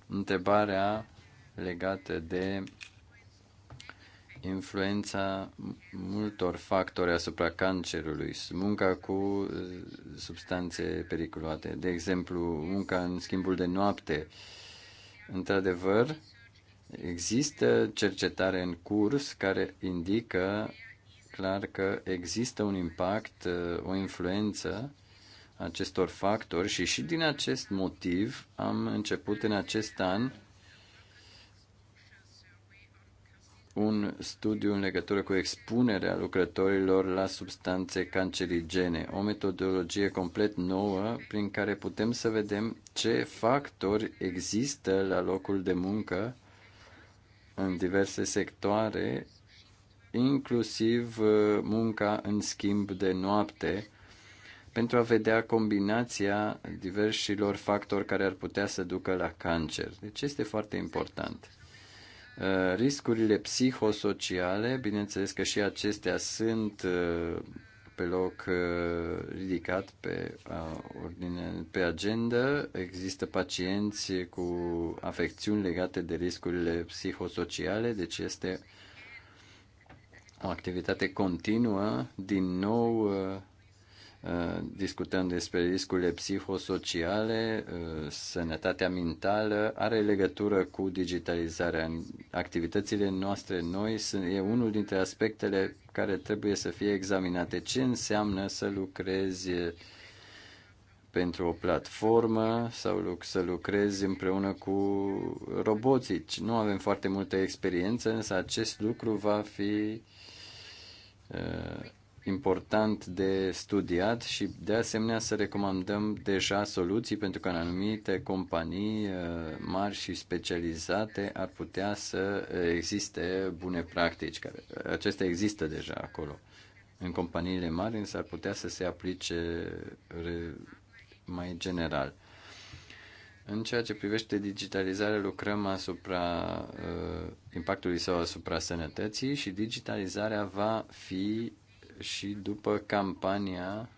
întrebarea legată de influența multor factori asupra cancerului, munca cu uh, substanțe periculoase, de exemplu, munca în schimbul de noapte, uh, Într-adevăr, există cercetare în curs care indică clar că există un impact, o influență acestor factori și și din acest motiv am început în acest an un studiu în legătură cu expunerea lucrătorilor la substanțe cancerigene, o metodologie complet nouă prin care putem să vedem ce factori există la locul de muncă în diverse sectoare, inclusiv uh, munca în schimb de noapte, pentru a vedea combinația diversilor factori care ar putea să ducă la cancer. Deci este foarte important. Uh, riscurile psihosociale, bineînțeles că și acestea sunt uh, pe loc uh, ridicat pe ordine, pe agenda. Există pacienți cu afecțiuni legate de riscurile psihosociale, deci este o activitate continuă. Din nou, Uh, discutăm despre riscurile psihosociale, uh, sănătatea mentală, are legătură cu digitalizarea. Activitățile noastre noi sunt, e unul dintre aspectele care trebuie să fie examinate. Ce înseamnă să lucrezi pentru o platformă sau să lucrezi împreună cu roboții. Nu avem foarte multă experiență, însă acest lucru va fi uh, important de studiat și de asemenea să recomandăm deja soluții pentru că în anumite companii uh, mari și specializate ar putea să existe bune practici. Care, acestea există deja acolo. În companiile mari însă ar putea să se aplice mai general. În ceea ce privește digitalizarea, lucrăm asupra uh, impactului său asupra sănătății și digitalizarea va fi și după campania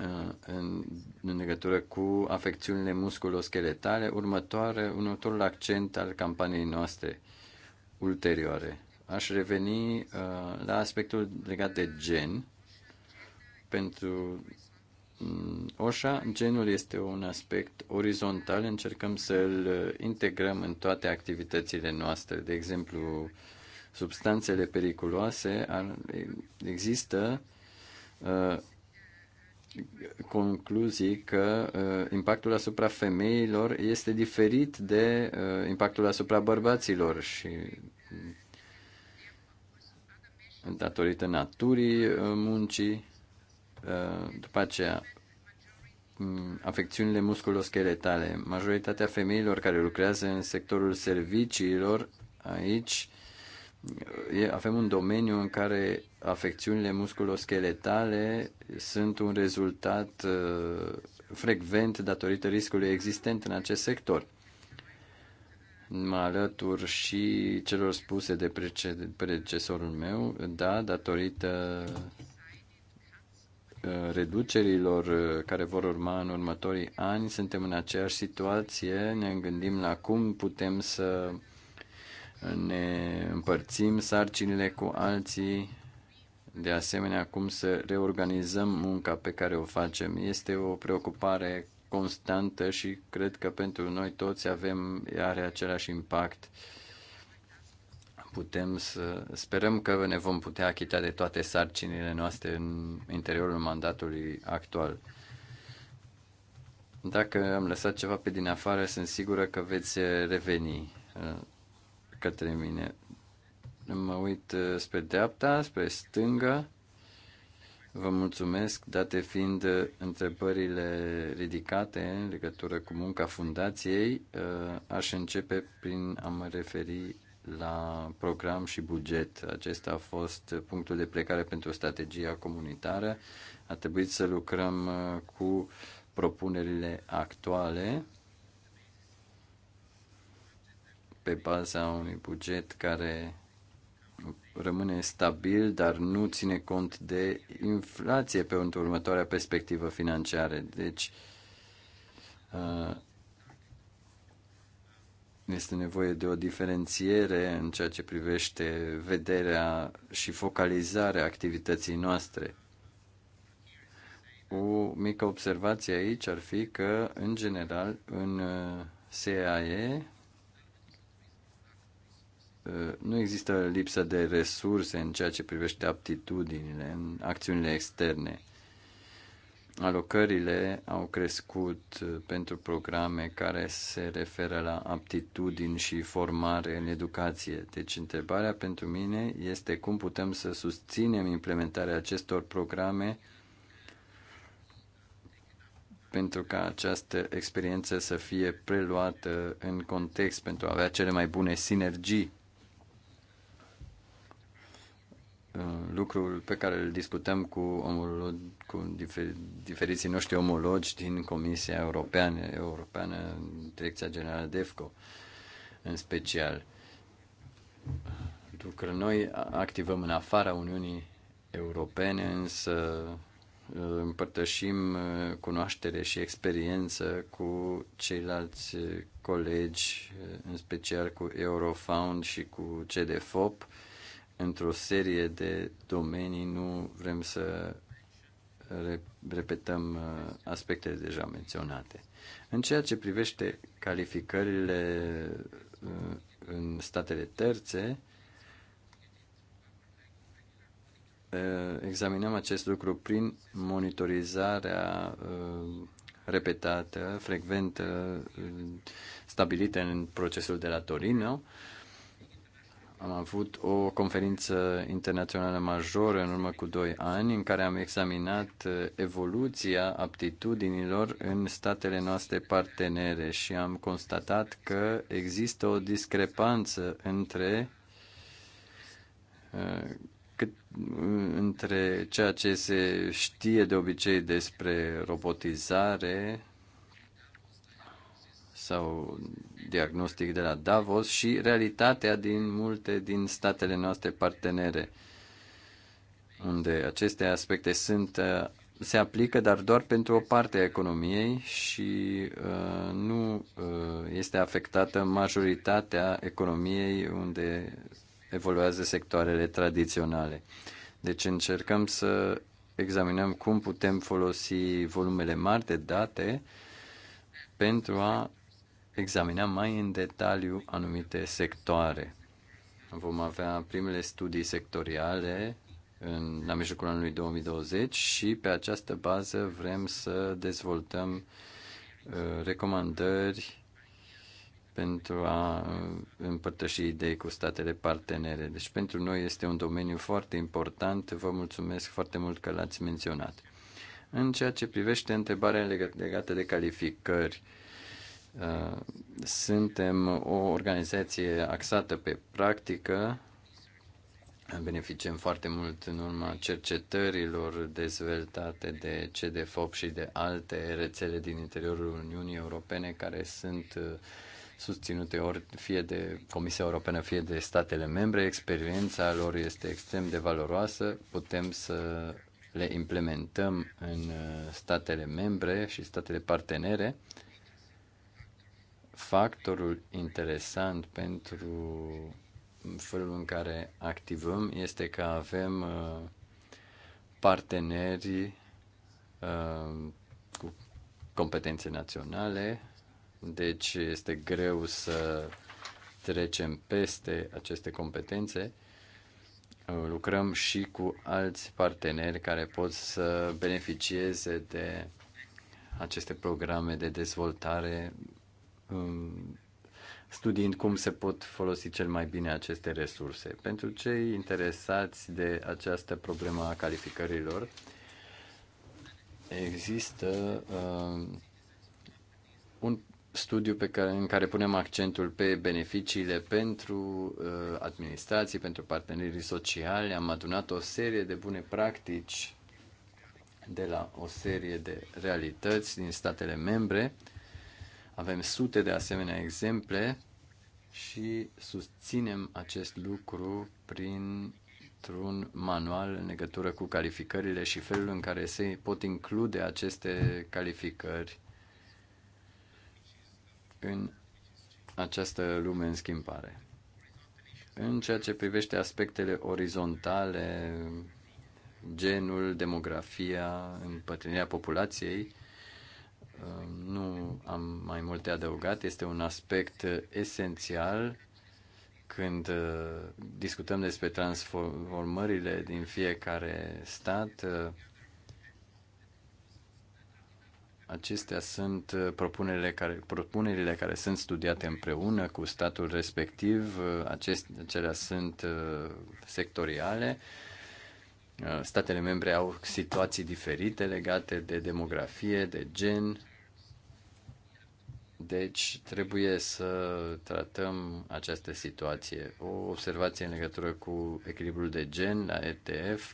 uh, în, în legătură cu afecțiunile musculoscheletale, următoare, următorul accent al campaniei noastre ulterioare. Aș reveni uh, la aspectul legat de gen. Pentru mm, OSHA, genul este un aspect orizontal, încercăm să-l uh, integrăm în toate activitățile noastre, de exemplu, uh, substanțele periculoase, există uh, concluzii că uh, impactul asupra femeilor este diferit de uh, impactul asupra bărbaților și datorită naturii muncii, după aceea mm, afecțiunile musculoscheletale. Majoritatea femeilor care lucrează în sectorul serviciilor aici avem un domeniu în care afecțiunile musculoscheletale sunt un rezultat uh, frecvent datorită riscului existent în acest sector. Mă alătur și celor spuse de predecesorul meu, da, datorită uh, reducerilor uh, care vor urma în următorii ani, suntem în aceeași situație, ne gândim la cum putem să ne împărțim sarcinile cu alții, de asemenea cum să reorganizăm munca pe care o facem. Este o preocupare constantă și cred că pentru noi toți avem, are același impact. Putem să sperăm că ne vom putea achita de toate sarcinile noastre în interiorul mandatului actual. Dacă am lăsat ceva pe din afară, sunt sigură că veți reveni către mine. Mă uit uh, spre dreapta, spre stânga. Vă mulțumesc, date fiind uh, întrebările ridicate în legătură cu munca fundației, uh, aș începe prin a mă referi la program și buget. Acesta a fost punctul de plecare pentru strategia comunitară. A trebuit să lucrăm cu propunerile actuale pe baza unui buget care rămâne stabil, dar nu ține cont de inflație pe următoarea perspectivă financiară. Deci, uh, este nevoie de o diferențiere în ceea ce privește vederea și focalizarea activității noastre. O mică observație aici ar fi că, în general, în uh, CAE Uh, nu există lipsă de resurse în ceea ce privește aptitudinile, în acțiunile externe. Alocările au crescut uh, pentru programe care se referă la aptitudini și formare în educație. Deci întrebarea pentru mine este cum putem să susținem implementarea acestor programe pentru ca această experiență să fie preluată în context pentru a avea cele mai bune sinergii lucrul pe care îl discutăm cu, omolog, cu difer, diferiții noștri omologi din Comisia Europeană, Europeană Direcția Generală DEFCO, în special. Pentru că noi activăm în afara Uniunii Europene, însă împărtășim cunoaștere și experiență cu ceilalți colegi, în special cu Eurofound și cu CDFOP, într-o serie de domenii nu vrem să repetăm uh, aspectele deja menționate. În ceea ce privește calificările uh, în statele terțe, uh, examinăm acest lucru prin monitorizarea repetată, frecventă, stabilită în procesul de la Torino, am avut o conferință internațională majoră în urmă cu doi ani în care am examinat uh, evoluția aptitudinilor în statele noastre partenere și am constatat că există o discrepanță între uh, cât, uh, între ceea ce se știe de obicei despre robotizare sau diagnostic de la Davos și realitatea din multe din statele noastre partenere, unde aceste aspecte sunt uh, se aplică, dar doar pentru o parte a economiei și uh, nu uh, este afectată majoritatea economiei unde evoluează sectoarele tradiționale. Deci încercăm să examinăm cum putem folosi volumele mari de date pentru a examina mai în detaliu anumite sectoare. Vom avea primele studii sectoriale în, la mijlocul anului 2020 și pe această bază vrem să dezvoltăm uh, recomandări pentru a uh, împărtăși idei cu statele partenere. Deci pentru noi este un domeniu foarte important. Vă mulțumesc foarte mult că l-ați menționat. În ceea ce privește întrebarea legată de calificări, uh, Uh, suntem o organizație axată pe practică, beneficiem foarte mult în urma cercetărilor dezvoltate de CDFOP și de alte rețele din interiorul Uniunii Europene care sunt uh, susținute ori fie de Comisia Europeană, fie de statele membre. Experiența lor este extrem de valoroasă. Putem să le implementăm în uh, statele membre și statele partenere factorul interesant pentru felul în care activăm este că avem uh, parteneri uh, cu competențe naționale, deci este greu să trecem peste aceste competențe. Uh, lucrăm și cu alți parteneri care pot să beneficieze de aceste programe de dezvoltare Um, studiind cum se pot folosi cel mai bine aceste resurse. Pentru cei interesați de această problemă a calificărilor, există uh, un studiu pe care, în care punem accentul pe beneficiile pentru uh, administrații, pentru partenerii sociali. Am adunat o serie de bune practici de la o serie de realități din statele membre avem sute de asemenea exemple și susținem acest lucru printr-un manual în legătură cu calificările și felul în care se pot include aceste calificări în această lume în schimbare. În ceea ce privește aspectele orizontale, genul, demografia, împătrânirea populației, nu am mai multe adăugat. Este un aspect esențial când uh, discutăm despre transformările din fiecare stat. Uh, acestea sunt uh, propunerile care, propunerile care sunt studiate împreună cu statul respectiv. acelea sunt sectoriale. Statele membre au situații diferite legate de demografie, de gen, deci trebuie să tratăm această situație. O observație în legătură cu echilibrul de gen la ETF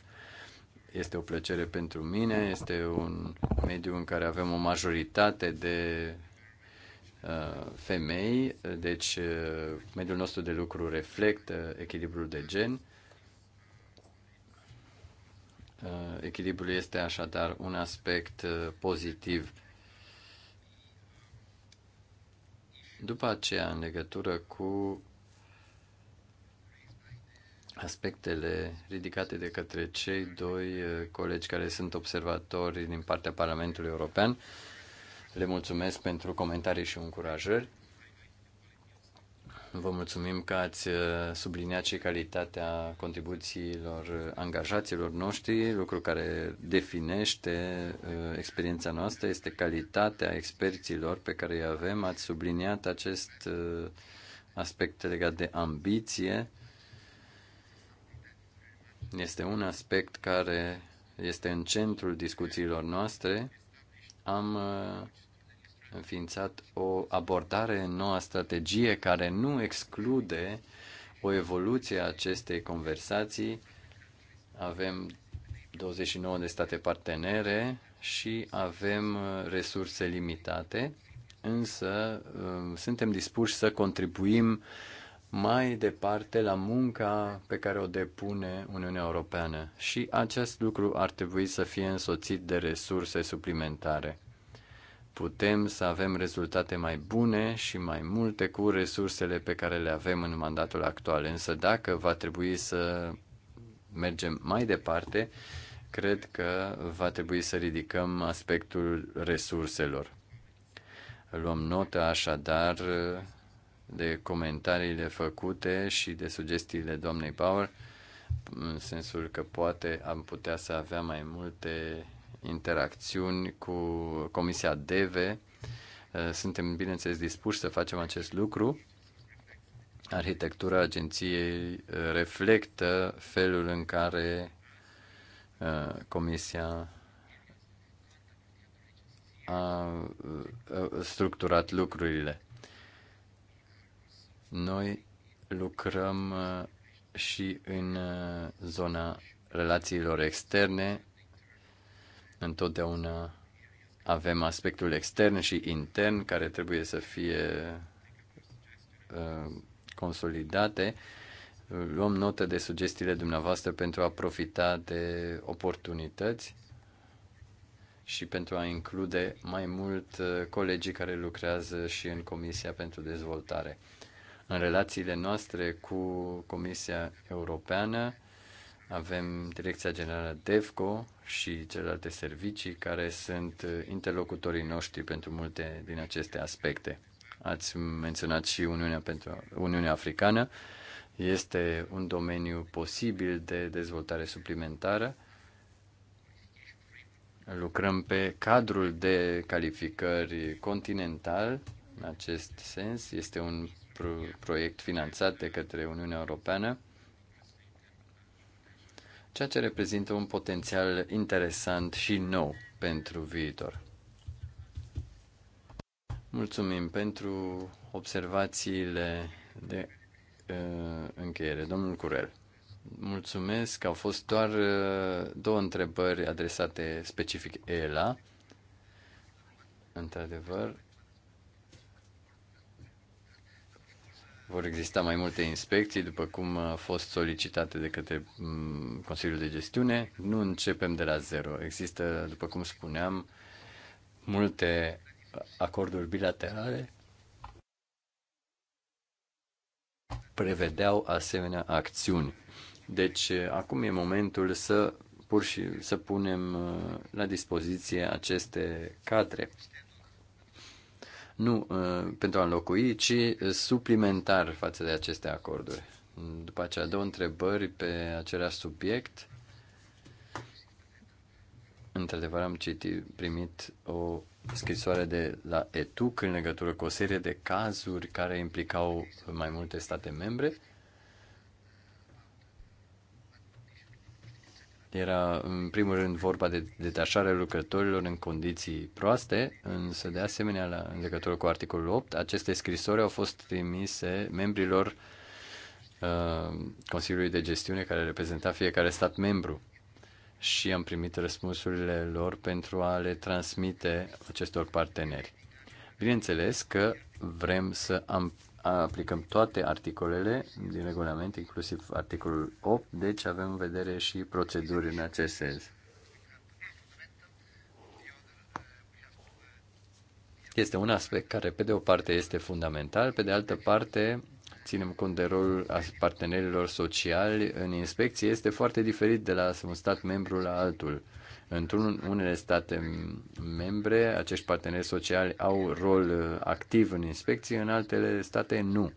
este o plăcere pentru mine, este un mediu în care avem o majoritate de uh, femei, deci uh, mediul nostru de lucru reflectă echilibrul de gen. Uh, echilibrul este așadar un aspect uh, pozitiv După aceea, în legătură cu aspectele ridicate de către cei doi eh, colegi care sunt observatori din partea Parlamentului European, le mulțumesc pentru comentarii și încurajări. Vă mulțumim că ați uh, subliniat și calitatea contribuțiilor angajaților noștri, lucru care definește uh, experiența noastră, este calitatea experților pe care îi avem. Ați subliniat acest uh, aspect legat de ambiție. Este un aspect care este în centrul discuțiilor noastre. Am înființat o abordare în noua strategie care nu exclude o evoluție a acestei conversații. Avem 29 de state partenere și avem uh, resurse limitate, însă uh, suntem dispuși să contribuim mai departe la munca pe care o depune Uniunea Europeană și acest lucru ar trebui să fie însoțit de resurse suplimentare putem să avem rezultate mai bune și mai multe cu resursele pe care le avem în mandatul actual. Însă dacă va trebui să mergem mai departe, cred că va trebui să ridicăm aspectul resurselor. Luăm notă așadar de comentariile făcute și de sugestiile doamnei Power, în sensul că poate am putea să avea mai multe interacțiuni cu Comisia DEVE. Eh, suntem, bineînțeles, dispuși să facem acest lucru. Arhitectura agenției eh, reflectă felul în care eh, Comisia a structurat lucrurile. Noi lucrăm și în zona relațiilor externe Întotdeauna avem aspectul extern și intern care trebuie să fie uh, consolidate. Luăm notă de sugestiile dumneavoastră pentru a profita de oportunități și pentru a include mai mult uh, colegii care lucrează și în Comisia pentru Dezvoltare. În relațiile noastre cu Comisia Europeană avem Direcția Generală DEVCO și celelalte servicii care sunt uh, interlocutorii noștri pentru multe din aceste aspecte. Ați menționat și Uniunea, pentru, Uniunea Africană. Este un domeniu posibil de dezvoltare suplimentară. Lucrăm pe cadrul de calificări continental. În acest sens, este un proiect finanțat de către Uniunea Europeană ceea ce reprezintă un potențial interesant și nou pentru viitor. Mulțumim pentru observațiile de uh, încheiere. Domnul Curel, mulțumesc. Au fost doar uh, două întrebări adresate specific ELA. Într-adevăr, Vor exista mai multe inspecții, după cum a fost solicitate de către mm, Consiliul de Gestiune. Nu începem de la zero. Există, după cum spuneam, multe acorduri bilaterale prevedeau asemenea acțiuni. Deci, acum e momentul să pur și să punem uh, la dispoziție aceste cadre nu uh, pentru a înlocui, ci uh, suplimentar față de aceste acorduri. După aceea, două întrebări pe același subiect. Într-adevăr, am citit, primit o scrisoare de la ETUC în legătură cu o serie de cazuri care implicau mai multe state membre Era, în primul rând, vorba de detașarea lucrătorilor în condiții proaste, însă, de asemenea, la, în legătură cu articolul 8, aceste scrisori au fost trimise membrilor uh, Consiliului de Gestiune care reprezenta fiecare stat membru și am primit răspunsurile lor pentru a le transmite acestor parteneri. Bineînțeles că vrem să am aplicăm toate articolele din regulament, inclusiv articolul 8, deci avem în vedere și proceduri în acest sens. Este un aspect care, pe de o parte, este fundamental, pe de altă parte, ținem cont de rolul partenerilor sociali în inspecție, este foarte diferit de la un stat membru la altul. Într-un unele state membre, acești parteneri sociali au rol uh, activ în inspecții, în altele state nu.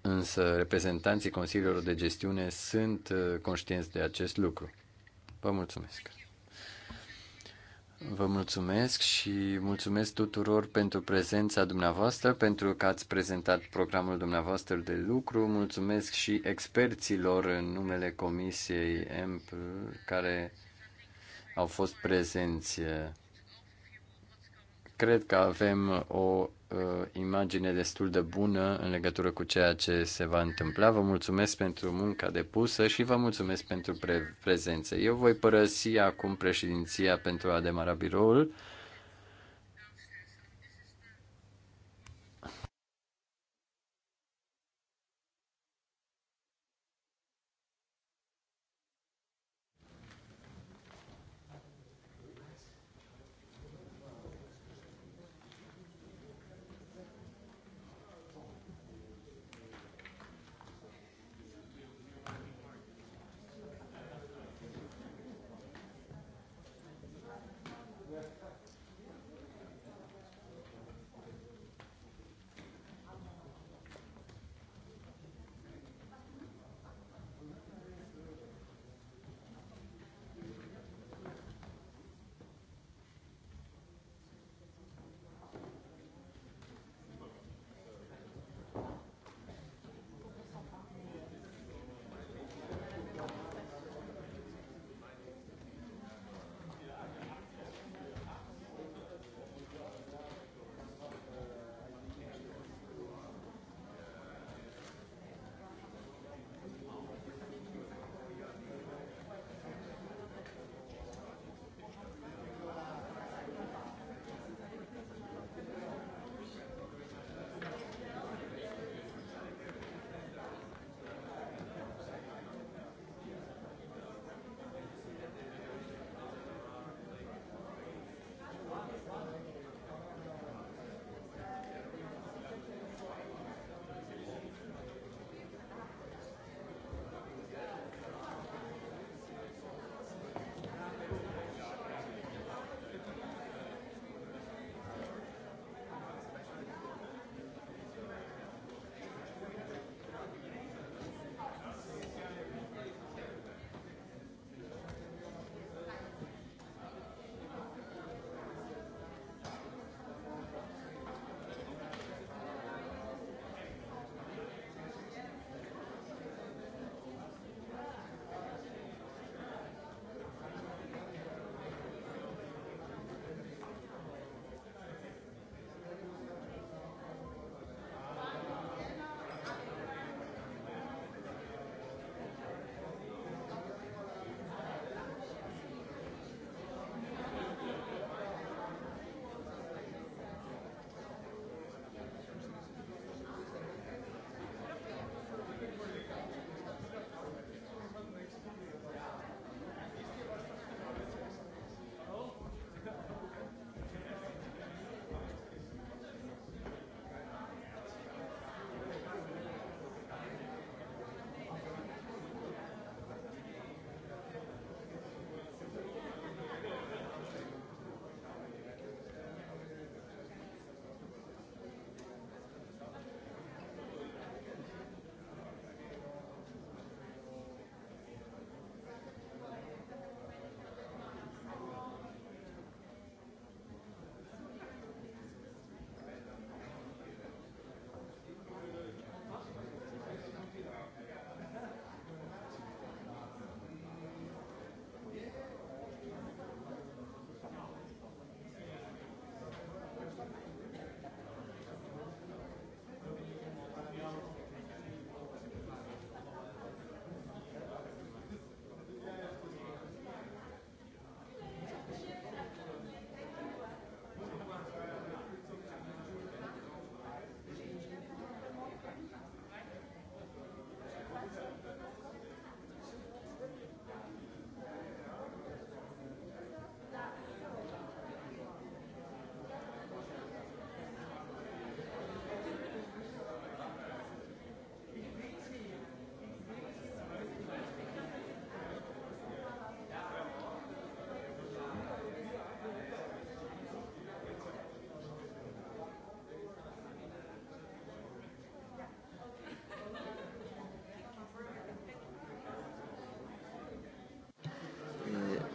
Însă reprezentanții Consiliului de Gestiune sunt uh, conștienți de acest lucru. Vă mulțumesc! Vă mulțumesc și mulțumesc tuturor pentru prezența dumneavoastră, pentru că ați prezentat programul dumneavoastră de lucru. Mulțumesc și experților în numele Comisiei EMP care au fost prezenți cred că avem o uh, imagine destul de bună în legătură cu ceea ce se va întâmpla. Vă mulțumesc pentru munca depusă și vă mulțumesc pentru pre- prezență. Eu voi părăsi acum președinția pentru a demara biroul.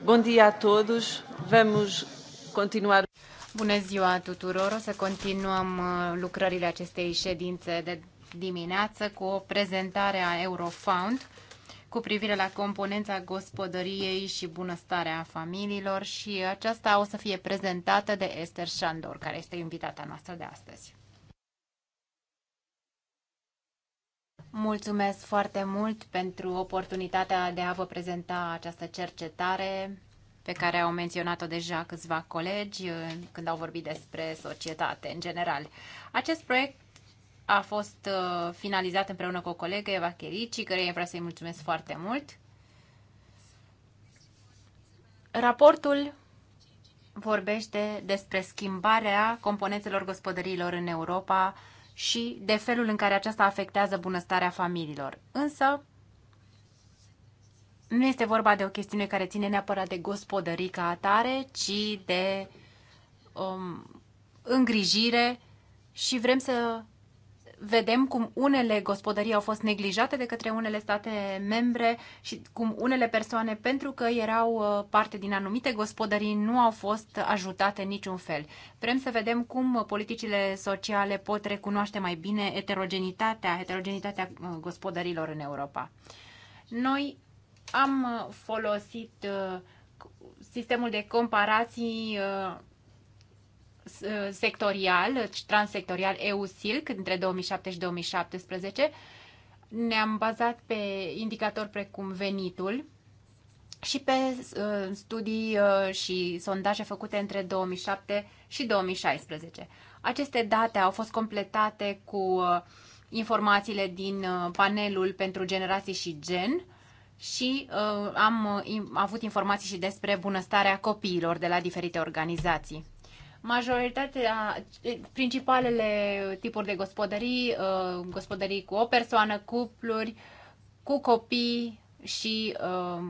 Bun dia todos. Vamos continuar. Bună ziua tuturor. O să continuăm uh, lucrările acestei ședințe de dimineață cu o prezentare a Eurofound cu privire la componența gospodăriei și bunăstarea familiilor și aceasta o să fie prezentată de Esther Shandor, care este invitata noastră de astăzi. Mulțumesc foarte mult pentru oportunitatea de a vă prezenta această cercetare pe care au menționat-o deja câțiva colegi uh, când au vorbit despre societate în general. Acest proiect a fost uh, finalizat împreună cu o colegă, Eva Cherici, care vreau să-i mulțumesc foarte mult. Raportul vorbește despre schimbarea componențelor gospodăriilor în Europa și de felul în care aceasta afectează bunăstarea familiilor. Însă, nu este vorba de o chestiune care ține neapărat de gospodării ca atare, ci de um, îngrijire și vrem să vedem cum unele gospodării au fost neglijate de către unele state membre și cum unele persoane, pentru că erau uh, parte din anumite gospodării, nu au fost ajutate în niciun fel. Vrem să vedem cum politicile sociale pot recunoaște mai bine heterogenitatea, heterogenitatea uh, gospodărilor în Europa. Noi am uh, folosit sistemul de comparații sectorial, transsectorial EU-SILC între 2007 și 2017. Ne-am bazat pe indicatori precum venitul și pe uh, studii uh, și sondaje făcute între 2007 și 2016. Aceste date au fost completate cu uh, informațiile din panelul pentru generații și gen și am avut informații și despre bunăstarea copiilor de la diferite organizații. Majoritatea, eh, principalele tipuri de gospodării, eh, gospodării cu o persoană, cupluri, cu copii și eh,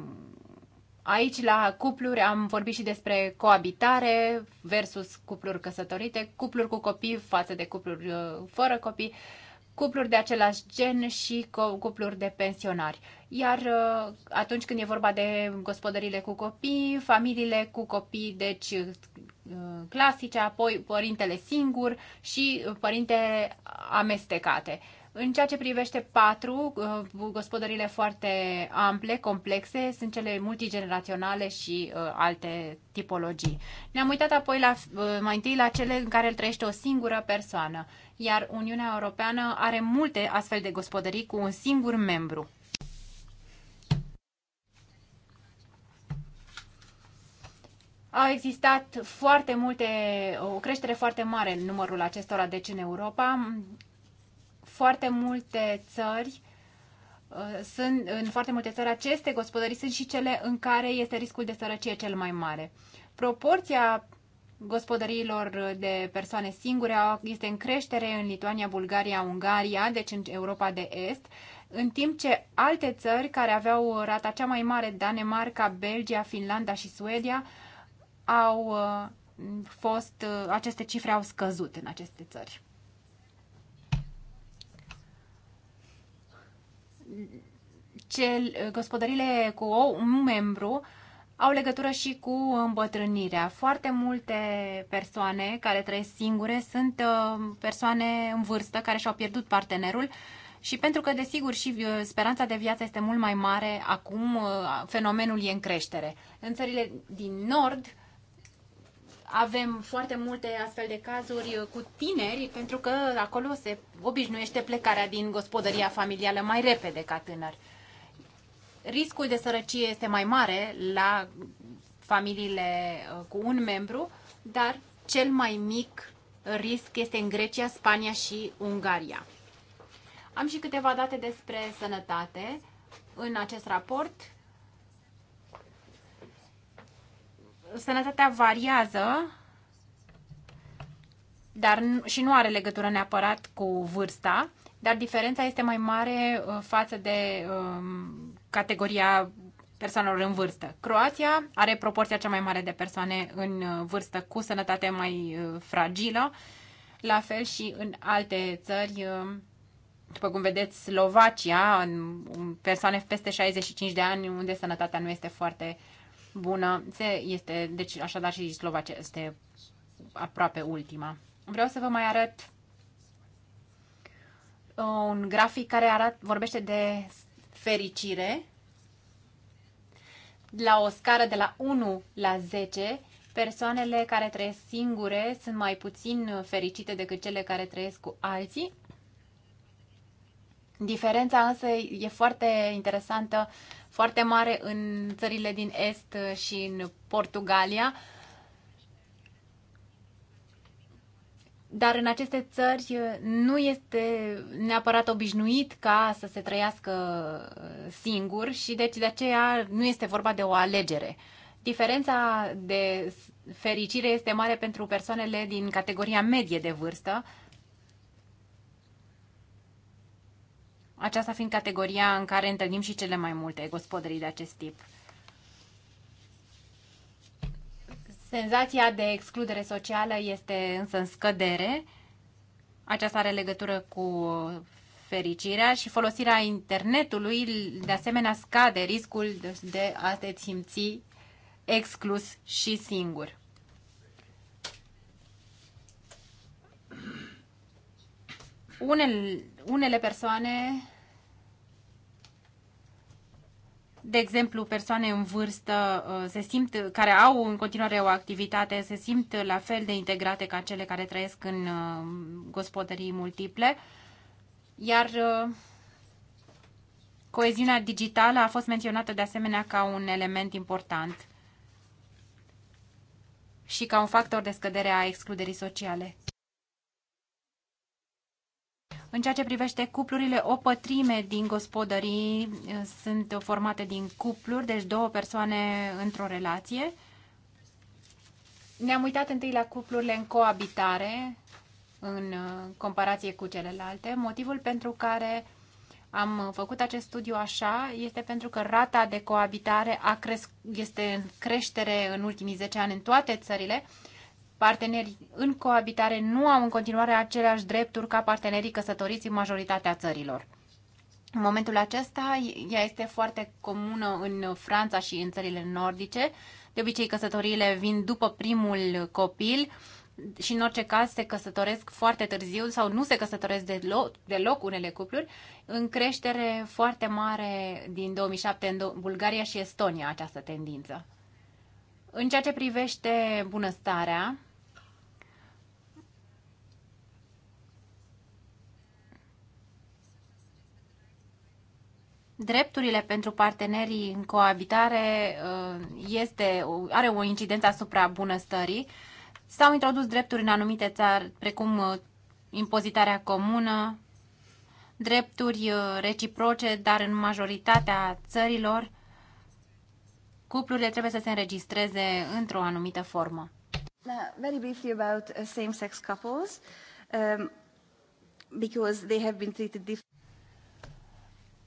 aici la cupluri am vorbit și despre coabitare versus cupluri căsătorite, cupluri cu copii față de cupluri fără copii cupluri de același gen și cupluri de pensionari. Iar atunci când e vorba de gospodările cu copii, familiile cu copii, deci Uh, clasice, apoi părintele singur și părinte amestecate. În ceea ce privește patru, uh, gospodările foarte ample, complexe, sunt cele multigeneraționale și uh, alte tipologii. Ne-am uitat apoi la, uh, mai întâi la cele în care îl trăiește o singură persoană, iar Uniunea Europeană are multe astfel de gospodării cu un singur membru. A existat foarte multe, o creștere foarte mare în numărul acestora, deci în Europa. Foarte multe țări uh, sunt, în foarte multe țări aceste gospodării sunt și cele în care este riscul de sărăcie cel mai mare. Proporția gospodăriilor de persoane singure este în creștere în Lituania, Bulgaria, Ungaria, deci în Europa de Est, în timp ce alte țări care aveau rata cea mai mare, Danemarca, Belgia, Finlanda și Suedia, au uh, fost, uh, aceste cifre au scăzut în aceste țări. Cel, uh, gospodările cu ou, un membru au legătură și cu îmbătrânirea. Foarte multe persoane care trăiesc singure sunt persoane în vârstă care și-au pierdut partenerul și pentru că, desigur, și speranța de viață este mult mai mare, acum fenomenul e în creștere. În țările din nord, avem foarte multe astfel de cazuri uh, cu tineri, pentru că acolo se obișnuiește plecarea din gospodăria familială mai repede ca tânăr. Riscul de sărăcie este mai mare la familiile uh, cu un membru, dar cel mai mic risc este în Grecia, Spania și Ungaria. Am și câteva date despre sănătate în acest raport sănătatea variază dar și nu are legătură neapărat cu vârsta, dar diferența este mai mare uh, față de um, categoria persoanelor în vârstă. Croația are proporția cea mai mare de persoane în uh, vârstă cu sănătate mai uh, fragilă, la fel și în alte țări, um, după cum vedeți, Slovacia, în persoane peste 65 de ani, unde sănătatea nu este foarte uh, bună. Se, este, deci, așadar, și Slovacia este aproape ultima. Vreau să vă mai arăt uh, un grafic care arat, vorbește de fericire la o scară de la 1 la 10 persoanele care trăiesc singure sunt mai puțin fericite decât cele care trăiesc cu alții. Diferența însă e foarte interesantă foarte mare în țările din Est și în Portugalia. Dar în aceste țări nu este neapărat obișnuit ca să se trăiască singur și deci de aceea nu este vorba de o alegere. Diferența de fericire este mare pentru persoanele din categoria medie de vârstă, aceasta fiind categoria în care întâlnim și cele mai multe gospodării de acest tip. Senzația de excludere socială este însă în scădere. Aceasta are legătură cu fericirea și folosirea internetului, de asemenea, scade riscul de a te simți exclus și singur. unele, unele persoane, de exemplu persoane în vârstă, uh, se simt, care au în continuare o activitate, se simt la fel de integrate ca cele care trăiesc în uh, gospodării multiple, iar uh, coeziunea digitală a fost menționată de asemenea ca un element important și ca un factor de scădere a excluderii sociale. În ceea ce privește cuplurile, o pătrime din gospodării eh, sunt formate din cupluri, deci două persoane într-o relație. Ne-am uitat întâi la cuplurile în coabitare, în eh, comparație cu celelalte. Motivul pentru care am făcut acest studiu așa este pentru că rata de coabitare a cresc- este în creștere în ultimii 10 ani în toate țările, partenerii în coabitare nu au în continuare aceleași drepturi ca partenerii căsătoriți în majoritatea țărilor. În momentul acesta, ea este foarte comună în Franța și în țările nordice. De obicei, căsătoriile vin după primul copil și, în orice caz, se căsătoresc foarte târziu sau nu se căsătoresc deloc, deloc unele cupluri, în creștere foarte mare din 2007 în Bulgaria și Estonia această tendință. În ceea ce privește bunăstarea, drepturile pentru partenerii în coabitare uh, este, are o incidență asupra bunăstării. S-au introdus drepturi în anumite țări, precum uh, impozitarea comună, drepturi uh, reciproce, dar în majoritatea țărilor cuplurile trebuie să se înregistreze într-o anumită formă. Now, very briefly about same-sex couples, um, because they have been treated differently.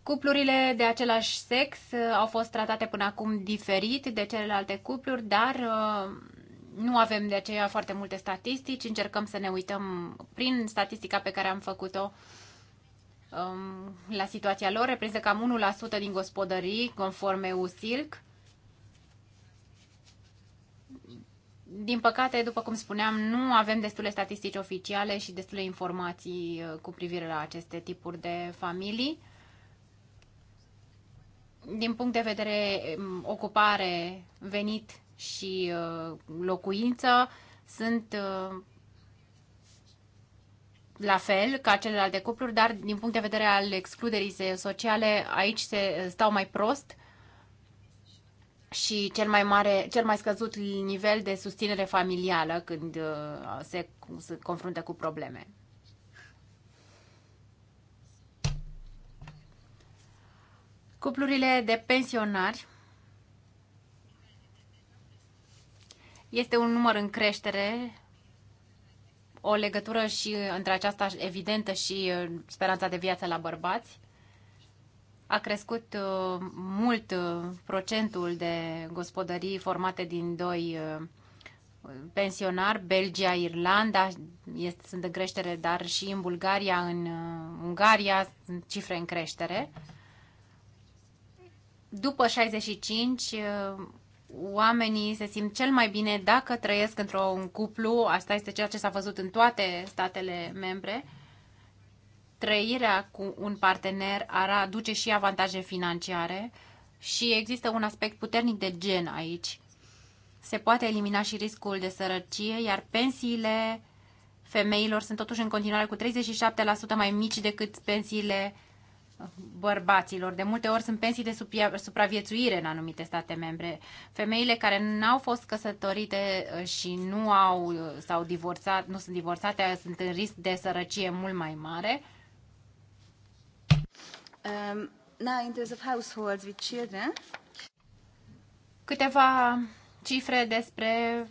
Cuplurile de același sex uh, au fost tratate până acum diferit de celelalte cupluri, dar uh, nu avem de aceea foarte multe statistici. Încercăm să ne uităm prin statistica pe care am făcut-o um, la situația lor. Reprezintă cam 1% din gospodării, conform EU-SILC. Din păcate, după cum spuneam, nu avem destule statistici oficiale și destule informații uh, cu privire la aceste tipuri de familii din punct de vedere um, ocupare, venit și uh, locuință sunt uh, la fel ca celelalte cupluri, dar din punct de vedere al excluderii sociale, aici se stau mai prost și cel mai mare, cel mai scăzut nivel de susținere familială când uh, se, se confruntă cu probleme. Cuplurile de pensionari este un număr în creștere, o legătură și între aceasta evidentă și uh, speranța de viață la bărbați. A crescut uh, mult uh, procentul de gospodării formate din doi pensionari, Belgia, Irlanda este, sunt în creștere, dar și în Bulgaria, în Ungaria sunt cifre în creștere după 65 uh, oamenii se simt cel mai bine dacă trăiesc într-un cuplu, asta este ceea ce s-a văzut în toate statele membre, trăirea cu un partener ar aduce și avantaje financiare și există un aspect puternic de gen aici. Se poate elimina și riscul de sărăcie, iar pensiile femeilor sunt totuși în continuare cu 37% mai mici decât pensiile uh, bărbaților. De multe ori sunt pensii de supraviețuire în anumite state membre. Femeile care n-au fost căsătorite uh, și nu au uh, sau divorțat, nu sunt divorțate, sunt în risc de sărăcie mult mai mare. Um, now in terms of households with children. Câteva cifre despre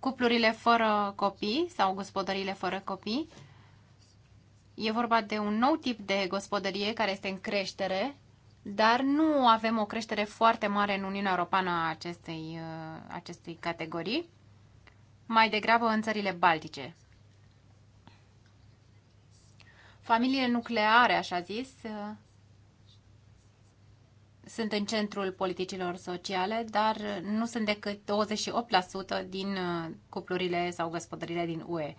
cuplurile fără copii sau gospodările fără copii. E vorba de un nou tip de gospodărie care este în creștere, dar nu avem o creștere foarte mare în Uniunea Europeană a acestei, uh, acestei categorii, mai degrabă în țările baltice. Familiile nucleare, așa zis, uh, sunt în centrul politicilor sociale, dar nu sunt decât 28% din uh, cuplurile sau gospodările din UE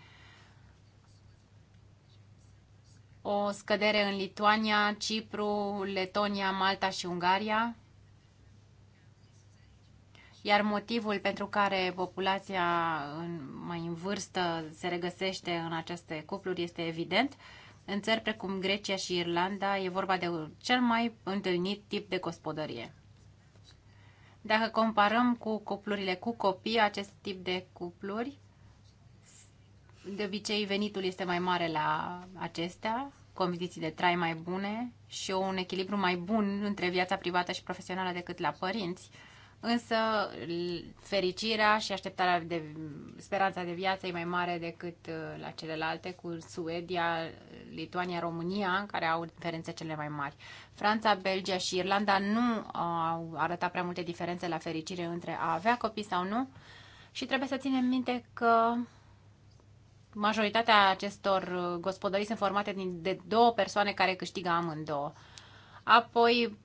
o scădere în Lituania, Cipru, Letonia, Malta și Ungaria. Iar motivul pentru care populația mai în vârstă se regăsește în aceste cupluri este evident. În țări precum Grecia și Irlanda e vorba de cel mai întâlnit tip de gospodărie. Dacă comparăm cu cuplurile cu copii, acest tip de cupluri de obicei venitul este mai mare la acestea, condiții de trai mai bune și un echilibru mai bun între viața privată și profesională decât la părinți. Însă fericirea și așteptarea de speranța de viață e mai mare decât uh, la celelalte cu Suedia, Lituania, România, care au diferențe cele mai mari. Franța, Belgia și Irlanda nu au arătat prea multe diferențe la fericire între a avea copii sau nu și trebuie să ținem minte că Majoritatea acestor uh, gospodării sunt formate din, de două persoane care câștigă amândouă. Apoi,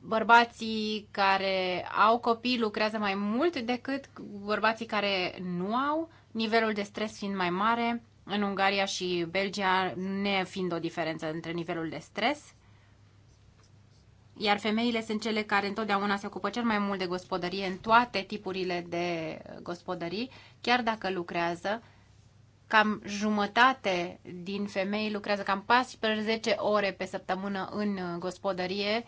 bărbații care au copii lucrează mai mult decât bărbații care nu au, nivelul de stres fiind mai mare, în Ungaria și Belgia ne fiind o diferență între nivelul de stres iar femeile sunt cele care întotdeauna se ocupă cel mai mult de gospodărie în toate tipurile de gospodării, chiar dacă lucrează. Cam jumătate din femei lucrează cam 14 ore pe săptămână în uh, gospodărie,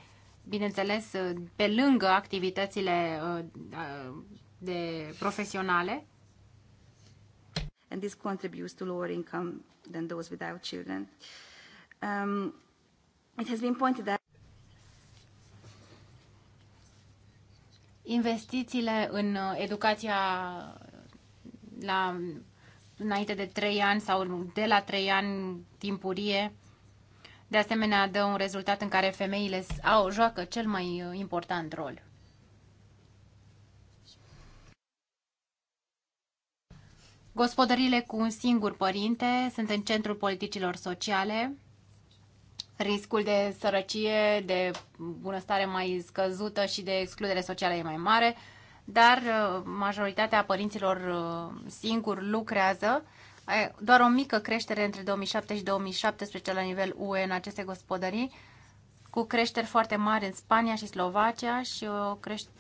bineînțeles, uh, pe lângă activitățile uh, de profesionale. And this contributes to lower income than those without children. Um, it has been pointed out Investițiile în uh, educația la, înainte de 3 ani sau de la 3 ani timpurie, de asemenea, dă un rezultat în care femeile au, joacă cel mai uh, important rol. Gospodările cu un singur părinte sunt în centrul politicilor sociale riscul de sărăcie, de bunăstare mai scăzută și de excludere socială e mai mare, dar uh, majoritatea părinților uh, singuri lucrează. Doar o mică creștere între 2007 și 2017 la nivel UE în aceste gospodării, cu creșteri foarte mari în Spania și Slovacia și o, crește,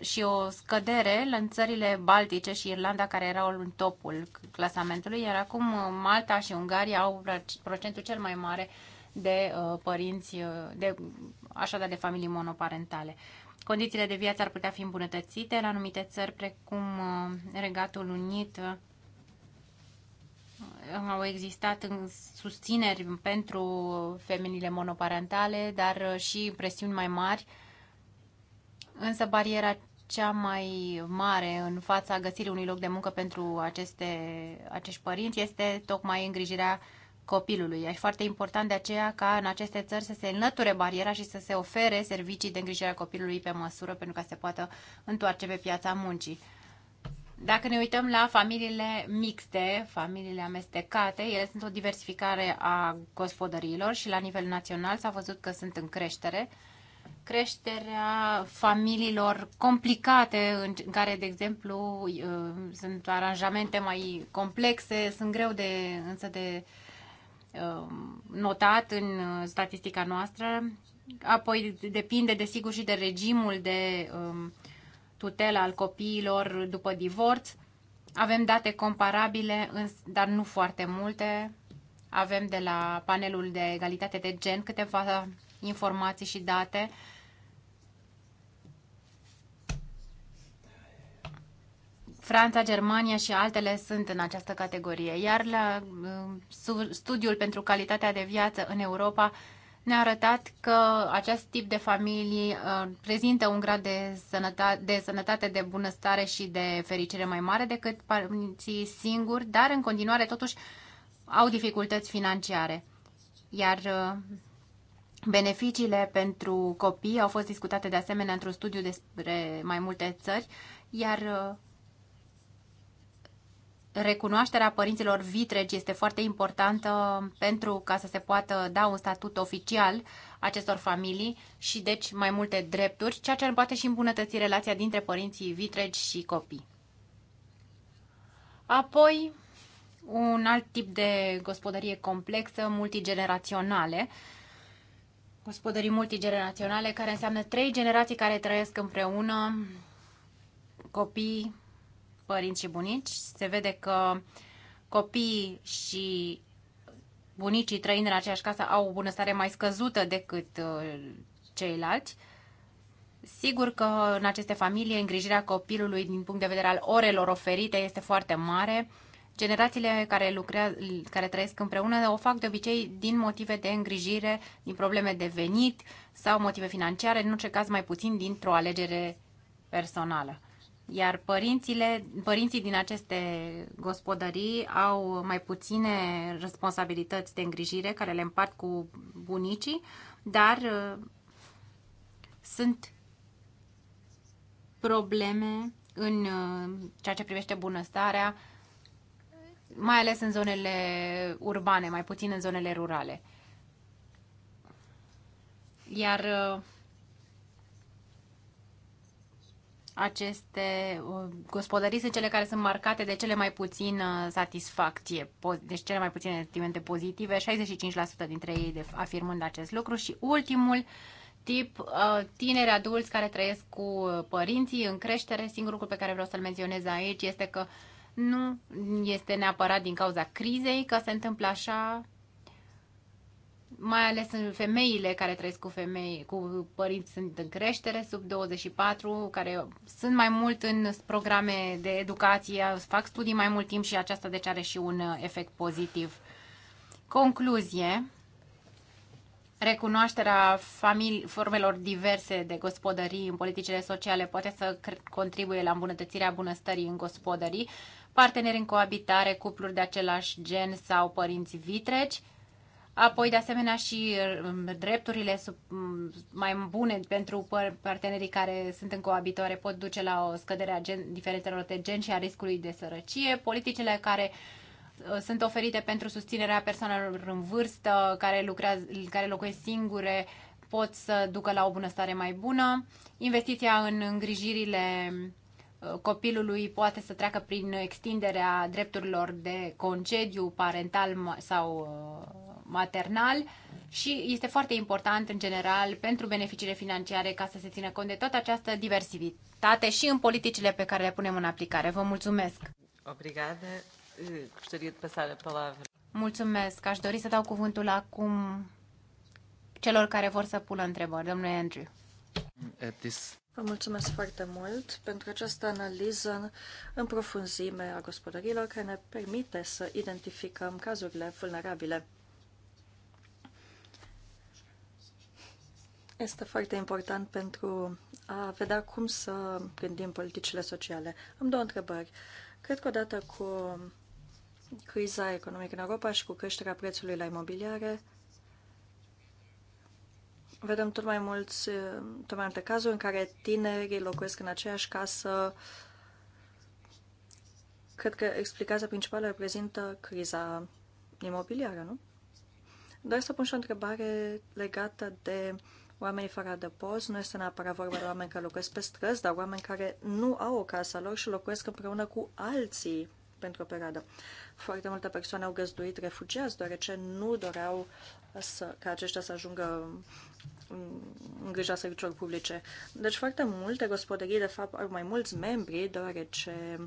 și o scădere în țările Baltice și Irlanda, care erau în topul clasamentului, iar acum uh, Malta și Ungaria au procentul cel mai mare de uh, părinți, uh, de, așadar de familii monoparentale. Condițiile de viață ar putea fi îmbunătățite în anumite țări, precum uh, Regatul Unit. Uh, au existat susțineri pentru femeile monoparentale, dar și presiuni mai mari. Însă bariera cea mai mare în fața găsirii unui loc de muncă pentru aceste, acești părinți este tocmai îngrijirea uh, copilului. E foarte important de aceea ca în aceste țări să se înlăture bariera și să se ofere servicii de îngrijire a copilului pe măsură pentru ca se poată întoarce pe piața muncii. Dacă ne uităm la familiile mixte, familiile amestecate, ele sunt o diversificare a gospodăriilor și la nivel național s-a văzut că sunt în creștere. Creșterea familiilor complicate, în care, de exemplu, ă, sunt aranjamente mai complexe, sunt greu de, însă de Um, notat în uh, statistica noastră. Apoi depinde, desigur, și de regimul de um, tutelă al copiilor după divorț. Avem date comparabile, dar nu foarte multe. Avem de la panelul de egalitate de gen câteva informații și date Franța, Germania și altele sunt în această categorie. Iar la um, studiul pentru calitatea de viață în Europa ne-a arătat că acest tip de familii uh, prezintă un grad de sănătate, de sănătate, de bunăstare și de fericire mai mare decât părinții singuri, dar în continuare totuși au dificultăți financiare. Iar uh, beneficiile pentru copii au fost discutate de asemenea într-un studiu despre mai multe țări, iar uh, recunoașterea părinților vitregi este foarte importantă pentru ca să se poată da un statut oficial acestor familii și deci mai multe drepturi, ceea ce ar poate și îmbunătăți relația dintre părinții vitregi și copii. Apoi, un alt tip de gospodărie complexă, multigeneraționale, gospodării multigeneraționale, care înseamnă trei generații care trăiesc împreună, copii, părinți și bunici. Se vede că copiii și bunicii trăind în aceeași casă au o bunăstare mai scăzută decât uh, ceilalți. Sigur că în aceste familii îngrijirea copilului din punct de vedere al orelor oferite este foarte mare. Generațiile care, lucrează, care trăiesc împreună o fac de obicei din motive de îngrijire, din probleme de venit sau motive financiare, în orice caz mai puțin dintr-o alegere personală. Iar părințile, părinții din aceste gospodării au mai puține responsabilități de îngrijire care le împart cu bunicii, dar uh, sunt probleme în uh, ceea ce privește bunăstarea, mai ales în zonele urbane, mai puțin în zonele rurale. Iar uh, aceste uh, gospodării sunt cele care sunt marcate de cele mai puțin uh, satisfacție, deci cele mai puține sentimente pozitive, 65% dintre ei afirmând acest lucru și ultimul tip, uh, tineri adulți care trăiesc cu părinții în creștere. Singurul lucru pe care vreau să-l menționez aici este că nu este neapărat din cauza crizei că se întâmplă așa, mai ales în femeile care trăiesc cu femei, cu părinți sunt în creștere, sub 24, care sunt mai mult în programe de educație, fac studii mai mult timp și aceasta deci are și un uh, efect pozitiv. Concluzie, recunoașterea famili- formelor diverse de gospodării în politicile sociale poate să contribuie la îmbunătățirea bunăstării în gospodării, parteneri în coabitare, cupluri de același gen sau părinți vitreci, Apoi, de asemenea, și um, drepturile um, mai bune pentru partenerii care sunt în coabitoare pot duce la o scădere a gen, diferențelor de gen și a riscului de sărăcie. Politicile care uh, sunt oferite pentru susținerea persoanelor în vârstă, care, lucrează, care locuiesc singure, pot să ducă la o bunăstare mai bună. Investiția în îngrijirile uh, copilului poate să treacă prin extinderea drepturilor de concediu parental sau uh, maternal și este foarte important în general pentru beneficiile financiare ca să se țină cont de toată această diversitate și în politicile pe care le punem în aplicare. Vă mulțumesc! Obrigada. Eh, gostaria de passar a palavra. Mulțumesc. Aș dori să dau cuvântul acum celor care vor să pună întrebări. Domnule Andrew. Vă mulțumesc foarte mult pentru această analiză în profunzime a gospodărilor care ne permite să identificăm cazurile vulnerabile. Este foarte important pentru a vedea cum să gândim politicile sociale. Am două întrebări. Cred că odată cu criza economică în Europa și cu creșterea prețului la imobiliare, vedem tot mai mulți, tot mai multe cazuri în care tinerii locuiesc în aceeași casă. Cred că explicația principală reprezintă criza imobiliară, nu? Doar să pun și o întrebare legată de oamenii fără adăpost, nu este neapărat vorba de oameni care locuiesc pe străzi, dar oameni care nu au o casă lor și locuiesc împreună cu alții pentru o perioadă. Foarte multe persoane au găzduit refugiați, deoarece nu doreau să, ca aceștia să ajungă în grija serviciilor publice. Deci foarte multe gospodării, de fapt, au mai mulți membri, deoarece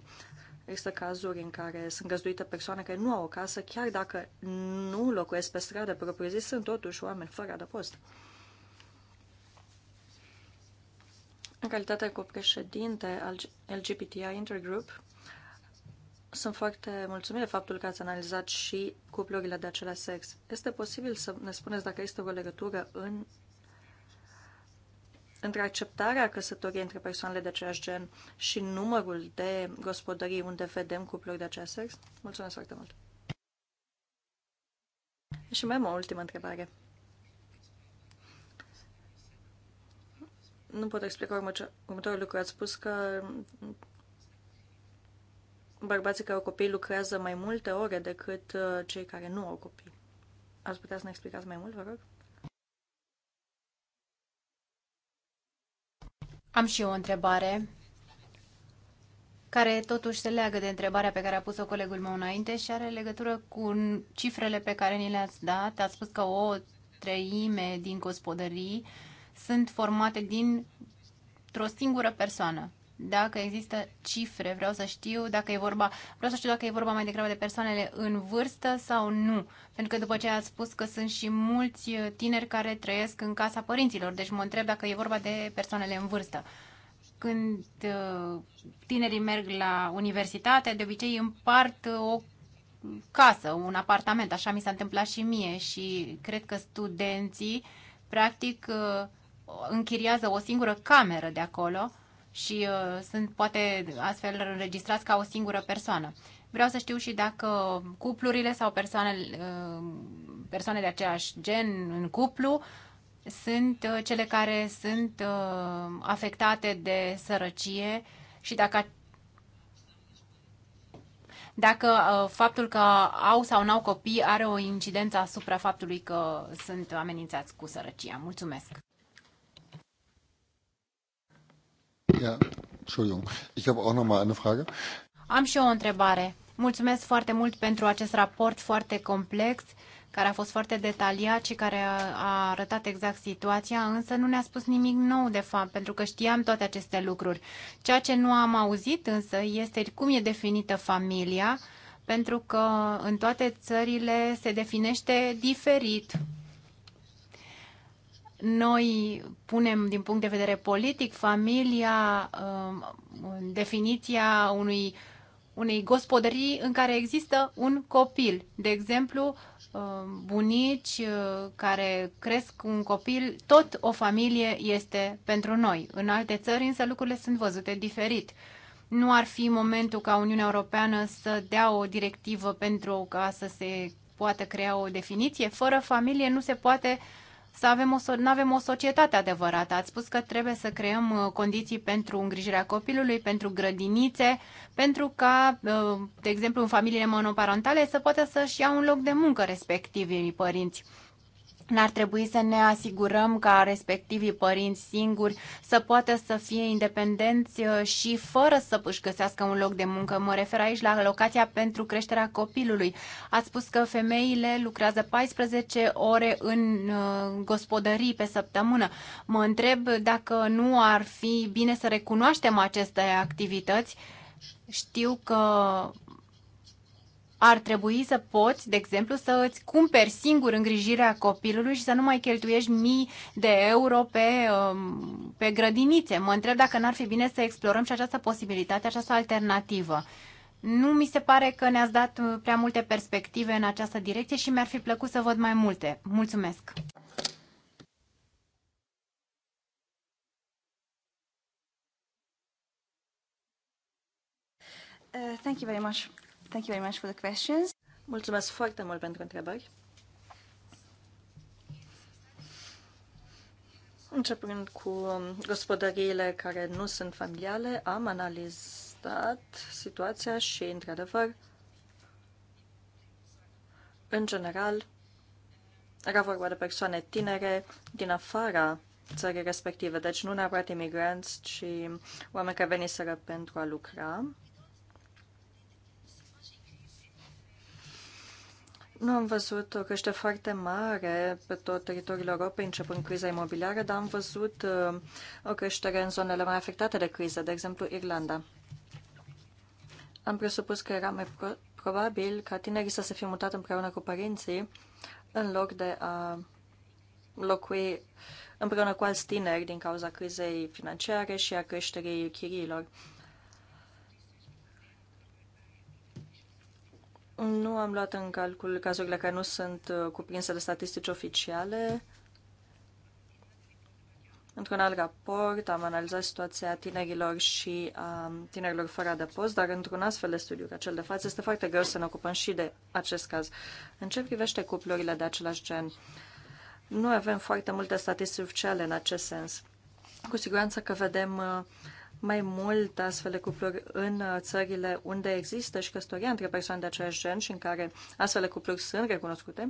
există cazuri în care sunt găzduite persoane care nu au o casă, chiar dacă nu locuiesc pe stradă propriu-zis, sunt totuși oameni fără adăpost. post. În calitate cu președinte al LGBTI Intergroup, sunt foarte mulțumit de faptul că ați analizat și cuplurile de același sex. Este posibil să ne spuneți dacă este o legătură în, între acceptarea căsătoriei între persoanele de același gen și numărul de gospodării unde vedem cupluri de același sex? Mulțumesc foarte mult! Și mai am o ultimă întrebare. nu pot explica următorul lucru. Ați spus că bărbații care au copii lucrează mai multe ore decât uh, cei care nu au copii. Ați putea să ne explicați mai mult, vă rog? Am și eu o întrebare care totuși se leagă de întrebarea pe care a pus-o colegul meu înainte și are legătură cu cifrele pe care ni le-ați dat. Ați spus că o treime din gospodării uh, sunt formate dintr-o singură persoană. Dacă există cifre, vreau să știu dacă e vorba, vreau să știu dacă e vorba mai degrabă de persoanele în vârstă sau nu. Pentru că după ce ați spus că sunt și mulți tineri care trăiesc în casa părinților, deci mă întreb dacă e vorba de persoanele în vârstă când uh, tinerii merg la universitate, de obicei împart uh, o casă, un apartament, așa mi s-a întâmplat și mie și cred că studenții practic uh, închiriază o singură cameră de acolo și uh, sunt poate astfel înregistrați ca o singură persoană. Vreau să știu și dacă cuplurile sau persoanele, uh, persoane de același gen în cuplu sunt uh, cele care sunt uh, afectate de sărăcie și dacă dacă uh, faptul că au sau n-au copii are o incidență asupra faptului că sunt amenințați cu sărăcia. Mulțumesc! Am și eu o întrebare. Mulțumesc foarte mult pentru acest raport foarte complex, care a fost foarte detaliat și care a arătat exact situația, însă nu ne-a spus nimic nou, de fapt, pentru că știam toate aceste lucruri. Ceea ce nu am auzit, însă, este cum e definită familia, pentru că în toate țările se definește diferit noi punem din punct de vedere politic familia um, în definiția unui, unei gospodării în care există un copil. De exemplu, um, bunici uh, care cresc un copil, tot o familie este pentru noi. În alte țări însă lucrurile sunt văzute diferit. Nu ar fi momentul ca Uniunea Europeană să dea o directivă pentru ca să se poată crea o definiție. Fără familie nu se poate uh, să avem o, nu avem o societate adevărată. Ați spus că trebuie să creăm uh, condiții pentru îngrijirea copilului, pentru grădinițe, pentru ca, uh, de exemplu, în familiile monoparentale să poată să-și ia un loc de muncă respectivii părinți. N-ar trebui să ne asigurăm ca respectivii părinți singuri să poată să fie independenți uh, și fără să își găsească un loc de muncă. Mă refer aici la locația pentru creșterea copilului. Ați spus că femeile lucrează 14 ore în uh, gospodării pe săptămână. Mă întreb dacă nu ar fi bine să recunoaștem aceste activități. Știu că ar trebui să poți, de exemplu, să îți cumperi singur îngrijirea copilului și să nu mai cheltuiești mii de euro pe, um, pe grădinițe. Mă întreb dacă n-ar fi bine să explorăm și această posibilitate, această alternativă. Nu mi se pare că ne-ați dat uh, prea multe perspective în această direcție și mi-ar fi plăcut să văd mai multe. Mulțumesc! Uh, thank you very much. Thank you very much for the questions. Mulțumesc foarte mult pentru întrebări. Începând cu gospodăriile care nu sunt familiale, am analizat situația și, într-adevăr, în general, era vorba de persoane tinere din afara țării respective, deci nu neapărat imigranți, ci oameni care veniseră pentru a lucra Nu am văzut o creștere foarte mare pe tot teritoriul Europei, începând criza imobiliară, dar am văzut uh, o creștere în zonele mai afectate de criză, de exemplu Irlanda. Am presupus că era mai pro- probabil ca tinerii să se fie mutat împreună cu părinții în loc de a locui împreună cu alți tineri din cauza crizei financiare și a creșterii chiriilor. Nu am luat în calcul cazurile care nu sunt uh, cuprinse de statistici oficiale. Într-un alt raport am analizat situația tinerilor și a tinerilor fără adăpost, dar într-un astfel de studiu ca cel de față este foarte greu să ne ocupăm și de acest caz. În ce privește cuplurile de același gen, nu avem foarte multe statistici oficiale în acest sens. Cu siguranță că vedem uh, mai mult astfel de cupluri în uh, țările unde există și căsătoria între persoane de același gen și în care astfel de cupluri sunt recunoscute,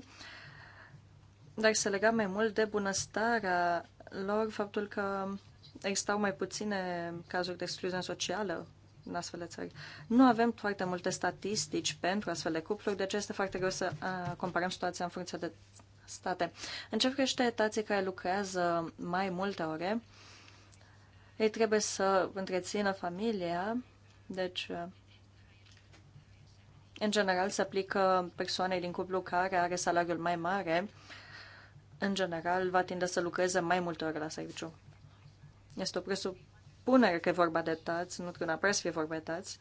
dar se lega mai mult de bunăstarea lor, faptul că existau mai puține cazuri de excluziune socială în astfel de țări. Nu avem foarte multe statistici pentru astfel de cupluri, deci este foarte greu să uh, comparăm situația în funcție de state. În ce crește tații care lucrează mai multe ore, ei trebuie să întrețină familia, deci în general se aplică persoanei din cuplu care are salariul mai mare, în general va tinde să lucreze mai multe ori la serviciu. Este o presupunere că e vorba de tați, nu că neapărat să fie vorba de tați,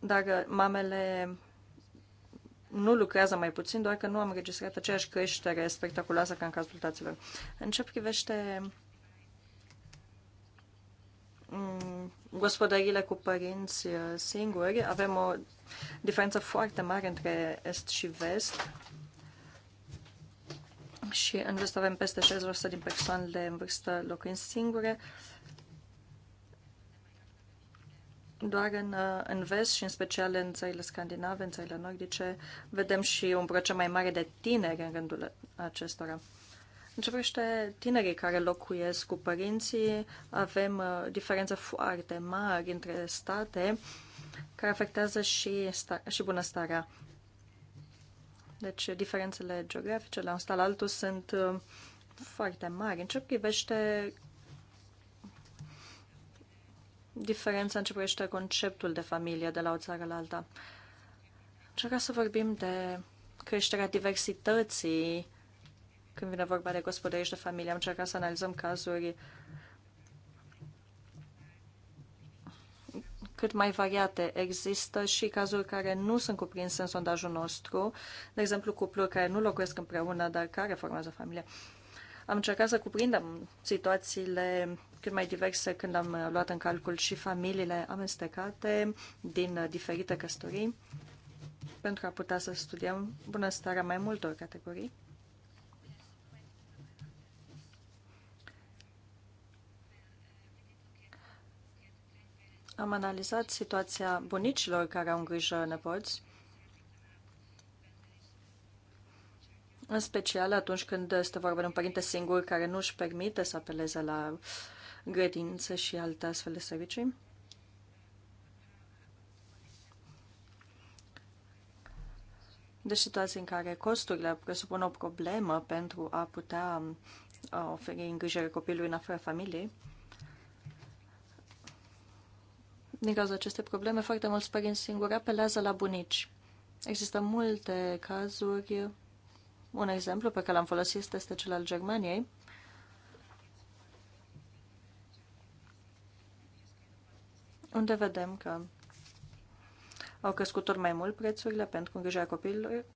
dar uh, mamele nu lucrează mai puțin, doar că nu am înregistrat aceeași creștere spectaculoasă ca în cazul taților. În ce privește Mm, gospodăriile cu părinți uh, singuri. Avem o diferență foarte mare între est și vest. Și în vest avem peste 60% din persoanele în vârstă locuind singure. Doar în, uh, în vest și în special în țările scandinave, în țările nordice, vedem și un procent mai mare de tineri în rândul acestora. Începește tinerii care locuiesc cu părinții. Avem uh, diferențe foarte mari între state care afectează și, și bunăstarea. Deci diferențele geografice la un stat la altul sunt uh, foarte mari. În ce privește diferența în ce privește conceptul de familie de la o țară la alta. Încerca să vorbim de creșterea diversității când vine vorba de gospodării și de familie. Am încercat să analizăm cazuri cât mai variate. Există și cazuri care nu sunt cuprinse în sondajul nostru, de exemplu cupluri care nu locuiesc împreună, dar care formează familie. Am încercat să cuprindem situațiile cât mai diverse când am luat în calcul și familiile amestecate din diferite căsătorii pentru a putea să studiem bunăstarea mai multor categorii. Am analizat situația bunicilor care au îngrijă nepoți, în special atunci când este vorba de un părinte singur care nu își permite să apeleze la grădință și alte astfel de servicii. Deci situații în care costurile presupun o problemă pentru a putea uh, oferi îngrijire copilului în afara familiei. Din cauza acestei probleme, foarte mulți părinți singuri apelează la bunici. Există multe cazuri. Un exemplu pe care l-am folosit este cel al Germaniei. unde vedem că au crescut ori mai mult prețurile pentru îngrijirea copiilor,